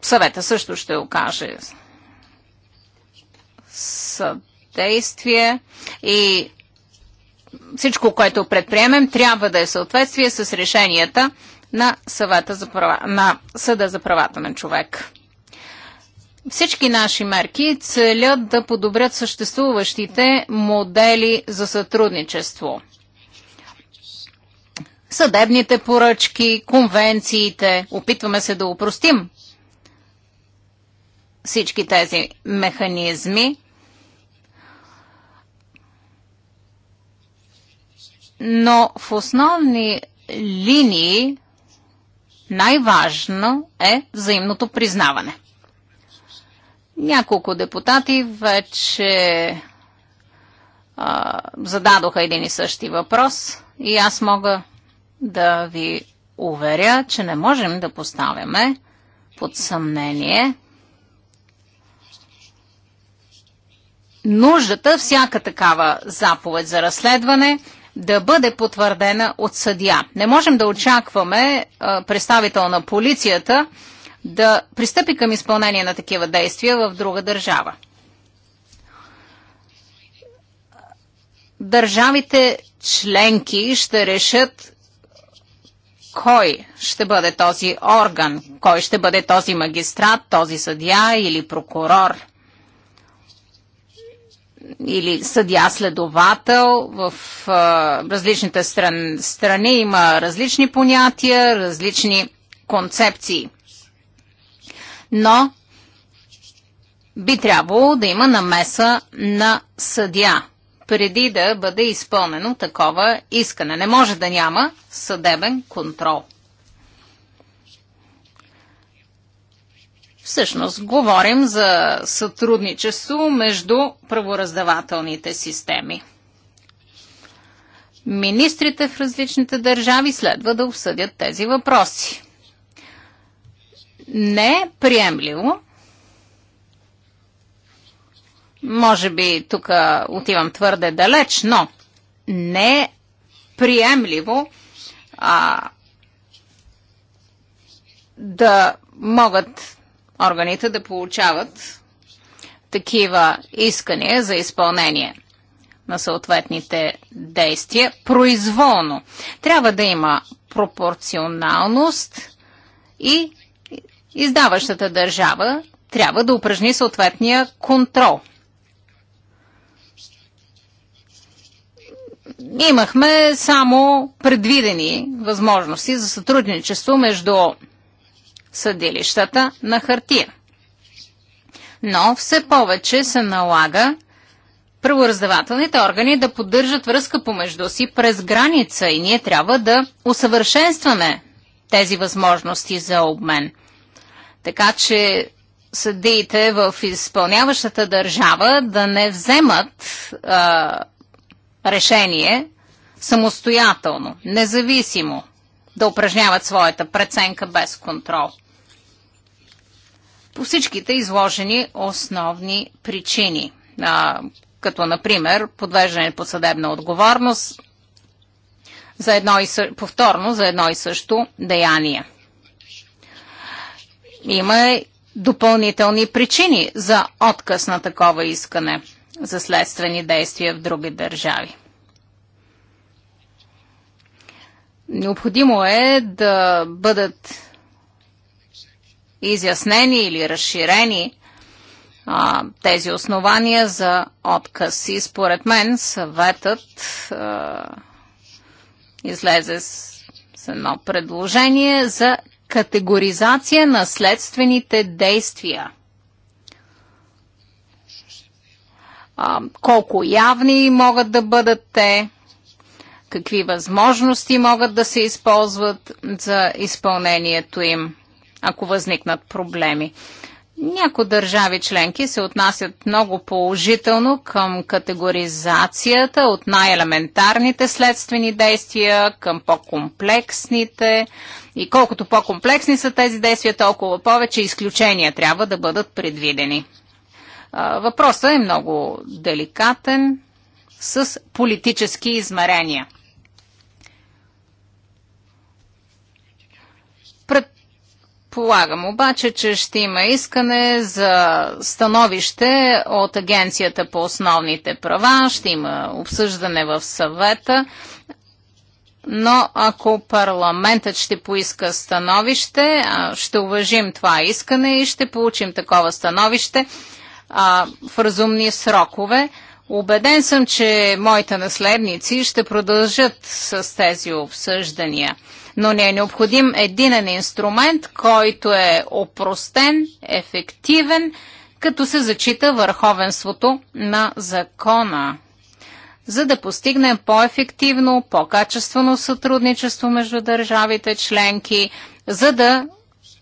[SPEAKER 1] съвета също ще окаже съдействие и всичко, което предприемем, трябва да е съответствие с решенията на, съвета за права, на Съда за правата на човек. Всички наши мерки целят да подобрят съществуващите модели за сътрудничество. Съдебните поръчки, конвенциите, опитваме се да упростим всички тези механизми. Но в основни линии най-важно е взаимното признаване. Няколко депутати вече а, зададоха един и същи въпрос и аз мога да ви уверя, че не можем да поставяме под съмнение нуждата всяка такава заповед за разследване – да бъде потвърдена от съдия. Не можем да очакваме представител на полицията да пристъпи към изпълнение на такива действия в друга държава. Държавите членки ще решат кой ще бъде този орган, кой ще бъде този магистрат, този съдия или прокурор или съдя-следовател в а, различните стран, страни има различни понятия, различни концепции. Но би трябвало да има намеса на съдя преди да бъде изпълнено такова искане. Не може да няма съдебен контрол. Всъщност, говорим за сътрудничество между правораздавателните системи. Министрите в различните държави следва да обсъдят тези въпроси. Не е приемливо. Може би тук отивам твърде далеч, но не е приемливо а, да могат органите да получават такива искания за изпълнение на съответните действия произволно. Трябва да има пропорционалност и издаващата държава трябва да упражни съответния контрол. Имахме само предвидени възможности за сътрудничество между съдилищата на хартия. Но все повече се налага правораздавателните органи да поддържат връзка помежду си през граница и ние трябва да усъвършенстваме тези възможности за обмен. Така че съдиите в изпълняващата държава да не вземат а, решение самостоятелно, независимо, да упражняват своята преценка без контрол по всичките изложени основни причини, а, като например подвеждане под съдебна отговорност за едно и съ... повторно за едно и също деяние. Има допълнителни причини за отказ на такова искане за следствени действия в други държави. Необходимо е да бъдат изяснени или разширени а, тези основания за отказ. И според мен съветът а, излезе с, с едно предложение за категоризация на следствените действия. А, колко явни могат да бъдат те, какви възможности могат да се използват за изпълнението им ако възникнат проблеми. Някои държави членки се отнасят много положително към категоризацията от най-елементарните следствени действия към по-комплексните. И колкото по-комплексни са тези действия, толкова повече изключения трябва да бъдат предвидени. Въпросът е много деликатен с политически измерения. Предполагам обаче, че ще има искане за становище от Агенцията по основните права, ще има обсъждане в съвета, но ако парламентът ще поиска становище, ще уважим това искане и ще получим такова становище в разумни срокове. Обеден съм, че моите наследници ще продължат с тези обсъждания но не е необходим единен инструмент, който е опростен, ефективен, като се зачита върховенството на закона за да постигнем по-ефективно, по-качествено сътрудничество между държавите членки, за да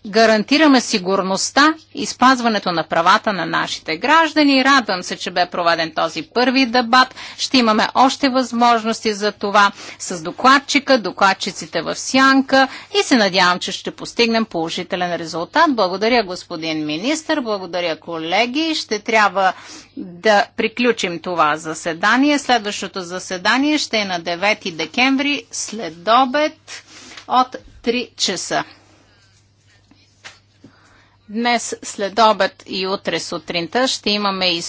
[SPEAKER 1] гарантираме сигурността и спазването на правата на нашите граждани. Радвам се, че бе проведен този първи дебат. Ще имаме още възможности за това с докладчика, докладчиците в сянка и се надявам, че ще постигнем положителен резултат. Благодаря, господин министр, благодаря, колеги. Ще трябва да приключим това заседание. Следващото заседание ще е на 9 декември след обед от 3 часа. Днес след обед и утре сутринта ще имаме и